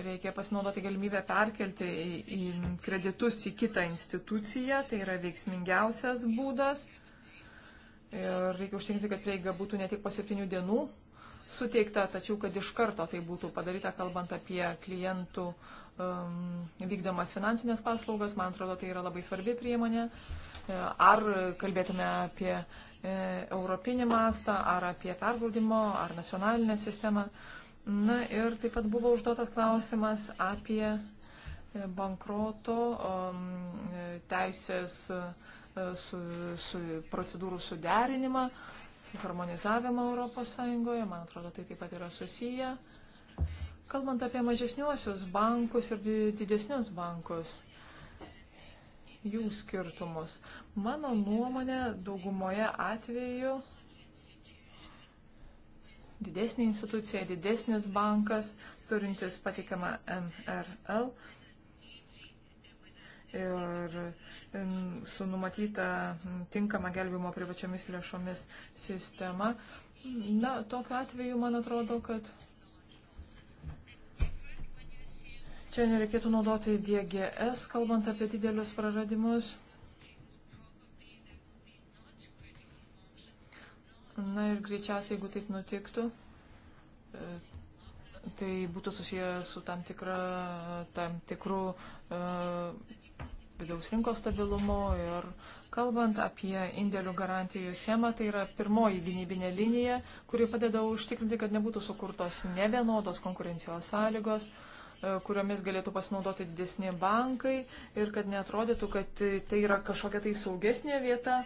reikia pasinaudoti galimybę perkelti į, į kreditus į kitą instituciją, tai yra veiksmingiausias būdas. Ir reikia užtikrinti, kad prieiga būtų ne tik po septynių dienų, suteikta, tačiau kad iš karto tai būtų padaryta, kalbant apie klientų um, vykdomas finansinės paslaugas, man atrodo, tai yra labai svarbi priemonė. E, ar kalbėtume apie e, europinį mastą, ar apie pergaudimo, ar nacionalinę sistemą. Na ir taip pat buvo užduotas klausimas apie e, bankroto um, e, teisės su, su procedūrų suderinimą. Uh, harmonizavimą ES, man atrodo, tai taip pat yra susiję. Kalbant apie mažesniuosius bankus ir didesnius bankus, jų skirtumus, mano nuomonė daugumoje atveju didesnė institucija, didesnis bankas, turintis patikimą MRL, ir su numatyta tinkama gelbimo privačiamis lėšomis sistema. Na, tokiu atveju man atrodo, kad čia nereikėtų naudoti DGS, kalbant apie didelius praradimus. Na ir greičiausiai, jeigu taip nutiktų, e, tai būtų susiję su tam, tikra, tam tikru uh, vidaus rinkos stabilumu ir kalbant apie indėlių garantijų schemą, tai yra pirmoji gynybinė linija, kuri padeda užtikrinti, kad nebūtų sukurtos nevienodos konkurencijos sąlygos e, kuriomis galėtų pasinaudoti didesni bankai ir kad netrodytų, kad tai yra kažkokia tai saugesnė vieta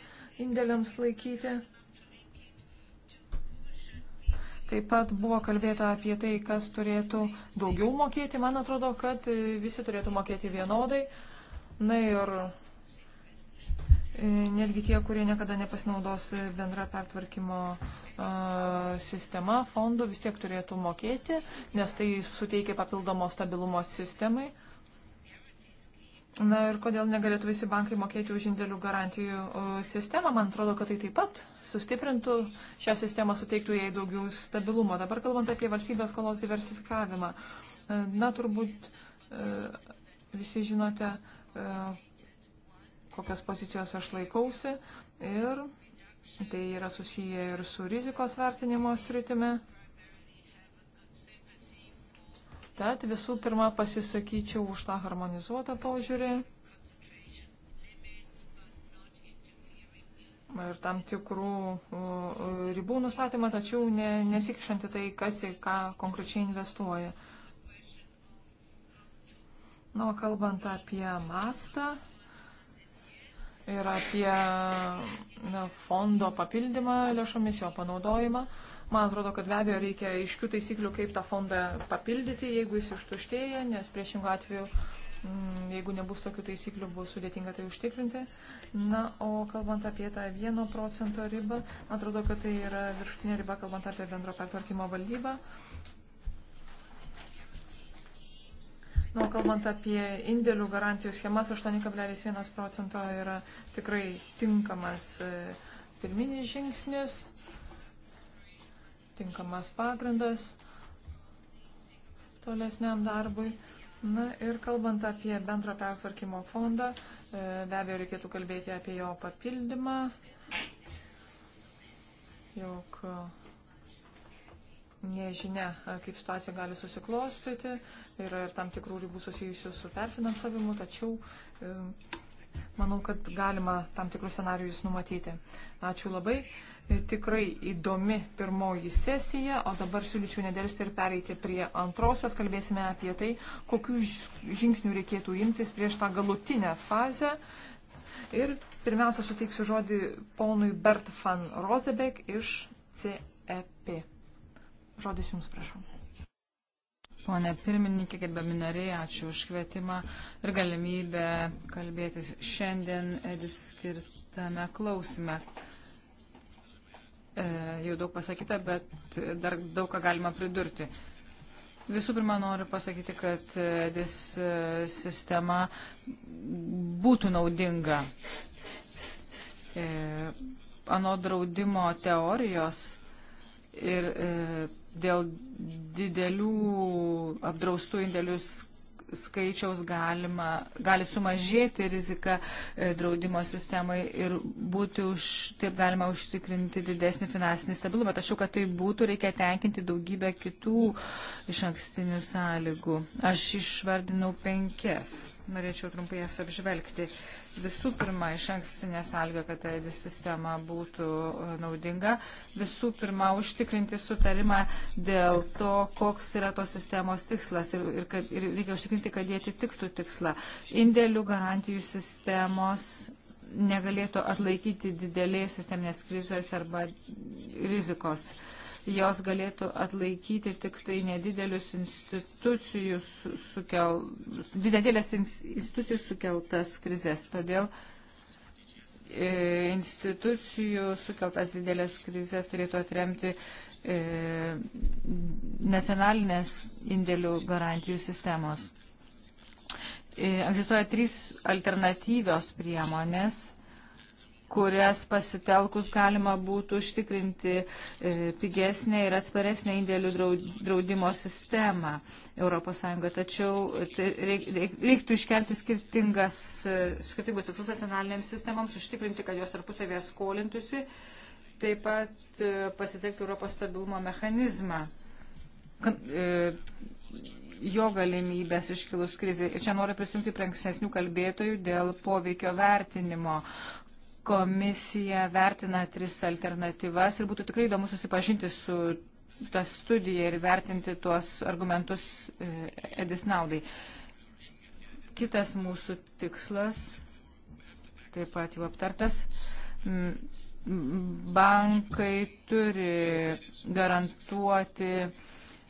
indėliams laikyti. Taip pat buvo kalbėta apie tai, kas turėtų daugiau mokėti. Man atrodo, kad e, visi turėtų mokėti vienodai. Na ir e, netgi tie, kurie niekada nepasinaudos bendra pertvarkymo e, sistema fondų, vis tiek turėtų mokėti, nes tai suteikia papildomo stabilumo sistemai. Na ir kodėl negalėtų visi bankai mokėti už indėlių garantijų e, sistemą? Man atrodo, kad tai taip pat sustiprintų šią sistemą, suteiktų jai daugiau stabilumo. Dabar kalbant apie valstybės skolos diversifikavimą. Na, turbūt visi žinote, E, kokios pozicijos aš laikausi ir tai yra susiję ir su rizikos vertinimo sritimi. Tad visų pirma pasisakyčiau už tą harmonizuotą požiūrį ir tam tikrų ribų nustatymą, tačiau ne, nesikšanti tai, kas į ką konkrečiai investuoja. Uh, Na, o kalbant apie mastą ir apie na, fondo papildymą lėšomis, jo panaudojimą, man atrodo, kad be abejo reikia aiškių taisyklių, kaip tą fondą papildyti, jeigu jis ištuštėja, nes priešingų atveju mm, jeigu nebus tokių taisyklių, bus sudėtinga tai užtikrinti. Na, o kalbant apie tą 1 procento ribą, atrodo, kad tai yra viršutinė riba, kalbant apie bendro pertvarkymo valdybą. Na, nu, kalbant apie indėlių garantijų schemas, 8,1 procento yra tikrai tinkamas e, pirminis žingsnis, tinkamas pagrindas tolesniam darbui. Na ir kalbant apie bendro pertvarkymo fondą, e, be abejo reikėtų kalbėti apie jo papildymą, jog nežinia, kaip situacija gali susiklostyti, yra ir tam tikrų ribų susijusių su perfinansavimu, tačiau e, manau, kad galima tam tikrus scenarius numatyti. Ačiū labai. Tikrai įdomi pirmoji sesija, o dabar siūlyčiau nedėlsti ir pereiti prie antrosios. Kalbėsime apie tai, kokiu žingsniu reikėtų imtis prieš tą galutinę fazę. Ir pirmiausia, suteiksiu žodį ponui Bert van Rozebek iš CE. Žodis Jums prašau. Pone pirmininkė, gerbiami nariai, ačiū už kvietimą ir galimybę kalbėtis šiandien skirtame klausime. E, jau daug pasakyta, bet dar daug ką galima pridurti. Visų pirma, noriu pasakyti, kad DIS sistema būtų naudinga. E, ano draudimo teorijos ir e, dėl didelių apdraustų indėlių skaičiaus galima, gali sumažėti rizika e, draudimo sistemai ir būti už, taip galima užtikrinti didesnį finansinį stabilumą. Tačiau, kad tai būtų, reikia tenkinti daugybę kitų iš ankstinių sąlygų. Aš išvardinau penkias norėčiau trumpai jas apžvelgti. Visų pirma, iš ankstinė sąlyga, kad ta vis sistema būtų e, naudinga. Visų pirma, užtikrinti sutarimą dėl to, koks yra tos sistemos tikslas ir, ir, kad, ir reikia užtikrinti, kad jie atitiktų tikslą. Indėlių garantijų sistemos negalėtų atlaikyti didelės sisteminės krizės arba rizikos. Uh, jos galėtų atlaikyti tik tai nedidelius institucijų sukel, didelės institucijų sukeltas krizės. Todėl e, institucijų sukeltas didelės krizės turėtų atremti e, nacionalinės indėlių garantijų sistemos. E, egzistuoja trys alternatyvios priemonės kurias pasitelkus galima būtų užtikrinti e, pigesnę ir atsparesnę indėlių draudimo sistemą ES. Tačiau tai reiktų iškelti skirtingas, e, skirtingus tikslus nacionalinėms sistemams, užtikrinti, kad jos tarpusavėje skolintusi, taip pat e, pasitelkti Europos stabilumo mechanizmą jo galimybės iškilus krizai. Ir čia noriu prisijungti prie ankstesnių kalbėtojų dėl poveikio vertinimo, komisija vertina tris alternatyvas ir būtų tikrai įdomu susipažinti su tą studiją ir vertinti tuos argumentus e, Edis naudai. Kitas mūsų tikslas, taip pat jau aptartas, bankai turi garantuoti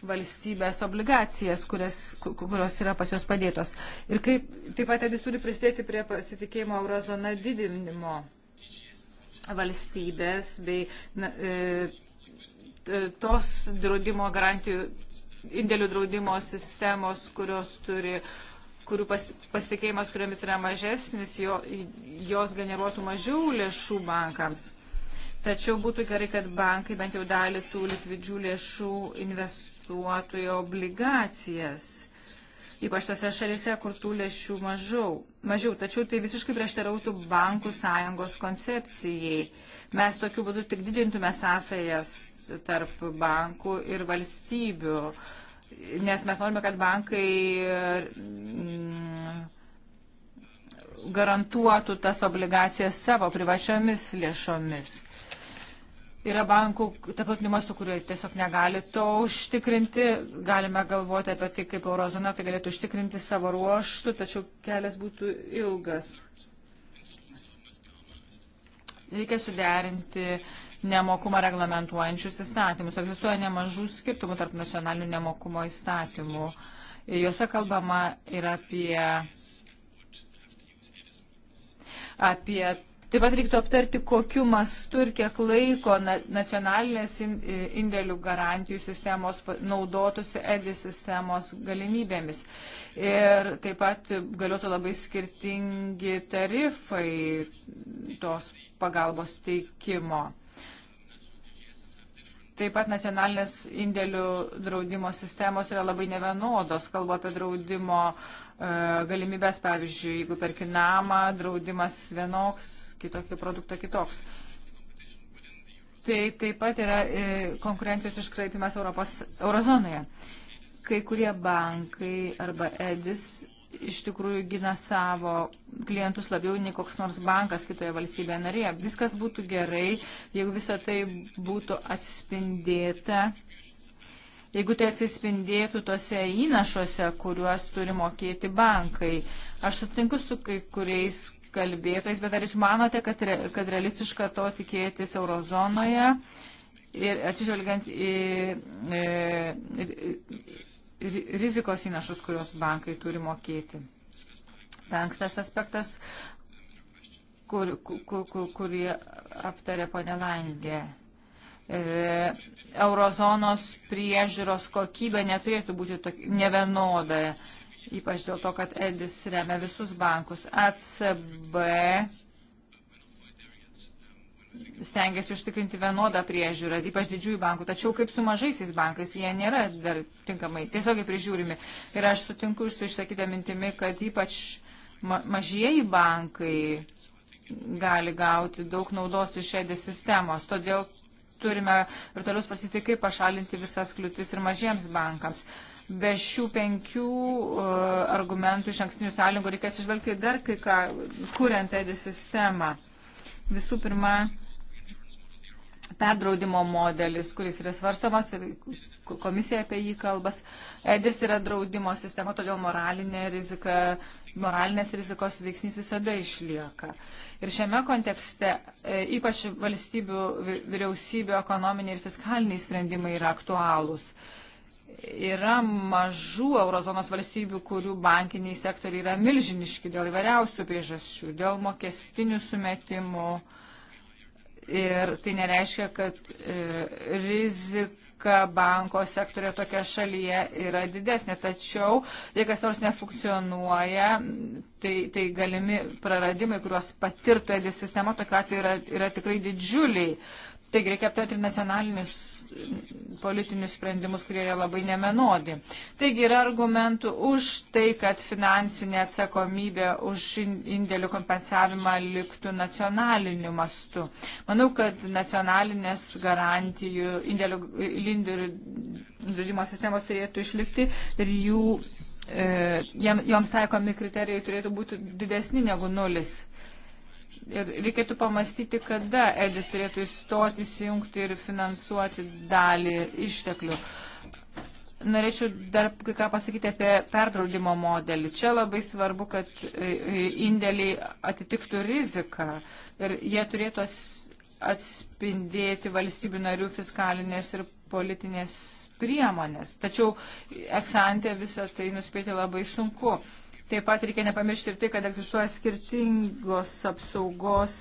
valstybės obligacijas, kurias, kurios yra pas jos padėtos. Ir kaip taip pat Edis turi prisidėti prie pasitikėjimo eurozona didinimo valstybės bei na, e, tos draudimo garantijų, indėlių draudimo sistemos, kurios turi kurių pas, pasitikėjimas, kuriomis yra mažesnis, jo, jos generuotų mažiau lėšų bankams. Tačiau būtų gerai, kad bankai bent jau dalį tų likvidžių lėšų investuotų į obligacijas ypač tose šalise, kur tų lėšų mažiau. mažiau. Tačiau tai visiškai prieštarautų bankų sąjungos koncepcijai. Mes tokiu būdu tik didintume sąsajas tarp bankų ir valstybių, nes mes norime, kad bankai mm, garantuotų tas obligacijas savo privačiomis lėšomis. Yra bankų tarptautinių mastų, kurie tiesiog negali to užtikrinti. Galime galvoti apie tai, kaip eurozona tai galėtų užtikrinti savo ruoštų, tačiau kelias būtų ilgas. Reikia suderinti nemokumą reglamentuojančius įstatymus. Egzistuoja nemažų skirtumų tarp nacionalinių nemokumo įstatymų. Juose kalbama ir apie apie Taip pat reiktų aptarti, kokiu mastu ir kiek laiko nacionalinės indėlių garantijų sistemos naudotųsi EDI sistemos galimybėmis. Ir taip pat galėtų labai skirtingi tarifai tos pagalbos teikimo. Taip pat nacionalinės indėlių draudimo sistemos yra labai nevienodos. Kalbu apie draudimo e, galimybės, pavyzdžiui, jeigu perki namą, draudimas vienoks kitokį produktą kitoks. Tai taip pat yra e, konkurencijos iškraipimas Europos eurozonoje. Kai kurie bankai arba edis iš tikrųjų gina savo klientus labiau nei koks nors bankas kitoje valstybėje narėje. Viskas būtų gerai, jeigu visa tai būtų atspindėta. Jeigu tai atsispindėtų tose įnašuose, kuriuos turi mokėti bankai, aš sutinku su kai kuriais kalbėtojais, bet ar išmanote, kad, re, kad realistiška to tikėtis eurozonoje ir atsižvelgiant į, į, į, į rizikos įnašus, kuriuos bankai turi mokėti? Penktas aspektas, kur, kur, kur, kurį aptarė ponė Langė. E, eurozonos priežiūros kokybė neturėtų būti tok, nevienoda. E, ypač dėl to, kad Edis remia visus bankus. ACB stengiasi užtikrinti vienodą priežiūrą, ypač didžiųjų bankų, tačiau kaip su mažaisiais bankais, jie nėra dar tinkamai, tiesiogiai prižiūrimi. Ir aš sutinku ir su išsakyta mintimi, kad ypač ma mažieji bankai gali gauti daug naudos iš šedės sistemos. Todėl turime ir toliau pasiti, kaip pašalinti visas kliūtis ir mažiems bankams. Be šių penkių e, argumentų iš ankstinių sąlygų reikės išvelgti dar kai ką, kuriant edį sistemą. Visų pirma, perdraudimo modelis, kuris yra svarstomas, tai komisija apie jį kalbas. Edis yra draudimo sistema, todėl moralinė rizika, moralinės rizikos veiksnys visada išlieka. Ir šiame kontekste e, ypač valstybių vyriausybių ekonominiai ir fiskaliniai sprendimai yra aktualūs yra mažų eurozonos valstybių, kurių bankiniai sektoriai yra milžiniški dėl įvairiausių priežasčių, dėl mokestinių sumetimų. Ir tai nereiškia, kad e, rizika banko sektorio tokia šalyje yra didesnė. Tačiau, jei kas nors nefunkcionuoja, tai, tai galimi praradimai, kuriuos patirtų edis sistema, tokia atveju yra, yra tikrai didžiuliai. Taigi reikia aptarti nacionalinius politinius sprendimus, kurie yra labai nemenodi. Taigi yra argumentų už tai, kad finansinė atsakomybė už indėlių kompensavimą liktų nacionaliniu mastu. Manau, kad nacionalinės garantijų indėlių draudimo sistemos turėtų išlikti ir jų, e, joms taikomi kriterijai turėtų būti didesni negu nulis. Ir reikėtų pamastyti, kada Edis turėtų įstoti, įsijungti ir finansuoti dalį išteklių. Norėčiau dar kai ką pasakyti apie perdraudimo modelį. Čia labai svarbu, kad e, e, indėliai atitiktų riziką ir jie turėtų atspindėti valstybių narių fiskalinės ir politinės priemonės. Tačiau eksantė visą tai nuspėti labai sunku. Taip pat reikia nepamiršti ir tai, kad egzistuoja skirtingos apsaugos,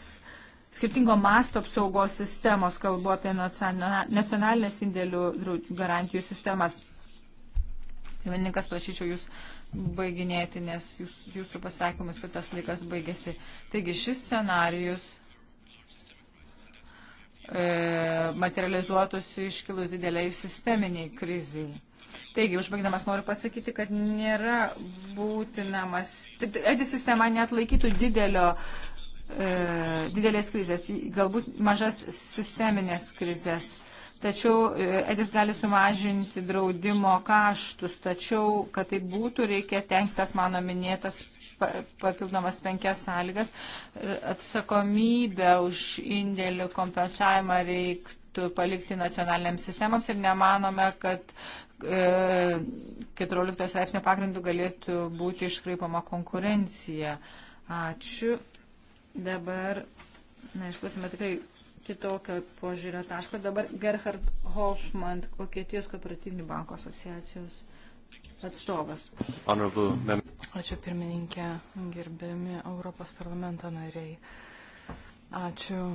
skirtingo masto apsaugos sistemos, kalbu apie nacionalinės indėlių garantijų sistemas. Pirmininkas, prašyčiau jūs baiginėti, nes jūs, jūsų pasakymus, kad tas laikas baigėsi. Taigi šis scenarius e, materializuotųsi iškilus dideliai sisteminiai kriziai Taigi, užbaigdamas noriu pasakyti, kad nėra būtinamas, edi sistema net laikytų didelio, e, didelės krizės, galbūt mažas sisteminės krizės. Tačiau e, Edis gali sumažinti draudimo kaštus, tačiau, kad tai būtų, reikia tenktas mano minėtas papildomas penkias sąlygas. E, atsakomybę už indėlių kompensavimą reiktų palikti nacionaliniams sistemams ir nemanome, kad 14 e, straipsnio pagrindų galėtų būti iškraipama konkurencija. Ačiū. Dabar, na, išklausime tikrai kitokio požiūrio taško. Dabar Gerhard Hoffman, Vokietijos kooperatyvinių banko asociacijos atstovas. Ačiū pirmininkė, gerbiami Europos parlamento nariai. Uh, Ačiū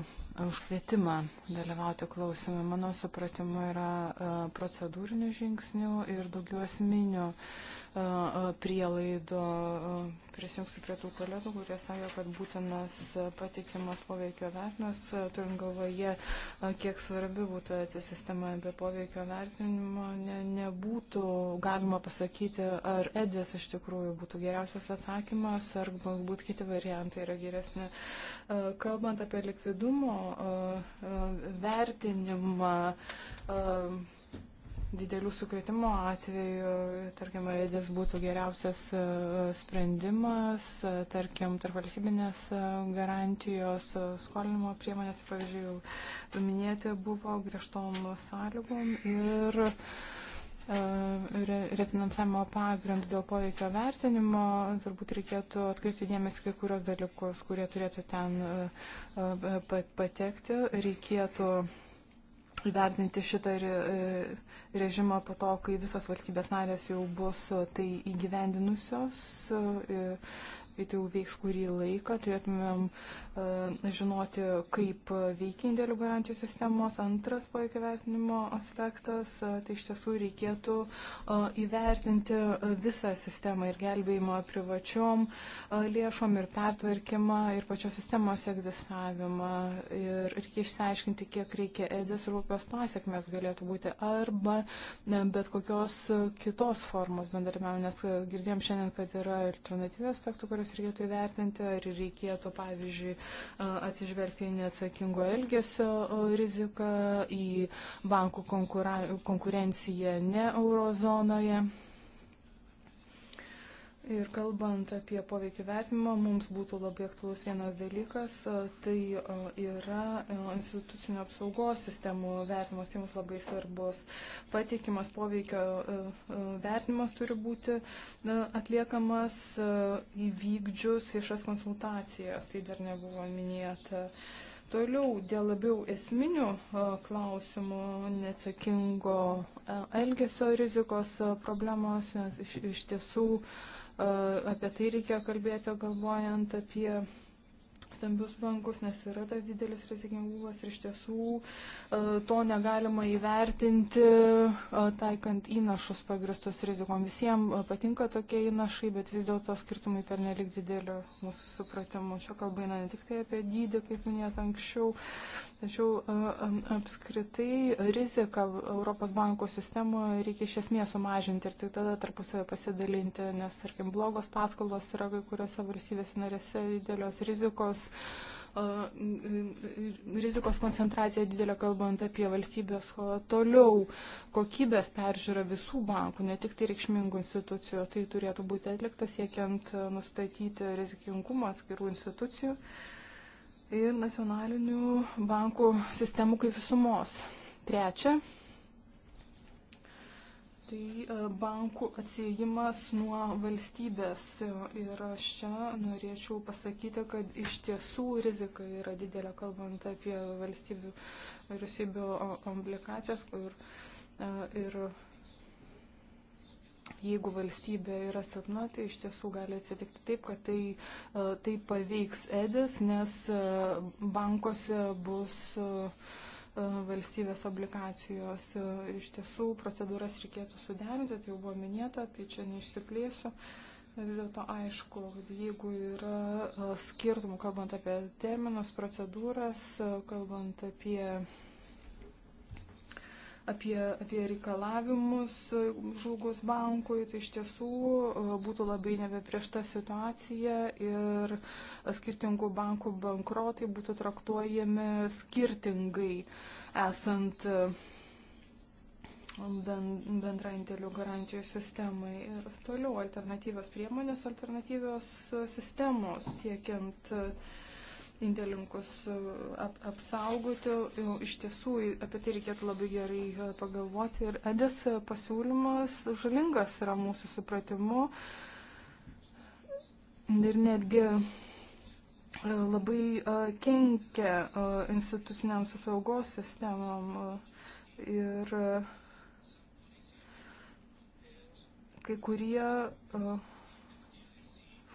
už kvietimą dalyvauti klausimą. Mano supratimu yra e, procedūrinių žingsnių ir daugiau asmeninių uh, prielaido. Prisijungsiu prie tų kolegų, kurie sakė, kad būtinas patikimas poveikio vertinimas, turint galvoje, kiek svarbi būtų eti sistema be poveikio vertinimo, ne, nebūtų galima pasakyti, ar edis iš tikrųjų būtų geriausias atsakymas, ar galbūt kiti variantai yra geresni. Kalbant apie likvidumo vertinimą, didelių sukretimo atveju, tarkim, raidės būtų geriausias e, sprendimas, e, tarkim, tarp valstybinės e, garantijos skolinimo priemonės, pavyzdžiui, jau paminėti buvo griežtom sąlygom ir refinansavimo pagrindų dėl poveikio vertinimo, turbūt reikėtų atkreipti dėmesį kai kurios dalykus, kurie turėtų ten patekti. Reikėtų įvertinti šitą e, režimą po to, kai visos valstybės narės jau bus e, tai įgyvendinusios. E, tai jau veiks kurį laiką, turėtumėm e, žinoti, kaip veikia indėlių garantijų sistemos. Antras poveikio vertinimo aspektas, e, tai iš tiesų reikėtų e, įvertinti e, visą sistemą ir gelbėjimą privačiom e, lėšom ir pertvarkymą ir pačios sistemos egzistavimą. Ir reikia išsiaiškinti, kiek reikia edės ir kokios pasiekmes galėtų būti arba ne, bet kokios kitos formos bendarbiavimo, nes e, girdėjom šiandien, kad yra alternatyvių aspektų, kuriuos veiksmus reikėtų įvertinti, ar reikėtų, pavyzdžiui, atsižvelgti į neatsakingo elgesio riziką, į bankų konkurenciją ne eurozonoje. Ir kalbant apie poveikį vertinimą, mums būtų labai aktuolus vienas dalykas, tai yra institucinio apsaugos sistemų vertinimas, jums tai labai svarbus. Patikimas poveikio vertinimas turi būti atliekamas įvykdžius viešas konsultacijas, tai dar nebuvo minėta. Toliau dėl labiau esminių klausimų neatsakingo elgesio rizikos problemos, nes iš, iš tiesų uh, apie tai reikia kalbėti, galvojant apie stambius bankus, nes yra tas didelis rizikingumas ir iš tiesų e, to negalima įvertinti e, taikant įnašus pagristus rizikom. Visiems e, patinka tokie įnašai, bet vis dėlto skirtumai per nelik didelio mūsų supratimu. Čia kalba eina ne tik tai apie dydį, kaip minėt anksčiau, tačiau apskritai riziką Europos banko sistemoje reikia iš esmės sumažinti ir tai tada tarpusavę pasidalinti, nes, tarkim, blogos paskolos yra kai kuriuose valstybėse narėse didelės rizikos rizikos koncentracija didelė, kalbant apie valstybės skolą. Toliau kokybės peržiūra visų bankų, ne tik tai reikšmingų institucijų, tai turėtų būti atlikta siekiant nustatyti rizikingumą atskirų institucijų ir nacionalinių bankų sistemų kaip visumos. Trečia, tai e, bankų atsiejimas nuo valstybės. Ir aš čia norėčiau pasakyti, kad iš tiesų rizika yra didelė, kalbant apie valstybių, vyriausybių komplikacijas. Ir, e, ir jeigu valstybė yra silpna, tai iš tiesų gali atsitikti taip, kad tai, e, tai paveiks edis, nes bankuose bus. Uh, E, valstybės obligacijos. Ir e, iš tiesų procedūras reikėtų suderinti, tai jau buvo minėta, tai čia neišsiplėsiu. Vis dėlto aišku, jeigu yra e, skirtumų, kalbant apie terminus, procedūras, kalbant apie apie, apie reikalavimus žlugus bankui, tai iš tiesų e, būtų labai nebepriešta situacija ir skirtingų bankų bankrotai būtų traktuojami skirtingai esant e, bendrai indėlių garantijų sistemai ir toliau alternatyvios priemonės, alternatyvios sistemos siekiant uh, indėlinkus e, ap, apsaugoti. E, iš tiesų, apie tai reikėtų labai gerai e, pagalvoti. Ir Edės pasiūlymas žalingas yra mūsų supratimu. Ir netgi labai kenkia instituciniam apsaugos sistemam. Ir kai kurie uh,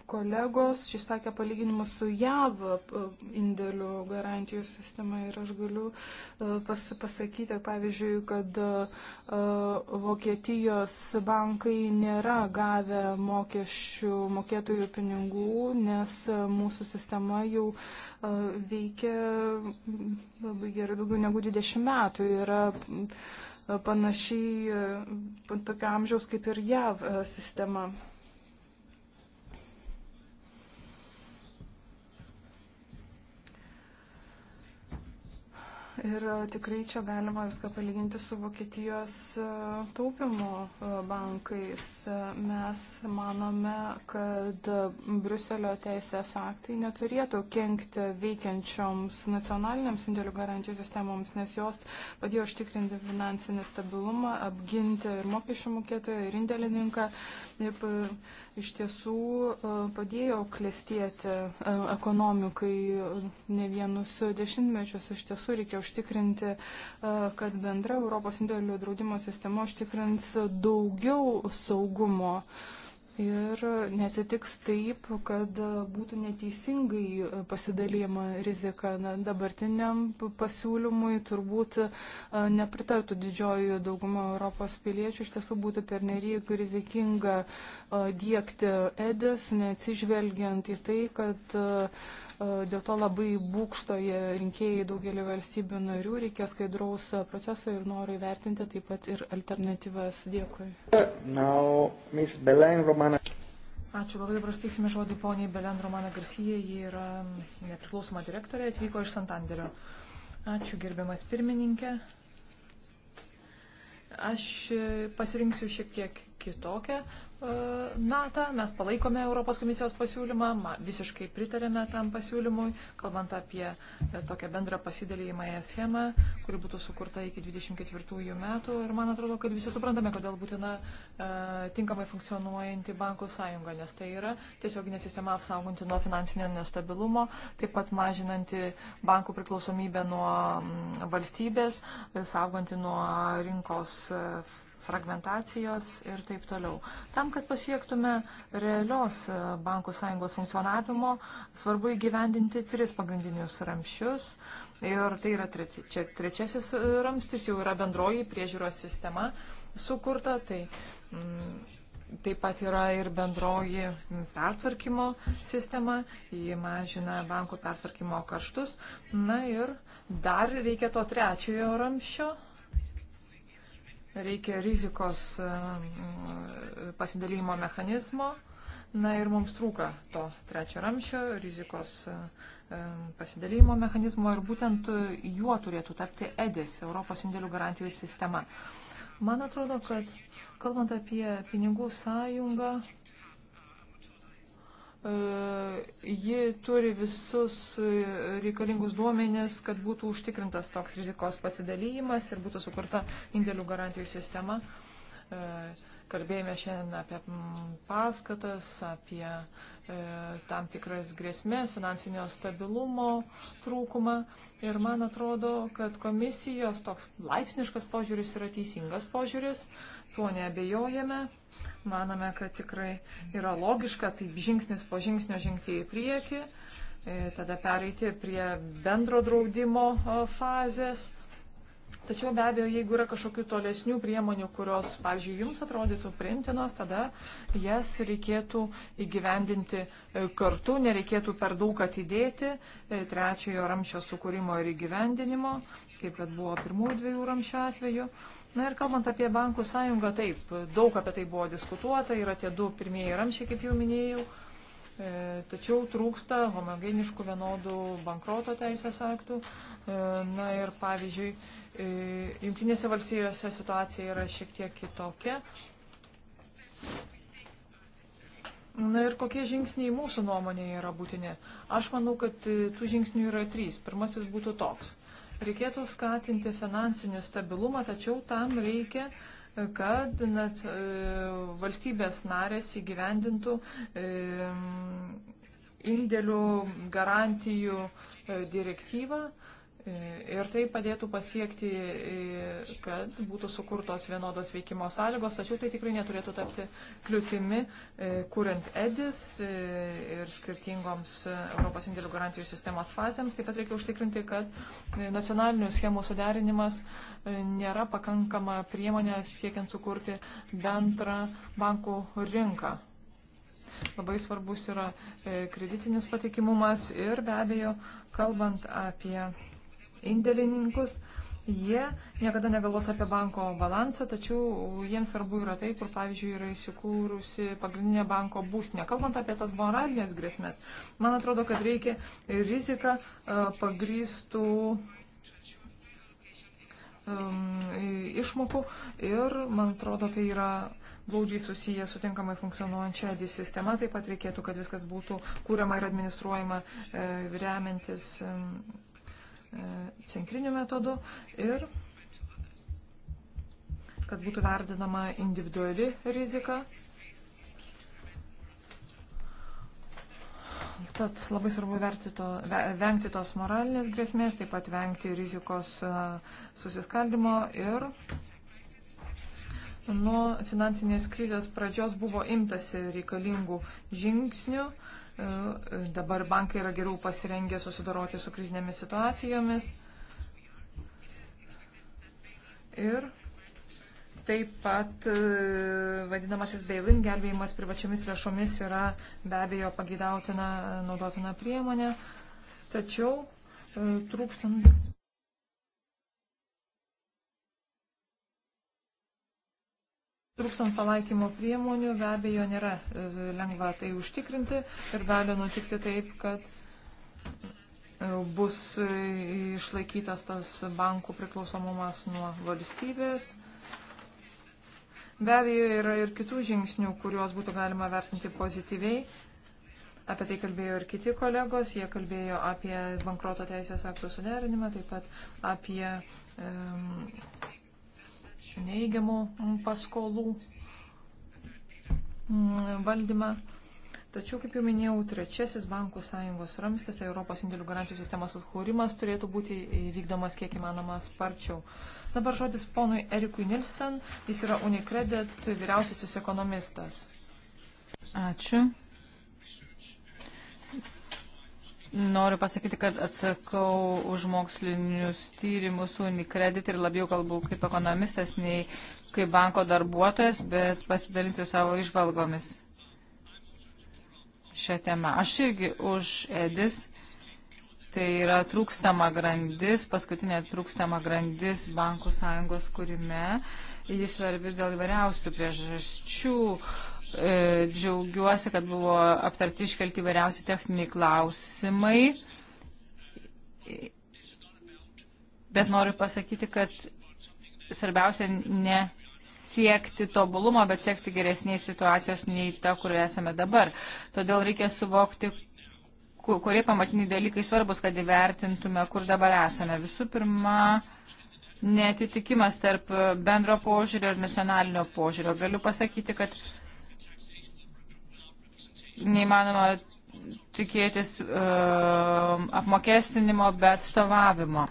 kolegos, šis sakė palyginimus su JAV e, indėlių garantijų sistema ir aš galiu e, pas, pasakyti, pavyzdžiui, kad e, Vokietijos bankai nėra gavę mokesčių mokėtojų pinigų, nes mūsų sistema jau veikia labai gerai daugiau negu 20 metų. Yra, panašiai tokio amžiaus kaip ir JAV sistema. Ir e, tikrai čia galima viską palyginti su Vokietijos e, taupimo e, bankais. Mes manome, kad Bruselio teisės aktai neturėtų kenkti veikiančioms nacionaliniams indėlių garantijų sistemoms, nes jos padėjo užtikrinti finansinį stabilumą, apginti ir mokesčių mokėtoją, ir indėlininką. Ir iš tiesų e, padėjo klestėti e, ekonomikai e, ne vienus dešimtmečius. Iš tiesų reikia užtikrinti, kad bendra Europos indėlių draudimo sistema užtikrins daugiau saugumo. Uh, Ir nesitiks taip, kad būtų neteisingai pasidalyma rizika. Na, dabartiniam pasiūlymui turbūt e, nepritartų didžioji dauguma Europos piliečių. Iš tiesų būtų pernelyg rizikinga e, diegti edis, neatsižvelgiant į tai, kad e, E, dėl to labai būkštoje rinkėjai daugelį valstybių narių reikia skaidraus proceso ir noriu įvertinti taip pat ir alternatyvas. Dėkui. Now, Ačiū labai, dabar steiksime žodį poniai Belen Romana Garcija, ji yra nepriklausoma direktorė, atvyko iš Santanderio. Ačiū gerbiamas pirmininkė. Aš e, pasirinksiu šiek tiek kitokią E, NATO, mes palaikome Europos komisijos pasiūlymą, visiškai pritarėme tam pasiūlymui, kalbant apie e, tokią bendrą pasidalymąją schemą, kuri būtų sukurta iki 24 metų. Ir man atrodo, kad visi suprantame, kodėl būtina e, tinkamai funkcionuojanti bankų sąjunga, nes tai yra tiesioginė sistema apsauganti nuo finansinio nestabilumo, taip pat mažinanti bankų priklausomybę nuo valstybės, e, sauganti nuo rinkos. E, fragmentacijos ir taip toliau. Tam, kad pasiektume realios e, bankų sąjungos funkcionavimo, svarbu įgyvendinti tris pagrindinius ramščius. Ir tai yra treči, čia, trečiasis e, ramstis, jau yra bendroji priežiūros sistema sukurta. Tai, mm, Taip pat yra ir bendroji pertvarkymo sistema, ji mažina bankų pertvarkymo kaštus. Na ir dar reikia to trečiojo ramščio, reikia rizikos e, pasidalymo mechanizmo. Na ir mums trūka to trečio ramščio, rizikos e, e, pasidalymo mechanizmo ir būtent juo turėtų tapti EDIS, Europos indėlių garantijų sistema. Man atrodo, kad kalbant apie pinigų sąjungą, E, ji turi visus reikalingus duomenis, kad būtų užtikrintas toks rizikos pasidalymas ir būtų sukurta indėlių garantijų sistema. E, kalbėjome šiandien apie paskatas, apie e, tam tikras grėsmės, finansinio stabilumo trūkumą. Ir man atrodo, kad komisijos toks laipsniškas požiūris yra teisingas požiūris, tuo neabejojame. Manome, kad tikrai yra logiška taip žingsnis po žingsnio žengti į priekį, e, tada pereiti prie bendro draudimo e, fazės. Tačiau be abejo, jeigu yra kažkokių tolesnių priemonių, kurios, pavyzdžiui, jums atrodytų priimtinos, tada jas reikėtų įgyvendinti e, kartu, nereikėtų per daug atidėti trečiojo ramščio sukūrimo ir įgyvendinimo, kaip kad buvo pirmųjų dviejų ramščio atveju. Na ir kalbant apie bankų sąjungą, taip, daug apie tai buvo diskutuota, yra tie du pirmieji ramšiai, kaip jau minėjau, e, tačiau trūksta homogeniškų vienodų bankroto teisės aktų. E, na ir pavyzdžiui, e, Junktinėse valstijose situacija yra šiek tiek kitokia. Na ir kokie žingsniai mūsų nuomonėje yra būtini? Aš manau, kad e, tų žingsnių yra trys. Pirmasis būtų toks Reikėtų skatinti finansinį stabilumą, tačiau tam reikia kad net, valstybės narės įgyvendintų e, indėlių garantijų e, direktyvą, Ir tai padėtų pasiekti, kad būtų sukurtos vienodos veikimo sąlygos, tačiau tai tikrai neturėtų tapti kliūtimi, e, kuriant edis e, ir skirtingoms Europos indėlių garantijų sistemos fazėms. Taip pat reikia užtikrinti, kad e, nacionalinių schemų suderinimas nėra pakankama priemonė siekiant sukurti bendrą bankų rinką. Labai svarbus yra kreditinis patikimumas ir be abejo, kalbant apie indėlininkus. Jie niekada negalvos apie banko balansą, tačiau jiems svarbu yra tai, kur, pavyzdžiui, yra įsikūrusi pagrindinė banko būsnė. Kalbant apie tas moralinės grėsmės, man atrodo, kad reikia riziką e, pagrįstų išmokų ir, man atrodo, tai yra glaudžiai susiję su tinkamai funkcionuojančia EDI sistema. Taip pat reikėtų, kad viskas būtų kūriama ir administruojama e, remiantis E, centriniu metodu ir kad būtų vertinama individuali rizika. Tad labai svarbu to, vengti tos moralinės grėsmės, taip pat vengti rizikos e, susiskaldimo ir nuo finansinės krizės pradžios buvo imtasi reikalingų žingsnių. Uh, E, dabar bankai yra geriau pasirengę susidoroti su krizinėmis situacijomis. Ir taip pat e, vadinamasis bailin gelbėjimas privačiamis lėšomis yra be abejo pagydautina, naudotina priemonė. Tačiau e, trūkstant Trūkstant palaikymo priemonių, be abejo, nėra e, lengva tai užtikrinti ir gali nutikti taip, kad e, bus e, išlaikytas tas bankų priklausomumas nuo valstybės. Be abejo, yra ir kitų žingsnių, kuriuos būtų galima vertinti pozityviai. Apie tai kalbėjo ir kiti kolegos, jie kalbėjo apie bankroto teisės aktų suderinimą, taip pat apie um, neigiamų mm, paskolų mm, valdymą. Tačiau, kaip jau minėjau, trečiasis bankų sąjungos ramstis, tai Europos indėlių garantijų sistemos atkūrimas turėtų būti įvykdomas kiek įmanoma sparčiau. Dabar žodis ponui Erikui Nilsen, jis yra Unicredit vyriausiasis ekonomistas. Ačiū. Noriu pasakyti, kad atsakau už mokslinius tyrimus Unicredit ir labiau kalbu kaip ekonomistas nei kaip banko darbuotojas, bet pasidalinsiu savo išvalgomis šią temą. Aš irgi už Edis, tai yra trūkstama grandis, paskutinė trūkstama grandis bankų sąjungos kūrime jis svarbi dėl įvairiausių priežasčių. E, džiaugiuosi, kad buvo aptarti iškelti įvairiausi techniniai klausimai. Bet noriu pasakyti, kad svarbiausia ne siekti tobulumo, bet siekti geresnės situacijos nei ta, kurioje esame dabar. Todėl reikia suvokti, kurie pamatiniai dalykai svarbus, kad įvertintume, kur dabar esame. Visų pirma, uh, netitikimas tarp bendro požiūrio ir nacionalinio požiūrio. Galiu pasakyti, kad neįmanoma tikėtis uh, apmokestinimo, bet stovavimo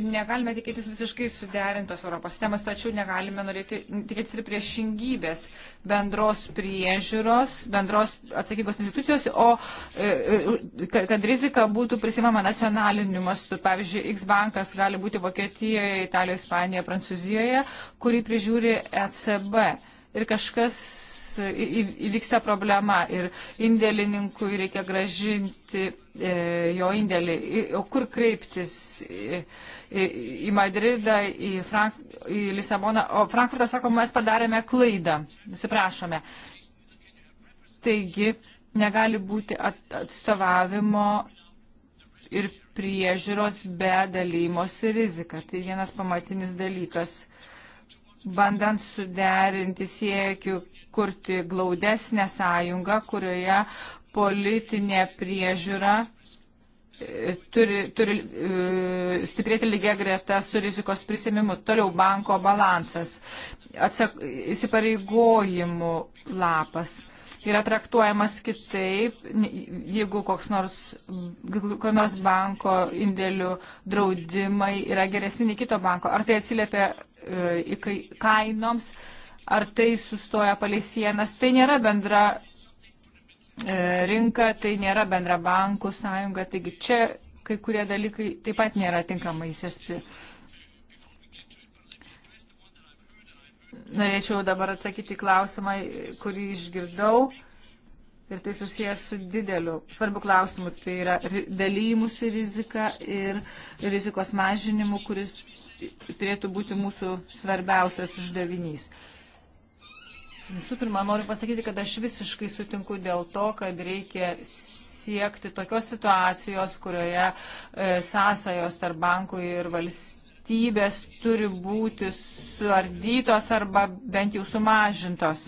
negalime tikėtis visiškai suderintos Europos sistemos, tačiau negalime norėti, tikėtis ir priešingybės bendros priežiūros, bendros atsakingos institucijos, o e, e, kad, kad rizika būtų prisimama nacionaliniu mastu. Pavyzdžiui, X bankas gali būti Vokietijoje, Italijoje, Ispanijoje, Prancūzijoje, kurį prižiūri ECB. Ir kažkas įvyksta problema ir indėlininkui reikia gražinti e, jo indėlį. O kur kreiptis? Į Madridą, į, Frank į Lisaboną. O Frankfurtas sako, mes padarėme klaidą. Atsiprašome. Taigi negali būti atstovavimo ir priežiūros be dalymosi rizika. Tai vienas pamatinis dalykas bandant suderinti siekių kurti glaudesnę sąjungą, kurioje politinė priežiūra e, turi, turi e, stiprėti lygia greta su rizikos prisėmimu. Toliau banko balansas, atsak, įsipareigojimų lapas yra traktuojamas kitaip, jeigu koks nors, koks nors banko indėlių draudimai yra geresni nei kito banko. Ar tai atsiliepia e, į kainoms? ar tai sustoja palei sienas. Tai nėra bendra e, rinka, tai nėra bendra bankų sąjunga, taigi čia kai kurie dalykai taip pat nėra tinkamai įsėsti. Norėčiau dabar atsakyti klausimą, kurį išgirdau ir tai susijęs su dideliu svarbiu klausimu, tai yra dalymusi rizika ir rizikos mažinimu, kuris turėtų būti mūsų svarbiausias uždavinys. Visų pirma, noriu pasakyti, kad aš visiškai sutinku dėl to, kad reikia siekti tokios situacijos, kurioje e, sąsajos tarp bankų ir valstybės turi būti suardytos arba bent jau sumažintos.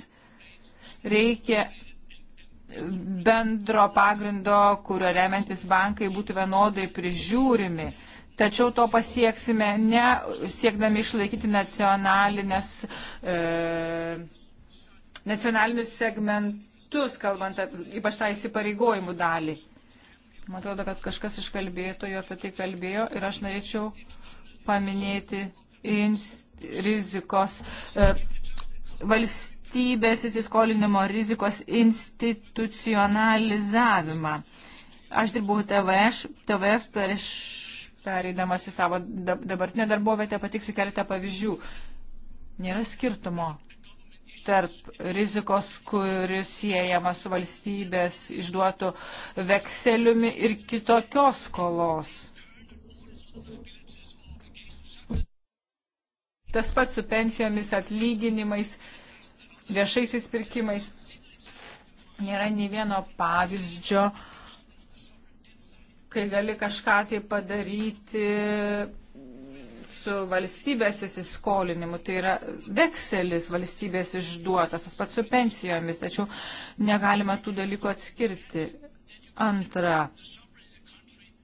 Reikia bendro pagrindo, kurio remiantis bankai būtų vienodai prižiūrimi. Tačiau to pasieksime ne siekdami išlaikyti nacionalinės. E, nacionalinius segmentus, kalbant ypač tą įsipareigojimų dalį. Man atrodo, kad kažkas iš kalbėtojų apie tai kalbėjo ir aš norėčiau paminėti rizikos e, valstybės įsiskolinimo rizikos institucionalizavimą. Aš dirbau TVF, TVF prieš pereidamas į savo dabartinę darbovietę, patiksiu keletą pavyzdžių. Nėra skirtumo tarp rizikos, kuris siejama su valstybės išduotų vekseliumi ir kitokios skolos. Tas pats su pensijomis, atlyginimais, viešaisiais pirkimais. Nėra nei vieno pavyzdžio, kai gali kažką tai padaryti su valstybės įsiskolinimu, tai yra vekselis valstybės išduotas, tas pats su pensijomis, tačiau negalima tų dalykų atskirti. Antra,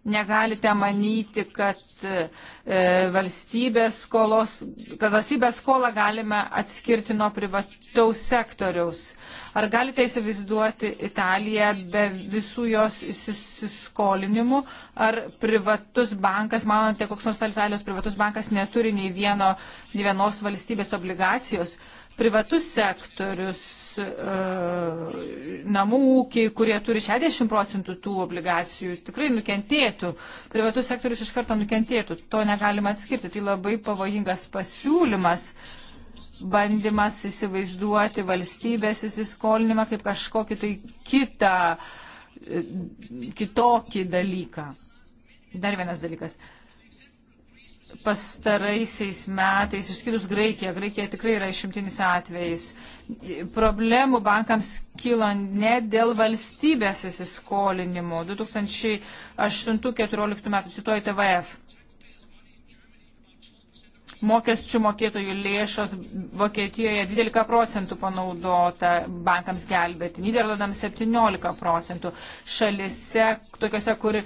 negalite manyti, kad e, valstybės, skolos, kad valstybės skolą galime atskirti nuo privataus sektoriaus. Ar galite įsivaizduoti Italiją be visų jos įsiskolinimų, ar privatus bankas, manote, koks nors Italijos privatus bankas neturi nei, vieno, nei vienos valstybės obligacijos? Privatus sektorius E, namų ūkiai, kurie turi 60 procentų tų obligacijų, tikrai nukentėtų. Privatus sektorius iš karto nukentėtų. To negalima atskirti. Tai labai pavojingas pasiūlymas bandymas įsivaizduoti valstybės įsiskolinimą kaip kažkokį tai kitą, e, kitokį dalyką. Dar vienas dalykas. Uh, pastaraisiais metais, išskyrus Graikiją, Graikija tikrai yra išimtinis atvejais, problemų bankams kilo ne dėl valstybės įsiskolinimo 2008-2014 metų, cituoju TVF mokesčių mokėtojų lėšos Vokietijoje 12 procentų panaudota bankams gelbėti, Niderlandams 17 procentų. Šalise, tokiuose, kur,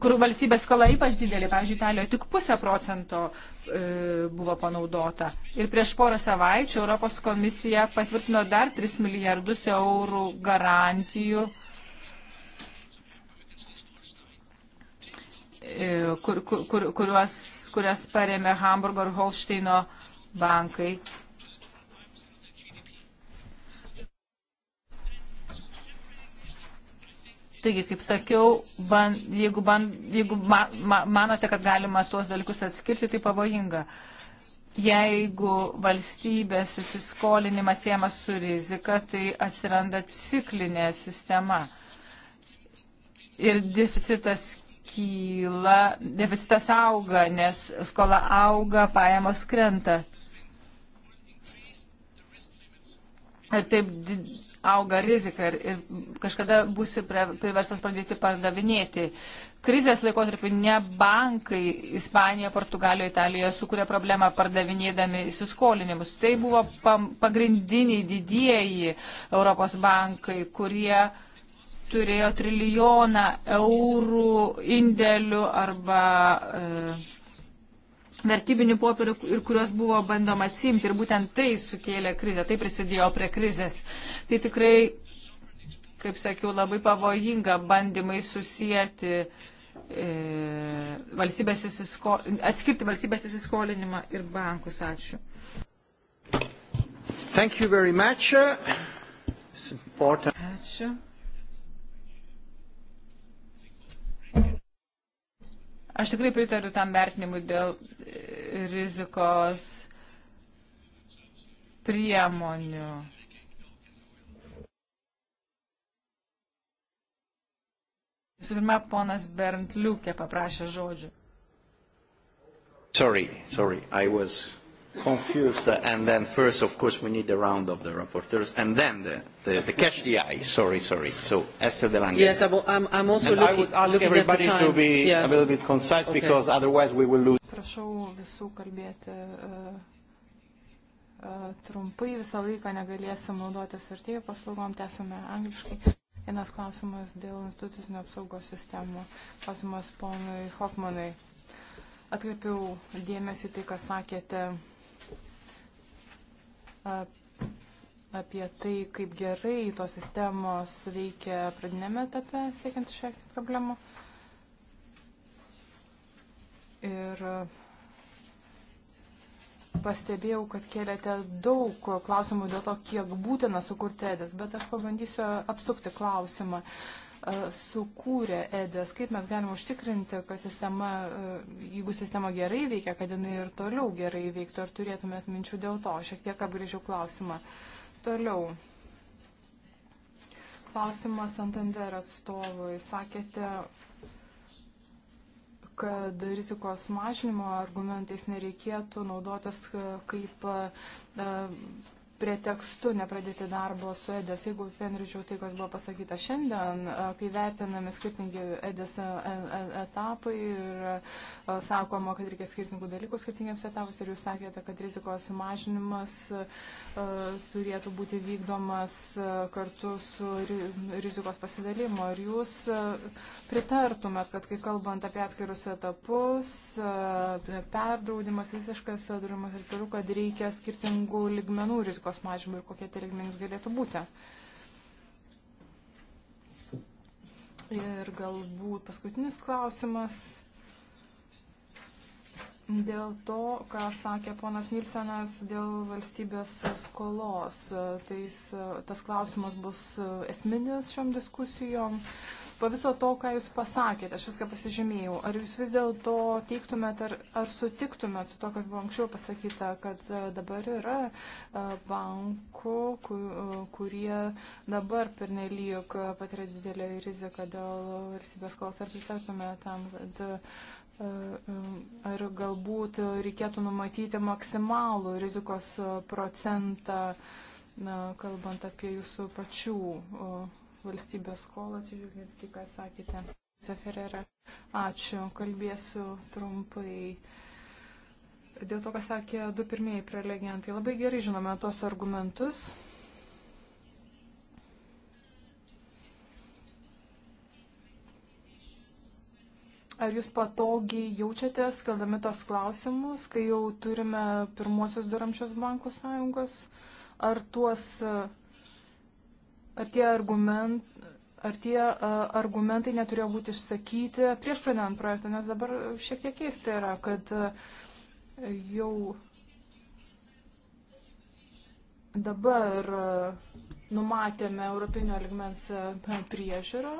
kur valstybės skola ypač didelė, pavyzdžiui, Italijoje tik pusę procento e, buvo panaudota. Ir prieš porą savaičių Europos komisija patvirtino dar 3 milijardus eurų garantijų e, kur, kur, kur, kuriuos kurias paremė Hamburgo ir Holšteino bankai. Taigi, kaip sakiau, ban, jeigu, ban, jeigu ma, ma, manote, kad galima tuos dalykus atskirti, tai pavojinga. Jeigu valstybės įsiskolinimas siemas su rizika, tai atsiranda ciklinė sistema. Ir deficitas kyla, deficitas auga, nes skola auga, pajamos krenta. Ir taip auga rizika ir, ir kažkada būsi priversas pradėti pardavinėti. Krizės laikotarpiu ne bankai Ispanija, Portugalija, Italija sukuria problemą pardavinėdami įsiskolinimus. Tai buvo pam, pagrindiniai didieji Europos bankai, kurie uh, turėjo trilijoną eurų indėlių arba e, vertybinių popierių ir kuriuos buvo bandoma atsimti ir būtent tai sukėlė krizę, tai prisidėjo prie krizės. Tai tikrai, kaip sakiau, labai pavojinga bandymai susijęti e, valstybės įsisko, atskirti valstybės įsiskolinimą ir bankus. Ačiū. Thank you very much. It's important. Ačiū. Aš tikrai pritariu tam vertinimui dėl e, rizikos priemonių. Visų pirma, ponas Bernt Liukė paprašė žodžių. Sorry, sorry, I was confused, and then first, of course, we need a round of the rapporteurs, and then the, the, the catch the eye. Sorry, sorry. So Esther de Lange. Yes, I'm, I'm also and looking, I would ask everybody to be yeah. a little bit concise, okay. because otherwise we will lose. Prašau visų kalbėti uh, uh, trumpai, visą laiką negalėsim naudotis vertėjų paslaugom, tęsime angliškai. Vienas klausimas dėl institucinio apsaugos sistemų. Klausimas ponui Hoffmanui. Atkreipiau dėmesį tai, ką sakėte apie tai, kaip gerai tos sistemos veikia pradinėme etape, siekiant išvengti problemų. Ir e, pastebėjau, kad kėlėte daug klausimų dėl to, kiek būtina sukurti edis, bet aš pabandysiu apsukti klausimą. Uh, sukūrė EDES, kaip mes galime užtikrinti, kad sistema, jeigu sistema gerai veikia, kad jinai ir toliau gerai veiktų, ar turėtumėt minčių dėl to. Šiek tiek apgrįžiau klausimą. Toliau. Klausimas Santander atstovui. Sakėte, kad rizikos mažinimo argumentais nereikėtų naudotis kaip pretekstu nepradėti darbo su EDES. Jeigu apibendrinčiau tai, kas buvo pasakyta šiandien, kai vertinami skirtingi EDES e, e, etapai ir sakoma, kad reikia skirtingų dalykų skirtingiams etapams ir jūs sakėte, kad rizikos mažinimas turėtų būti vykdomas kartu su rizikos pasidalimo. Ir jūs pritartumėt, kad kai kalbant apie atskirus etapus, perdraudimas, visiškas draudimas ir turiu, kad reikia skirtingų ligmenų rizikos rizikos mažymui ir kokie tie reikmenys galėtų būti. Ir galbūt paskutinis klausimas dėl to, ką sakė ponas Nilsenas dėl valstybės skolos. Tai tas klausimas bus esminis šiom diskusijom. Uh, po viso to, ką Jūs pasakėte, aš viską pasižymėjau, ar Jūs vis dėlto teiktumėt, ar, ar sutiktumėt su to, kas buvo anksčiau pasakyta, kad e, dabar yra e, bankų, e, kurie dabar pernelyg patiria didelę riziką dėl valstybės klaus, ar pritartumėt tam, kad Ar galbūt reikėtų numatyti maksimalų rizikos procentą, na, kalbant apie jūsų pačių valstybės skolą, atsižiūrėkit, tai ką sakėte. Seferera, ačiū, kalbėsiu trumpai. Dėl to, ką sakė du pirmieji prelegentai, labai gerai žinome tos argumentus, Ar jūs patogiai jaučiatės, keldami tos klausimus, kai jau turime pirmosius duramčios bankų sąjungos? Ar tuos ar tie, argument, ar tie a, argumentai neturėjo būti išsakyti prieš pradedant projektą, nes dabar šiek tiek keista yra, kad a, jau dabar a, numatėme Europinio ligmens priežiūrą,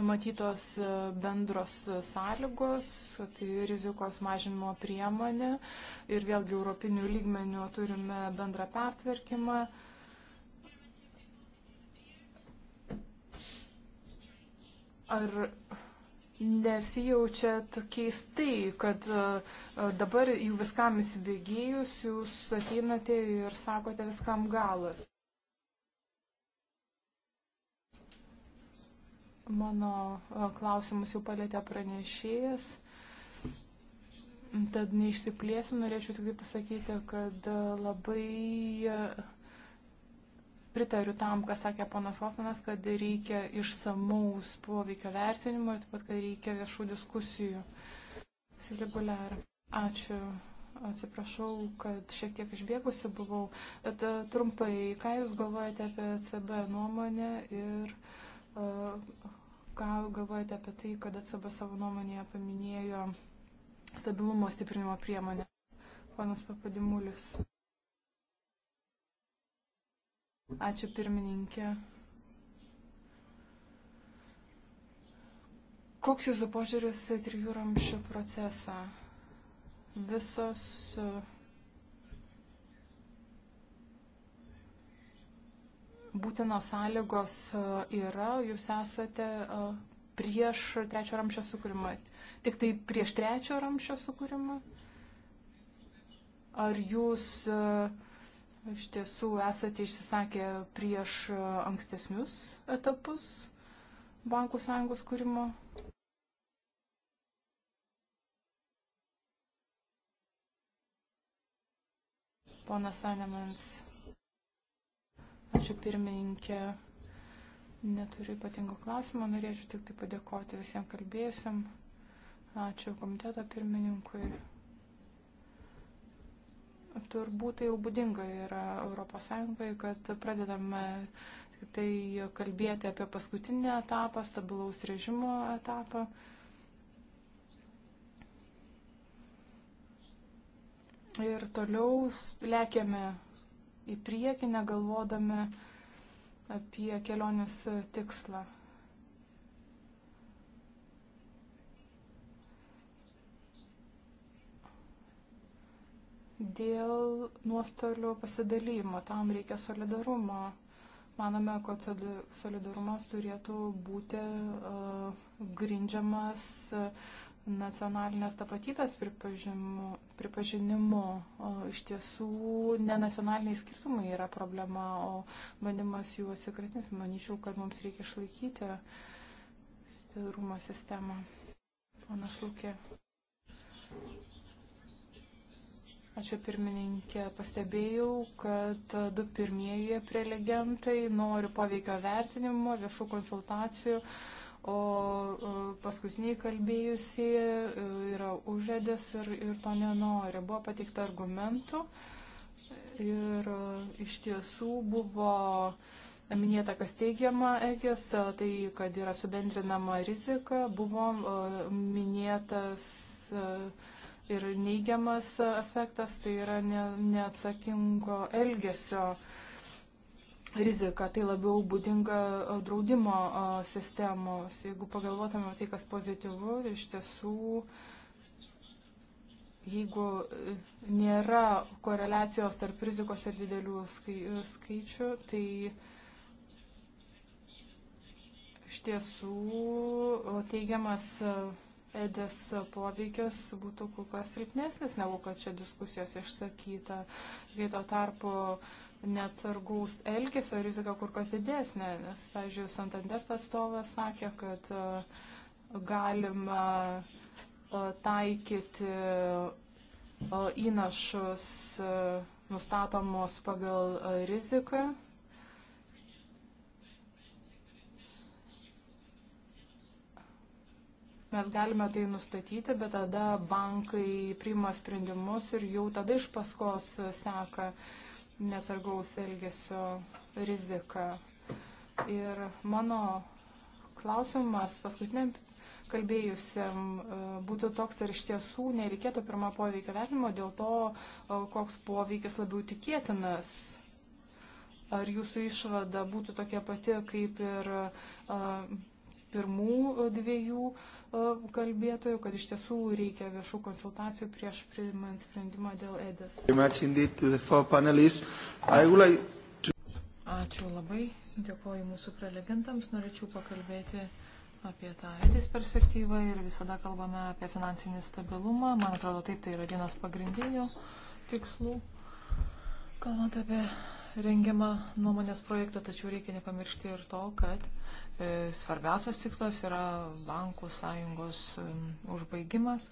numatytos bendros sąlygos, tai rizikos mažinimo priemonė ir vėlgi Europinių lygmenių turime bendrą pertvarkymą. Ar nesijaučiat keistai, kad e, dabar jau viskam įsibėgėjus, jūs ateinate ir sakote viskam galas? Mano e, klausimus jau palėtė pranešėjas. Tad neišsiplėsiu, norėčiau tik tai pasakyti, kad e, labai pritariu tam, ką sakė ponas Hoffmanas, kad reikia išsamaus poveikio vertinimo ir taip pat, kad reikia viešų diskusijų. Siliguliar. Ačiū. Atsiprašau, kad šiek tiek išbėgusi buvau, bet e, trumpai, ką Jūs galvojate apie ECB nuomonę ir uh, ką galvojate apie tai, kad ECB savo nuomonėje paminėjo stabilumo stiprinimo priemonę? Panas Papadimulis. Ačiū pirmininkė. Koks jūsų požiūris į trijų ramščių procesą? Visos būtinos sąlygos e, yra, jūs esate e, prieš trečio ramščio sukūrimą. Tik tai prieš trečio ramščio sukūrimą? Ar jūs uh, Iš tiesų esate išsisakę prieš e, ankstesnius etapus bankų sąjungos kūrimo. Ponas Anemans, ačiū pirmininkė, neturiu ypatingo klausimo, norėčiau tik tai padėkoti visiems kalbėjusim. Ačiū komiteto pirmininkui. Turbūt tai jau būdinga yra ES, kad pradedame tai kalbėti apie paskutinį etapą, stabilaus režimo etapą. Ir toliau lėkėme į priekį, negalvodami apie kelionės tikslą. dėl nuostolių pasidalymo. Tam reikia solidarumo. Manome, kad solidarumas turėtų būti uh, grindžiamas e, nacionalinės tapatybės pripažinimu. Uh, iš tiesų, ne nacionaliniai skirtumai yra problema, o bandymas jų atsikratinis. Manyčiau, kad mums reikia išlaikyti solidarumo sistemą. Ponas Lūkė. Ačiū pirmininkė. Pastebėjau, kad du pirmieji prelegentai nori poveikio vertinimo, viešų konsultacijų, o paskutiniai kalbėjusiai e, yra užėdės ir, ir to nenori. Buvo pateikta argumentų ir e, iš tiesų buvo. Minėta, kas teigiama EGES, tai kad yra subendrinama rizika, buvo e, minėtas uh, ir neigiamas aspektas, tai yra ne, neatsakingo elgesio rizika, tai labiau būdinga draudimo sistemos. Jeigu pagalvotume tai, kas pozityvu, iš tiesų, jeigu e, nėra koreliacijos tarp rizikos ir didelių skai, e, skaičių, tai iš tiesų teigiamas edės poveikis būtų kur kas silpnesnis, negu kad čia diskusijos išsakyta. Kai tuo tarpu neatsargaus elgesio rizika kur kas didesnė, nes, pavyzdžiui, Santander atstovas sakė, kad e, galima e, taikyti e, įnašus nustatomus pagal riziką Mes galime tai nustatyti, bet tada bankai priima sprendimus ir jau tada iš paskos seka nesargaus elgesio rizika. Ir mano klausimas paskutiniam kalbėjusiam e, būtų toks, ar iš tiesų nereikėtų pirmą poveikio vertinimo dėl to, e, koks poveikis labiau tikėtinas. Ar jūsų išvada būtų tokia pati kaip ir uh, pirmų e, dviejų e, kalbėtojų, kad iš tiesų reikia viešų konsultacijų prieš priimant sprendimą dėl EDES. Ačiū labai, dėkoju mūsų prelegentams, norėčiau pakalbėti apie tą EDES perspektyvą ir visada kalbame apie finansinį stabilumą. Man atrodo, taip tai yra vienas pagrindinių tikslų. Kalbant apie rengiamą nuomonės projektą, tačiau reikia nepamiršti ir to, kad E, svarbiausias tikslas yra bankų sąjungos e, užbaigimas.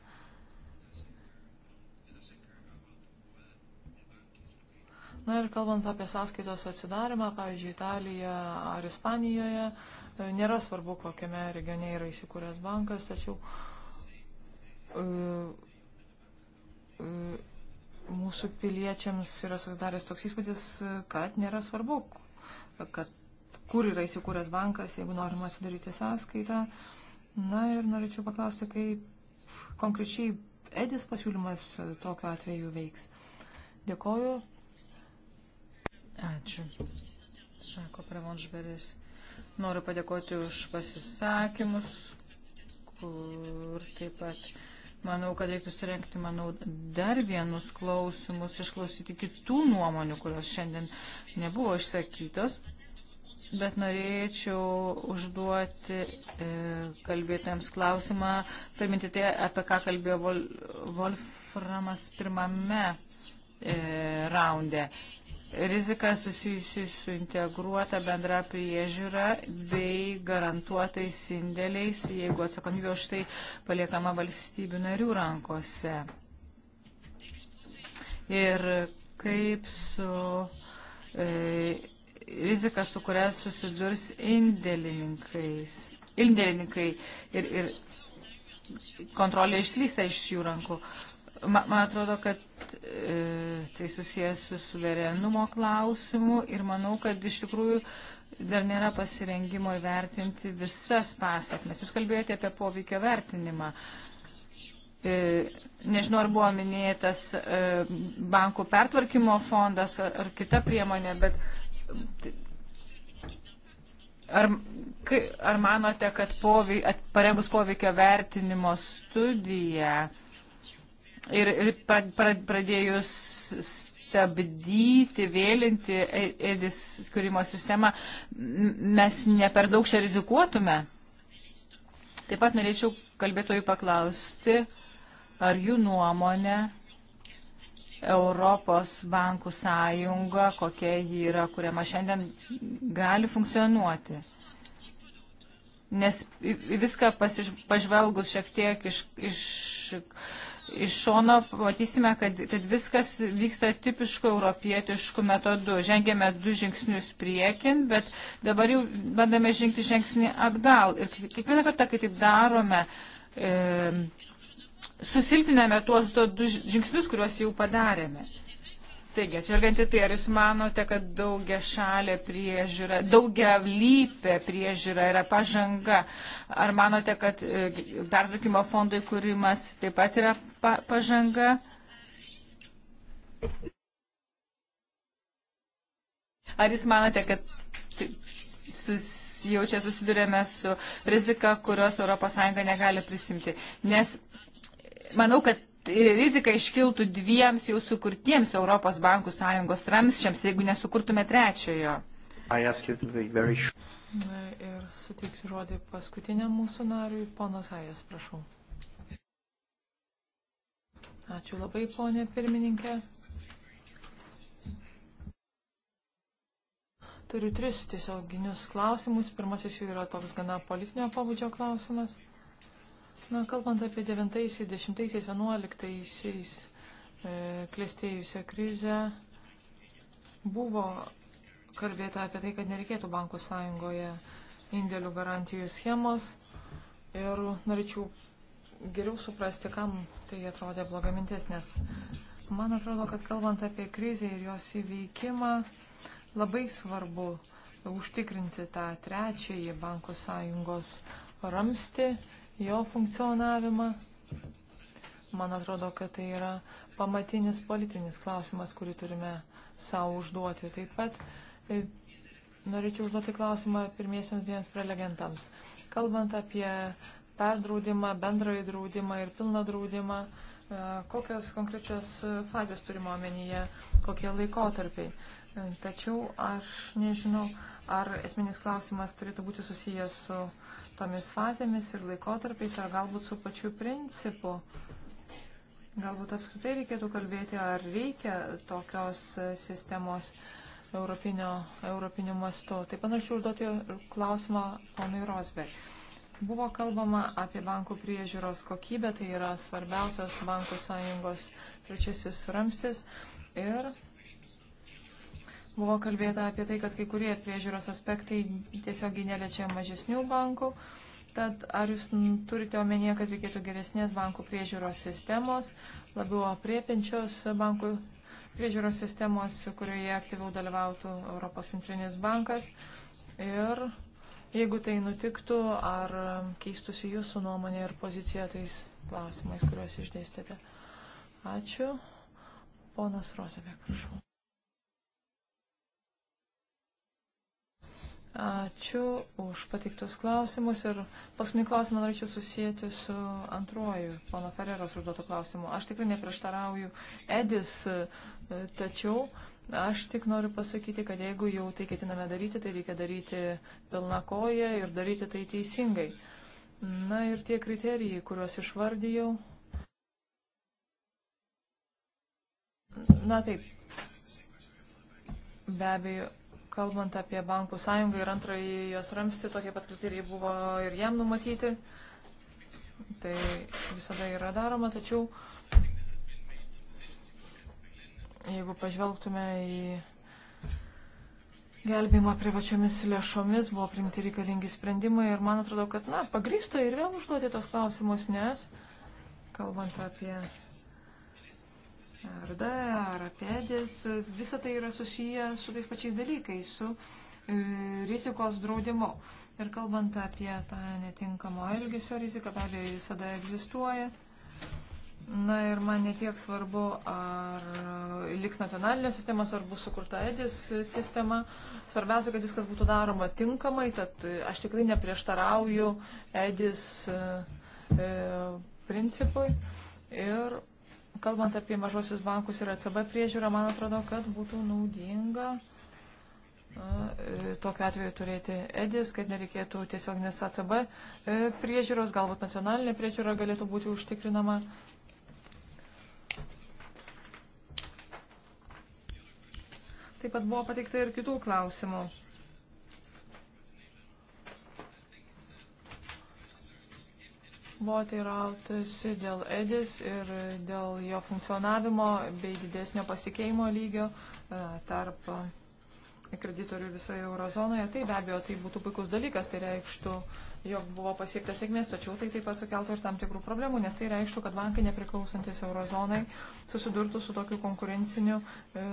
Na ir kalbant apie sąskaitos atsidarimą, pavyzdžiui, Italijoje ar Ispanijoje, e, nėra svarbu, kokiame regione yra įsikūręs bankas, tačiau mūsų piliečiams yra susidaręs toks įspūdis, kad nėra svarbu, kad kur yra įsikūręs bankas, jeigu norima atsidaryti sąskaitą. Na ir norėčiau paklausti, kaip konkrečiai Edis pasiūlymas tokiu atveju veiks. Dėkoju. Ačiū. Sako Prevonžberis. Noriu padėkoti už pasisakymus, kur taip pat. Manau, kad reiktų surenkti, manau, dar vienus klausimus, išklausyti kitų nuomonių, kurios šiandien nebuvo išsakytos bet norėčiau užduoti e, kalbėtėms klausimą, priminti tai, apie ką kalbėjo Vol Wolframas pirmame e, raunde. Rizika susijusi su integruota bendra priežiūra bei garantuotais indėliais, jeigu atsakomybė už tai paliekama valstybių narių rankose. Ir kaip su e, rizika, su kuria susidurs indėlininkai ir, ir kontrolė išslysta iš jų rankų. Man ma atrodo, kad e, tai susijęs su suverenumo klausimu ir manau, kad iš tikrųjų dar nėra pasirengimo įvertinti visas pasakmes. Jūs kalbėjote apie poveikio vertinimą. E, nežinau, ar buvo minėtas e, bankų pertvarkymo fondas ar, ar kita priemonė, bet Ar, kai, ar manote, kad povei, parengus poveikio vertinimo studiją ir, ir pra, pra, pradėjus stabdyti, vėlinti ėdis e, kūrimo sistemą, mes ne per daug čia rizikuotume? Taip pat norėčiau kalbėtojų paklausti, ar jų nuomonė Europos bankų sąjunga, kokia ji yra kuriama šiandien, gali funkcionuoti. Nes viską pasiž, pažvelgus šiek tiek iš, iš, iš šono, matysime, kad, kad viskas vyksta tipišku europietišku metodu. Žengėme du žingsnius priekin, bet dabar jau bandome žengti žingsnį atgal. Ir kiekvieną kartą, kai taip darome, e, susilpiname tuos du žingsnius, kuriuos jau padarėme. Taigi, atsižvelgiant į tai, ar jūs manote, kad daugia šalė priežiūra, daugia lypė priežiūra yra pažanga? Ar manote, kad e, pertvarkymo fondai kūrimas taip pat yra pa pažanga? Ar jūs manote, kad sus, jau čia susidurėme su rizika, kurios ES negali prisimti? Nes manau, kad rizika iškiltų dviems jau sukurtiems Europos bankų sąjungos ramsčiams, jeigu nesukurtume trečiojo. Very... Na, ir suteiksiu žodį paskutiniam mūsų nariui, ponas Ajas, prašau. Ačiū labai, ponė pirmininkė. Turiu tris tiesioginius klausimus. Pirmasis jų yra toks gana politinio pabudžio klausimas. Na, kalbant apie 9, 10, 11 e, klėstėjusią krizę, buvo kalbėta apie tai, kad nereikėtų bankų sąjungoje indėlių garantijų schemos ir norėčiau geriau suprasti, kam tai atrodė bloga mintis, nes man atrodo, kad kalbant apie krizę ir jos įveikimą, labai svarbu užtikrinti tą trečiąjį bankų sąjungos ramsti jo funkcionavimą. Man atrodo, kad tai yra pamatinis politinis klausimas, kurį turime savo užduoti. Taip pat e, norėčiau užduoti klausimą pirmiesiams dviems prelegentams. Kalbant apie perdraudimą, bendrąjį draudimą ir pilną draudimą, e, kokios konkrečios fazės turime omenyje, kokie laikotarpiai. E, tačiau aš nežinau, ar esminis klausimas turėtų būti susijęs su tomis fazėmis ir laikotarpiais, ar galbūt su pačiu principu. Galbūt apskritai reikėtų kalbėti, ar reikia tokios sistemos europinio, europiniu mastu. Taip panašiai užduoti klausimą ponui Rosberg. Buvo kalbama apie bankų priežiūros kokybę, tai yra svarbiausias bankų sąjungos trečiasis ramstis. Ir Buvo kalbėta apie tai, kad kai kurie priežiūros aspektai tiesiog neliečia mažesnių bankų. Tad ar jūs turite omenyje, kad reikėtų geresnės bankų priežiūros sistemos, labiau apriepinčios bankų priežiūros sistemos, kurioje aktyviau dalyvautų Europos centrinis bankas? Ir jeigu tai nutiktų, ar keistusi jūsų nuomonė ir pozicija tais klausimais, kuriuos išdėstėte? Ačiū. Ponas Rosebek, prašau. Ačiū už pateiktus klausimus ir paskutinį klausimą norėčiau susijęti su antruoju pono Ferreros užduotu klausimu. Aš tikrai neprieštarauju Edis, tačiau aš tik noriu pasakyti, kad jeigu jau tai ketiname daryti, tai reikia daryti pilna koja ir daryti tai teisingai. Na ir tie kriterijai, kuriuos išvardijau. Na taip, be abejo, Kalbant apie bankų sąjungą ir antrąjį jos ramstį, tokie pat kriterijai buvo ir jam numatyti. Tai visada yra daroma, tačiau jeigu pažvelgtume į gelbėjimą privačiomis lėšomis, buvo primti reikalingi sprendimai ir man atrodo, kad, na, pagrįsto ir vėl užduoti tos klausimus, nes kalbant apie RD, ar apėdės, visa tai yra susiję su tais pačiais dalykais, su e, rizikos draudimu. Ir kalbant apie tą netinkamo elgesio riziką, be abejo, visada egzistuoja. Na ir man netiek svarbu, ar liks nacionalinė sistema, ar bus sukurta EDIS sistema. Svarbiausia, kad viskas būtų daroma tinkamai, tad aš tikrai neprieštarauju EDIS e, e principui. Ir kalbant apie mažosius bankus ir ECB priežiūrą, man atrodo, kad būtų naudinga e, tokiu atveju turėti edis, kad nereikėtų tiesiog nes ACB e, priežiūros, galbūt nacionalinė priežiūra galėtų būti užtikrinama. Taip pat buvo pateikta ir kitų klausimų. Buvo teirautasi dėl Edis ir dėl jo funkcionavimo bei didesnio pasikeimo lygio e, tarp e, kreditorių visoje eurozonoje. Tai be abejo, tai būtų puikus dalykas, tai reikštų, jog buvo pasiektas sėkmės, tačiau tai taip pat sukeltų ir tam tikrų problemų, nes tai reikštų, kad bankai nepriklausantis eurozonai susidurtų su tokiu konkurenciniu e,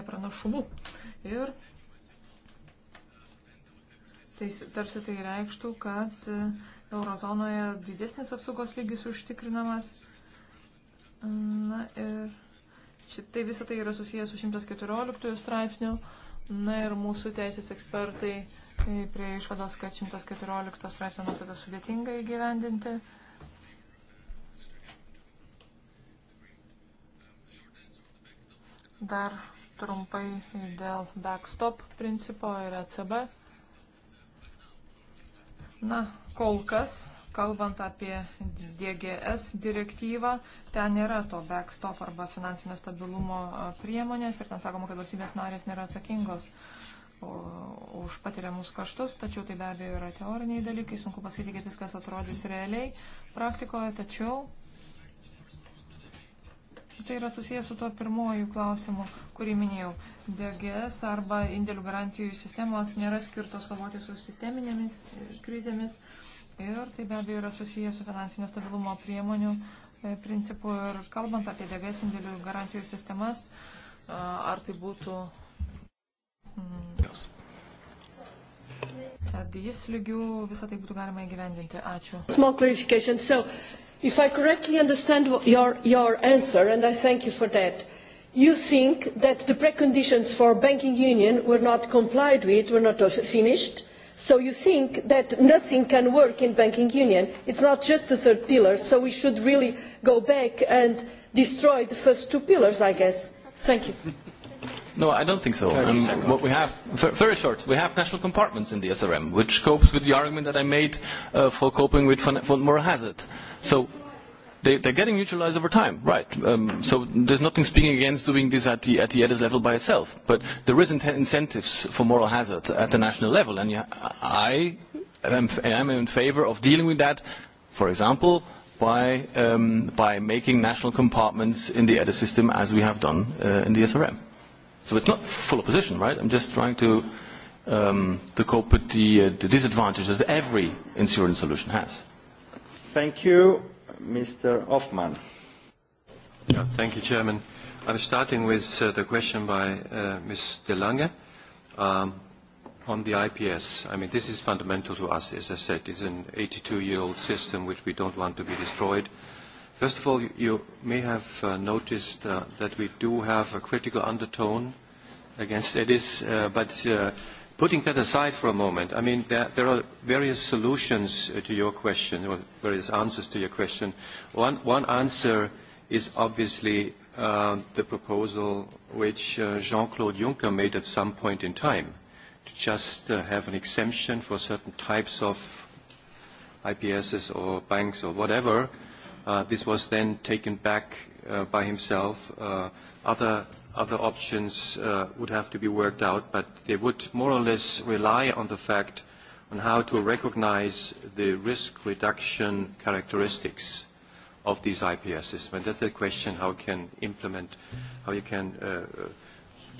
nepranašumu. Ir tai, tarsi tai reikštų, kad e, eurozonoje didesnis apsaugos lygis užtikrinamas. Na ir šitai visą tai yra susijęs su 114 straipsniu. Na ir mūsų teisės ekspertai e, prie išvados, kad 114 straipsnio nuostatą sudėtinga įgyvendinti. Dar trumpai dėl backstop principo ir ECB. Na, kol kas, kalbant apie DGS direktyvą, ten nėra to backstop arba finansinio stabilumo priemonės ir ten sakoma, kad valstybės narės nėra atsakingos už patiriamus kaštus, tačiau tai be abejo yra teoriniai dalykai, sunku pasakyti, kaip viskas atrodys realiai praktikoje, tačiau Tai yra susijęs su tuo pirmoju klausimu, kurį minėjau. DGS arba indėlių garantijų sistemos nėra skirtos kovoti su sisteminėmis krizėmis ir tai be abejo yra susijęs su finansinio stabilumo priemonių e, principu. Ir kalbant apie DGS indėlių garantijų sistemas, ar tai būtų. Mm, Kad jis lygių visą tai būtų galima įgyvendinti. Ačiū. If I correctly understand your, your answer, and I thank you for that, you think that the preconditions for banking union were not complied with, were not finished, so you think that nothing can work in banking union. It's not just the third pillar, so we should really go back and destroy the first two pillars, I guess. Thank you. No, I don't think so. Um, what we have, very short, we have national compartments in the SRM, which copes with the argument that I made uh, for coping with von moral hazard. So they, they're getting neutralized over time, right? Um, so there's nothing speaking against doing this at the, at the EDIS level by itself. But there is in incentives for moral hazard at the national level, and you, I am, am in favor of dealing with that, for example, by, um, by making national compartments in the EDIS system as we have done uh, in the SRM. So it's not full opposition, right? I'm just trying to, um, to cope with the, uh, the disadvantages that every insurance solution has. Thank you, Mr. Hoffman. Yeah, thank you, Chairman. I'm starting with uh, the question by uh, Ms. De Lange um, on the IPS. I mean, this is fundamental to us, as I said. It's an 82-year-old system which we don't want to be destroyed. Uh, First of all, you may have uh, noticed uh, that we do have a critical undertone against EDIS, uh, but uh, putting that aside for a moment, I mean, there, there are various solutions uh, to your question, or various answers to your question. One, one answer is obviously uh, the proposal which uh, Jean-Claude Juncker made at some point in time, to just uh, have an exemption for certain types of IPSs or banks or whatever, uh, Uh, this was then taken back uh, by himself. Uh, other, other options uh, would have to be worked out, but they would more or less rely on the fact on how to recognize the risk reduction characteristics of these IPS systems. And that's the question how can implement, how you can, uh,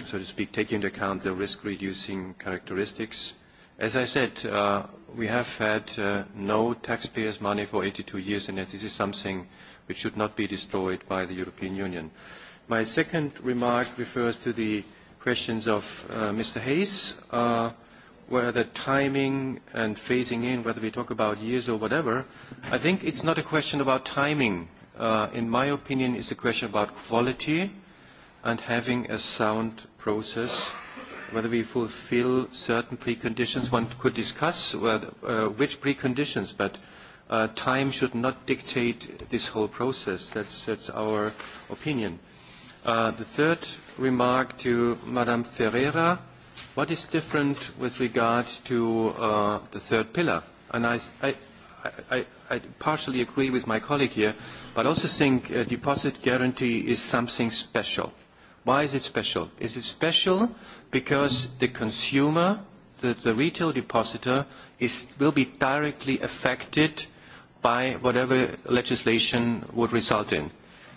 so to speak, take into account the risk reducing characteristics. As I said, uh, we have had uh, no taxpayers' money for 82 years, and this is something which should not be destroyed by the European Union. My second remark refers to the questions of uh, Mr. Hayes, uh, whether timing and phasing in, whether we talk about years or whatever. I think it's not a question about timing. Uh, in my opinion, it's a question about quality and having a sound process uh, whether we fulfill certain preconditions. One could discuss whether, uh, which preconditions, but uh, time should not dictate this whole process. That's, that's our opinion. Uh, the third remark to Madame Ferreira, what is different with regard to uh, the third pillar? And I, I, I, I partially agree with my colleague here, but also think a deposit guarantee is something special. Why is it special? Is it special because the consumer, the, the retail depositor, is, will be directly affected by whatever legislation would result in.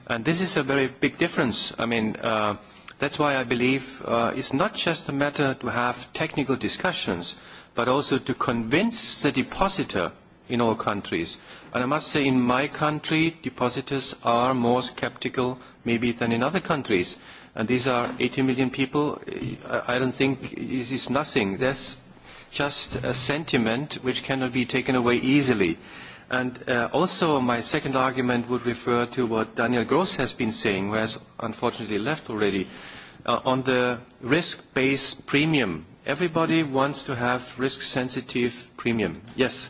And this is a very big difference. I mean, uh, that's why I believe uh, it's not just a matter to have technical discussions, but also to convince the depositor in all countries. And I must say in my country, depositors are more skeptical maybe than in other countries. Uh, and these are 80 million people, I don't think it is nothing. There's just a sentiment which cannot be taken away easily. And uh, also my second argument would refer to what Daniel Gross has been saying, who has unfortunately left already, uh, on the risk-based premium. Everybody wants to have risk-sensitive premium. Yes?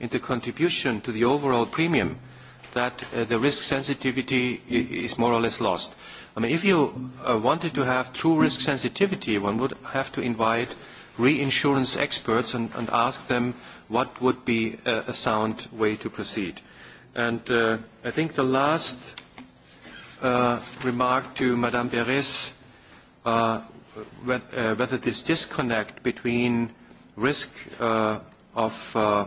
in the contribution to the overall premium that uh, the risk sensitivity is more or less lost. I mean, if you uh, wanted to have true risk sensitivity, one would have to invite reinsurance experts and, and ask them what would be a, a sound way to proceed. And uh, I think the last uh, remark to Madame Perez, uh, uh, whether this disconnect between risk uh, of uh,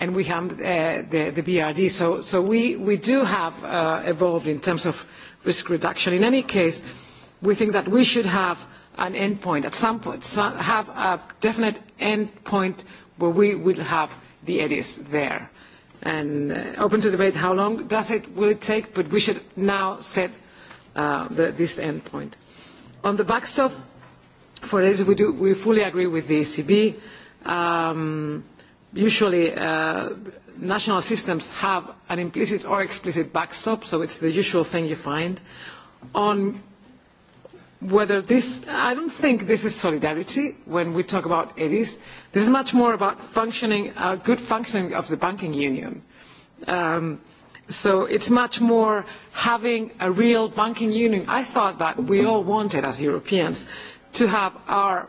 and we have uh, the, the BRD. So, so we, we do have uh, evolved in terms of risk reduction. In any case, we think that we should have an endpoint at some point, so have a definite endpoint where we will have the EDIs there. And uh, open to debate how long does it, will it take, but we should now set uh, the, this endpoint. On the backstop, for EDIs, we, do, we fully agree with the ECB. Um, usually uh, national systems have an implicit or explicit backstop, so it's the usual thing you find. On whether this, I don't think this is solidarity when we talk about EDIs. This is much more about functioning, uh, good functioning of the banking union. Um, so it's much more having a real banking union. I thought that we all wanted as Europeans to have our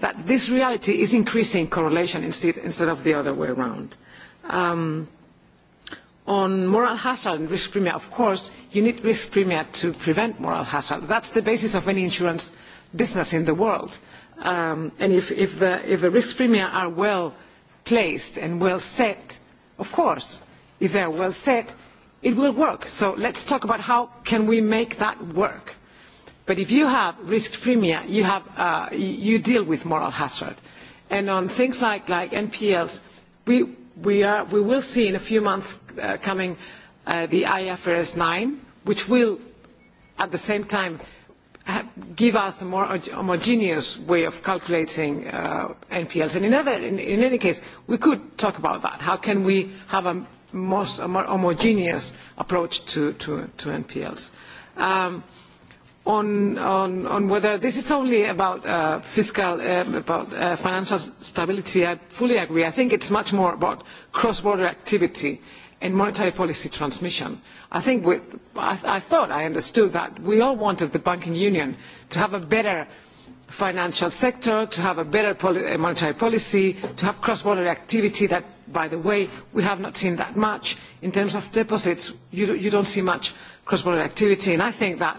that this reality is increasing correlation instead, instead of the other way around. Um, on moral hazard and risk premium, of course, you need risk premium to prevent moral hazard. That's the basis of any insurance business in the world. Um, and if, if, the, if the risk premium are well placed and well set, of course, if they are well set, it will work. So let's talk about how can we make that work But if you have risk premia, you, have, uh, you deal with moral hazard. And on things like, like NPLs, we, we, are, we will see in a few months uh, coming uh, the IFRS 9, which will at the same time give us a more homogeneous way of calculating uh, NPLs. And in, other, in, in any case, we could talk about that. How can we have a, most, a more homogeneous approach to, to, to NPLs? Um, on, on, on whether this is only about uh, fiscal, um, about uh, financial stability, I fully agree. I think it's much more about cross-border activity and monetary policy transmission. I think with, I, I thought I understood that we all wanted the banking union to have a better financial sector, to have a better poli uh, monetary policy, to have cross-border activity that, by the way, we have not seen that much. In terms of deposits, you, you don't see much cross-border activity, and I think that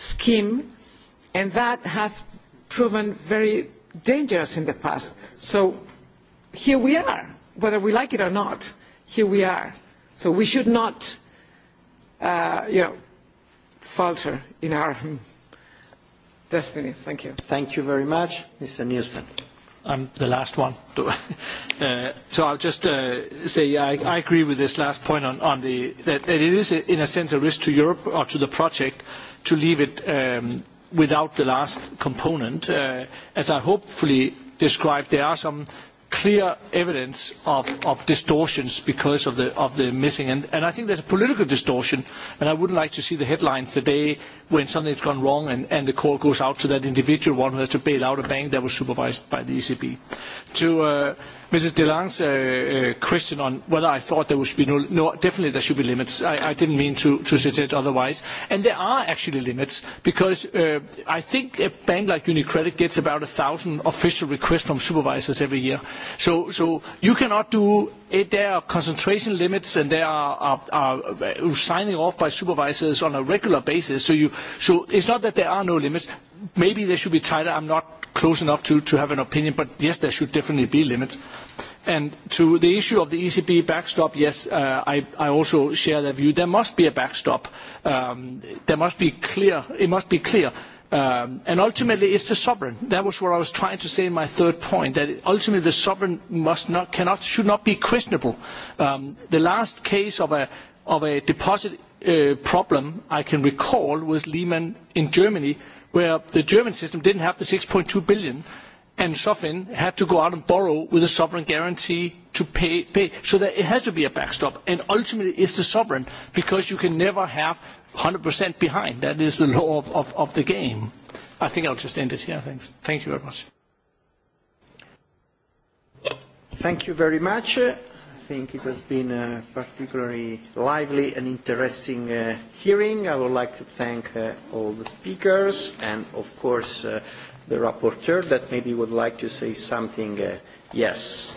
scheme, and that has proven very dangerous in the past. So here we are, whether we like it or not, here we are. So we should not, uh, you know, falter in our hmm, destiny. Thank you. Thank you very much, Mr. Nielsen. I'm the last one. uh, so I'll just uh, say I, I agree with this last point on, on the, that, that it is, in a sense, a risk to Europe or to the project uh, to leave it um, without the last component. Uh, as I hopefully described, there are some clear evidence of, of distortions because of the, of the missing. And, and I think there's a political distortion, and I wouldn't like to see the headlines the day when something's gone wrong and, and the call goes out to that individual one who has to bail out a bank that was supervised by the ECB. To, uh, Mrs. DeLange's uh, uh, question on whether I thought there should be no, no definitely there should be limits. I, I didn't mean to, to suggest otherwise. And there are actually limits because uh, I think a bank like UniCredit gets about a thousand official requests from supervisors every year. So, so you cannot do it, eh, there er are concentration limits and there er, are, er, are, are signing off by supervisors on a regular basis. So, you, so it's not that there are no limits. Maybe they should be tighter. I'm not close enough to, to have an opinion, but yes, there should definitely be limits. And to the issue of the ECB backstop, yes, uh, I, I also share that view. There must be a backstop. Um, there must be clear. It must be clear Um, and ultimately, it's the sovereign. That was what I was trying to say in my third point, that ultimately the sovereign must not, cannot, should not be questionable. Um, the last case of a, of a deposit uh, problem I can recall was Lehman in Germany, where the German system didn't have the 6.2 billion, and SOFIN had to go out and borrow with a sovereign guarantee to pay. pay. So that it has to be a backstop, and ultimately it's the sovereign, because you can never have 100% behind. That is the law of, of, of the game. I think I'll just end it here. Thanks. Thank you very much. Thank you very much. I think it has been a particularly lively and interesting uh, hearing. I would like to thank uh, all the speakers and, of course, uh, the rapporteur that maybe would like to say something. Uh, yes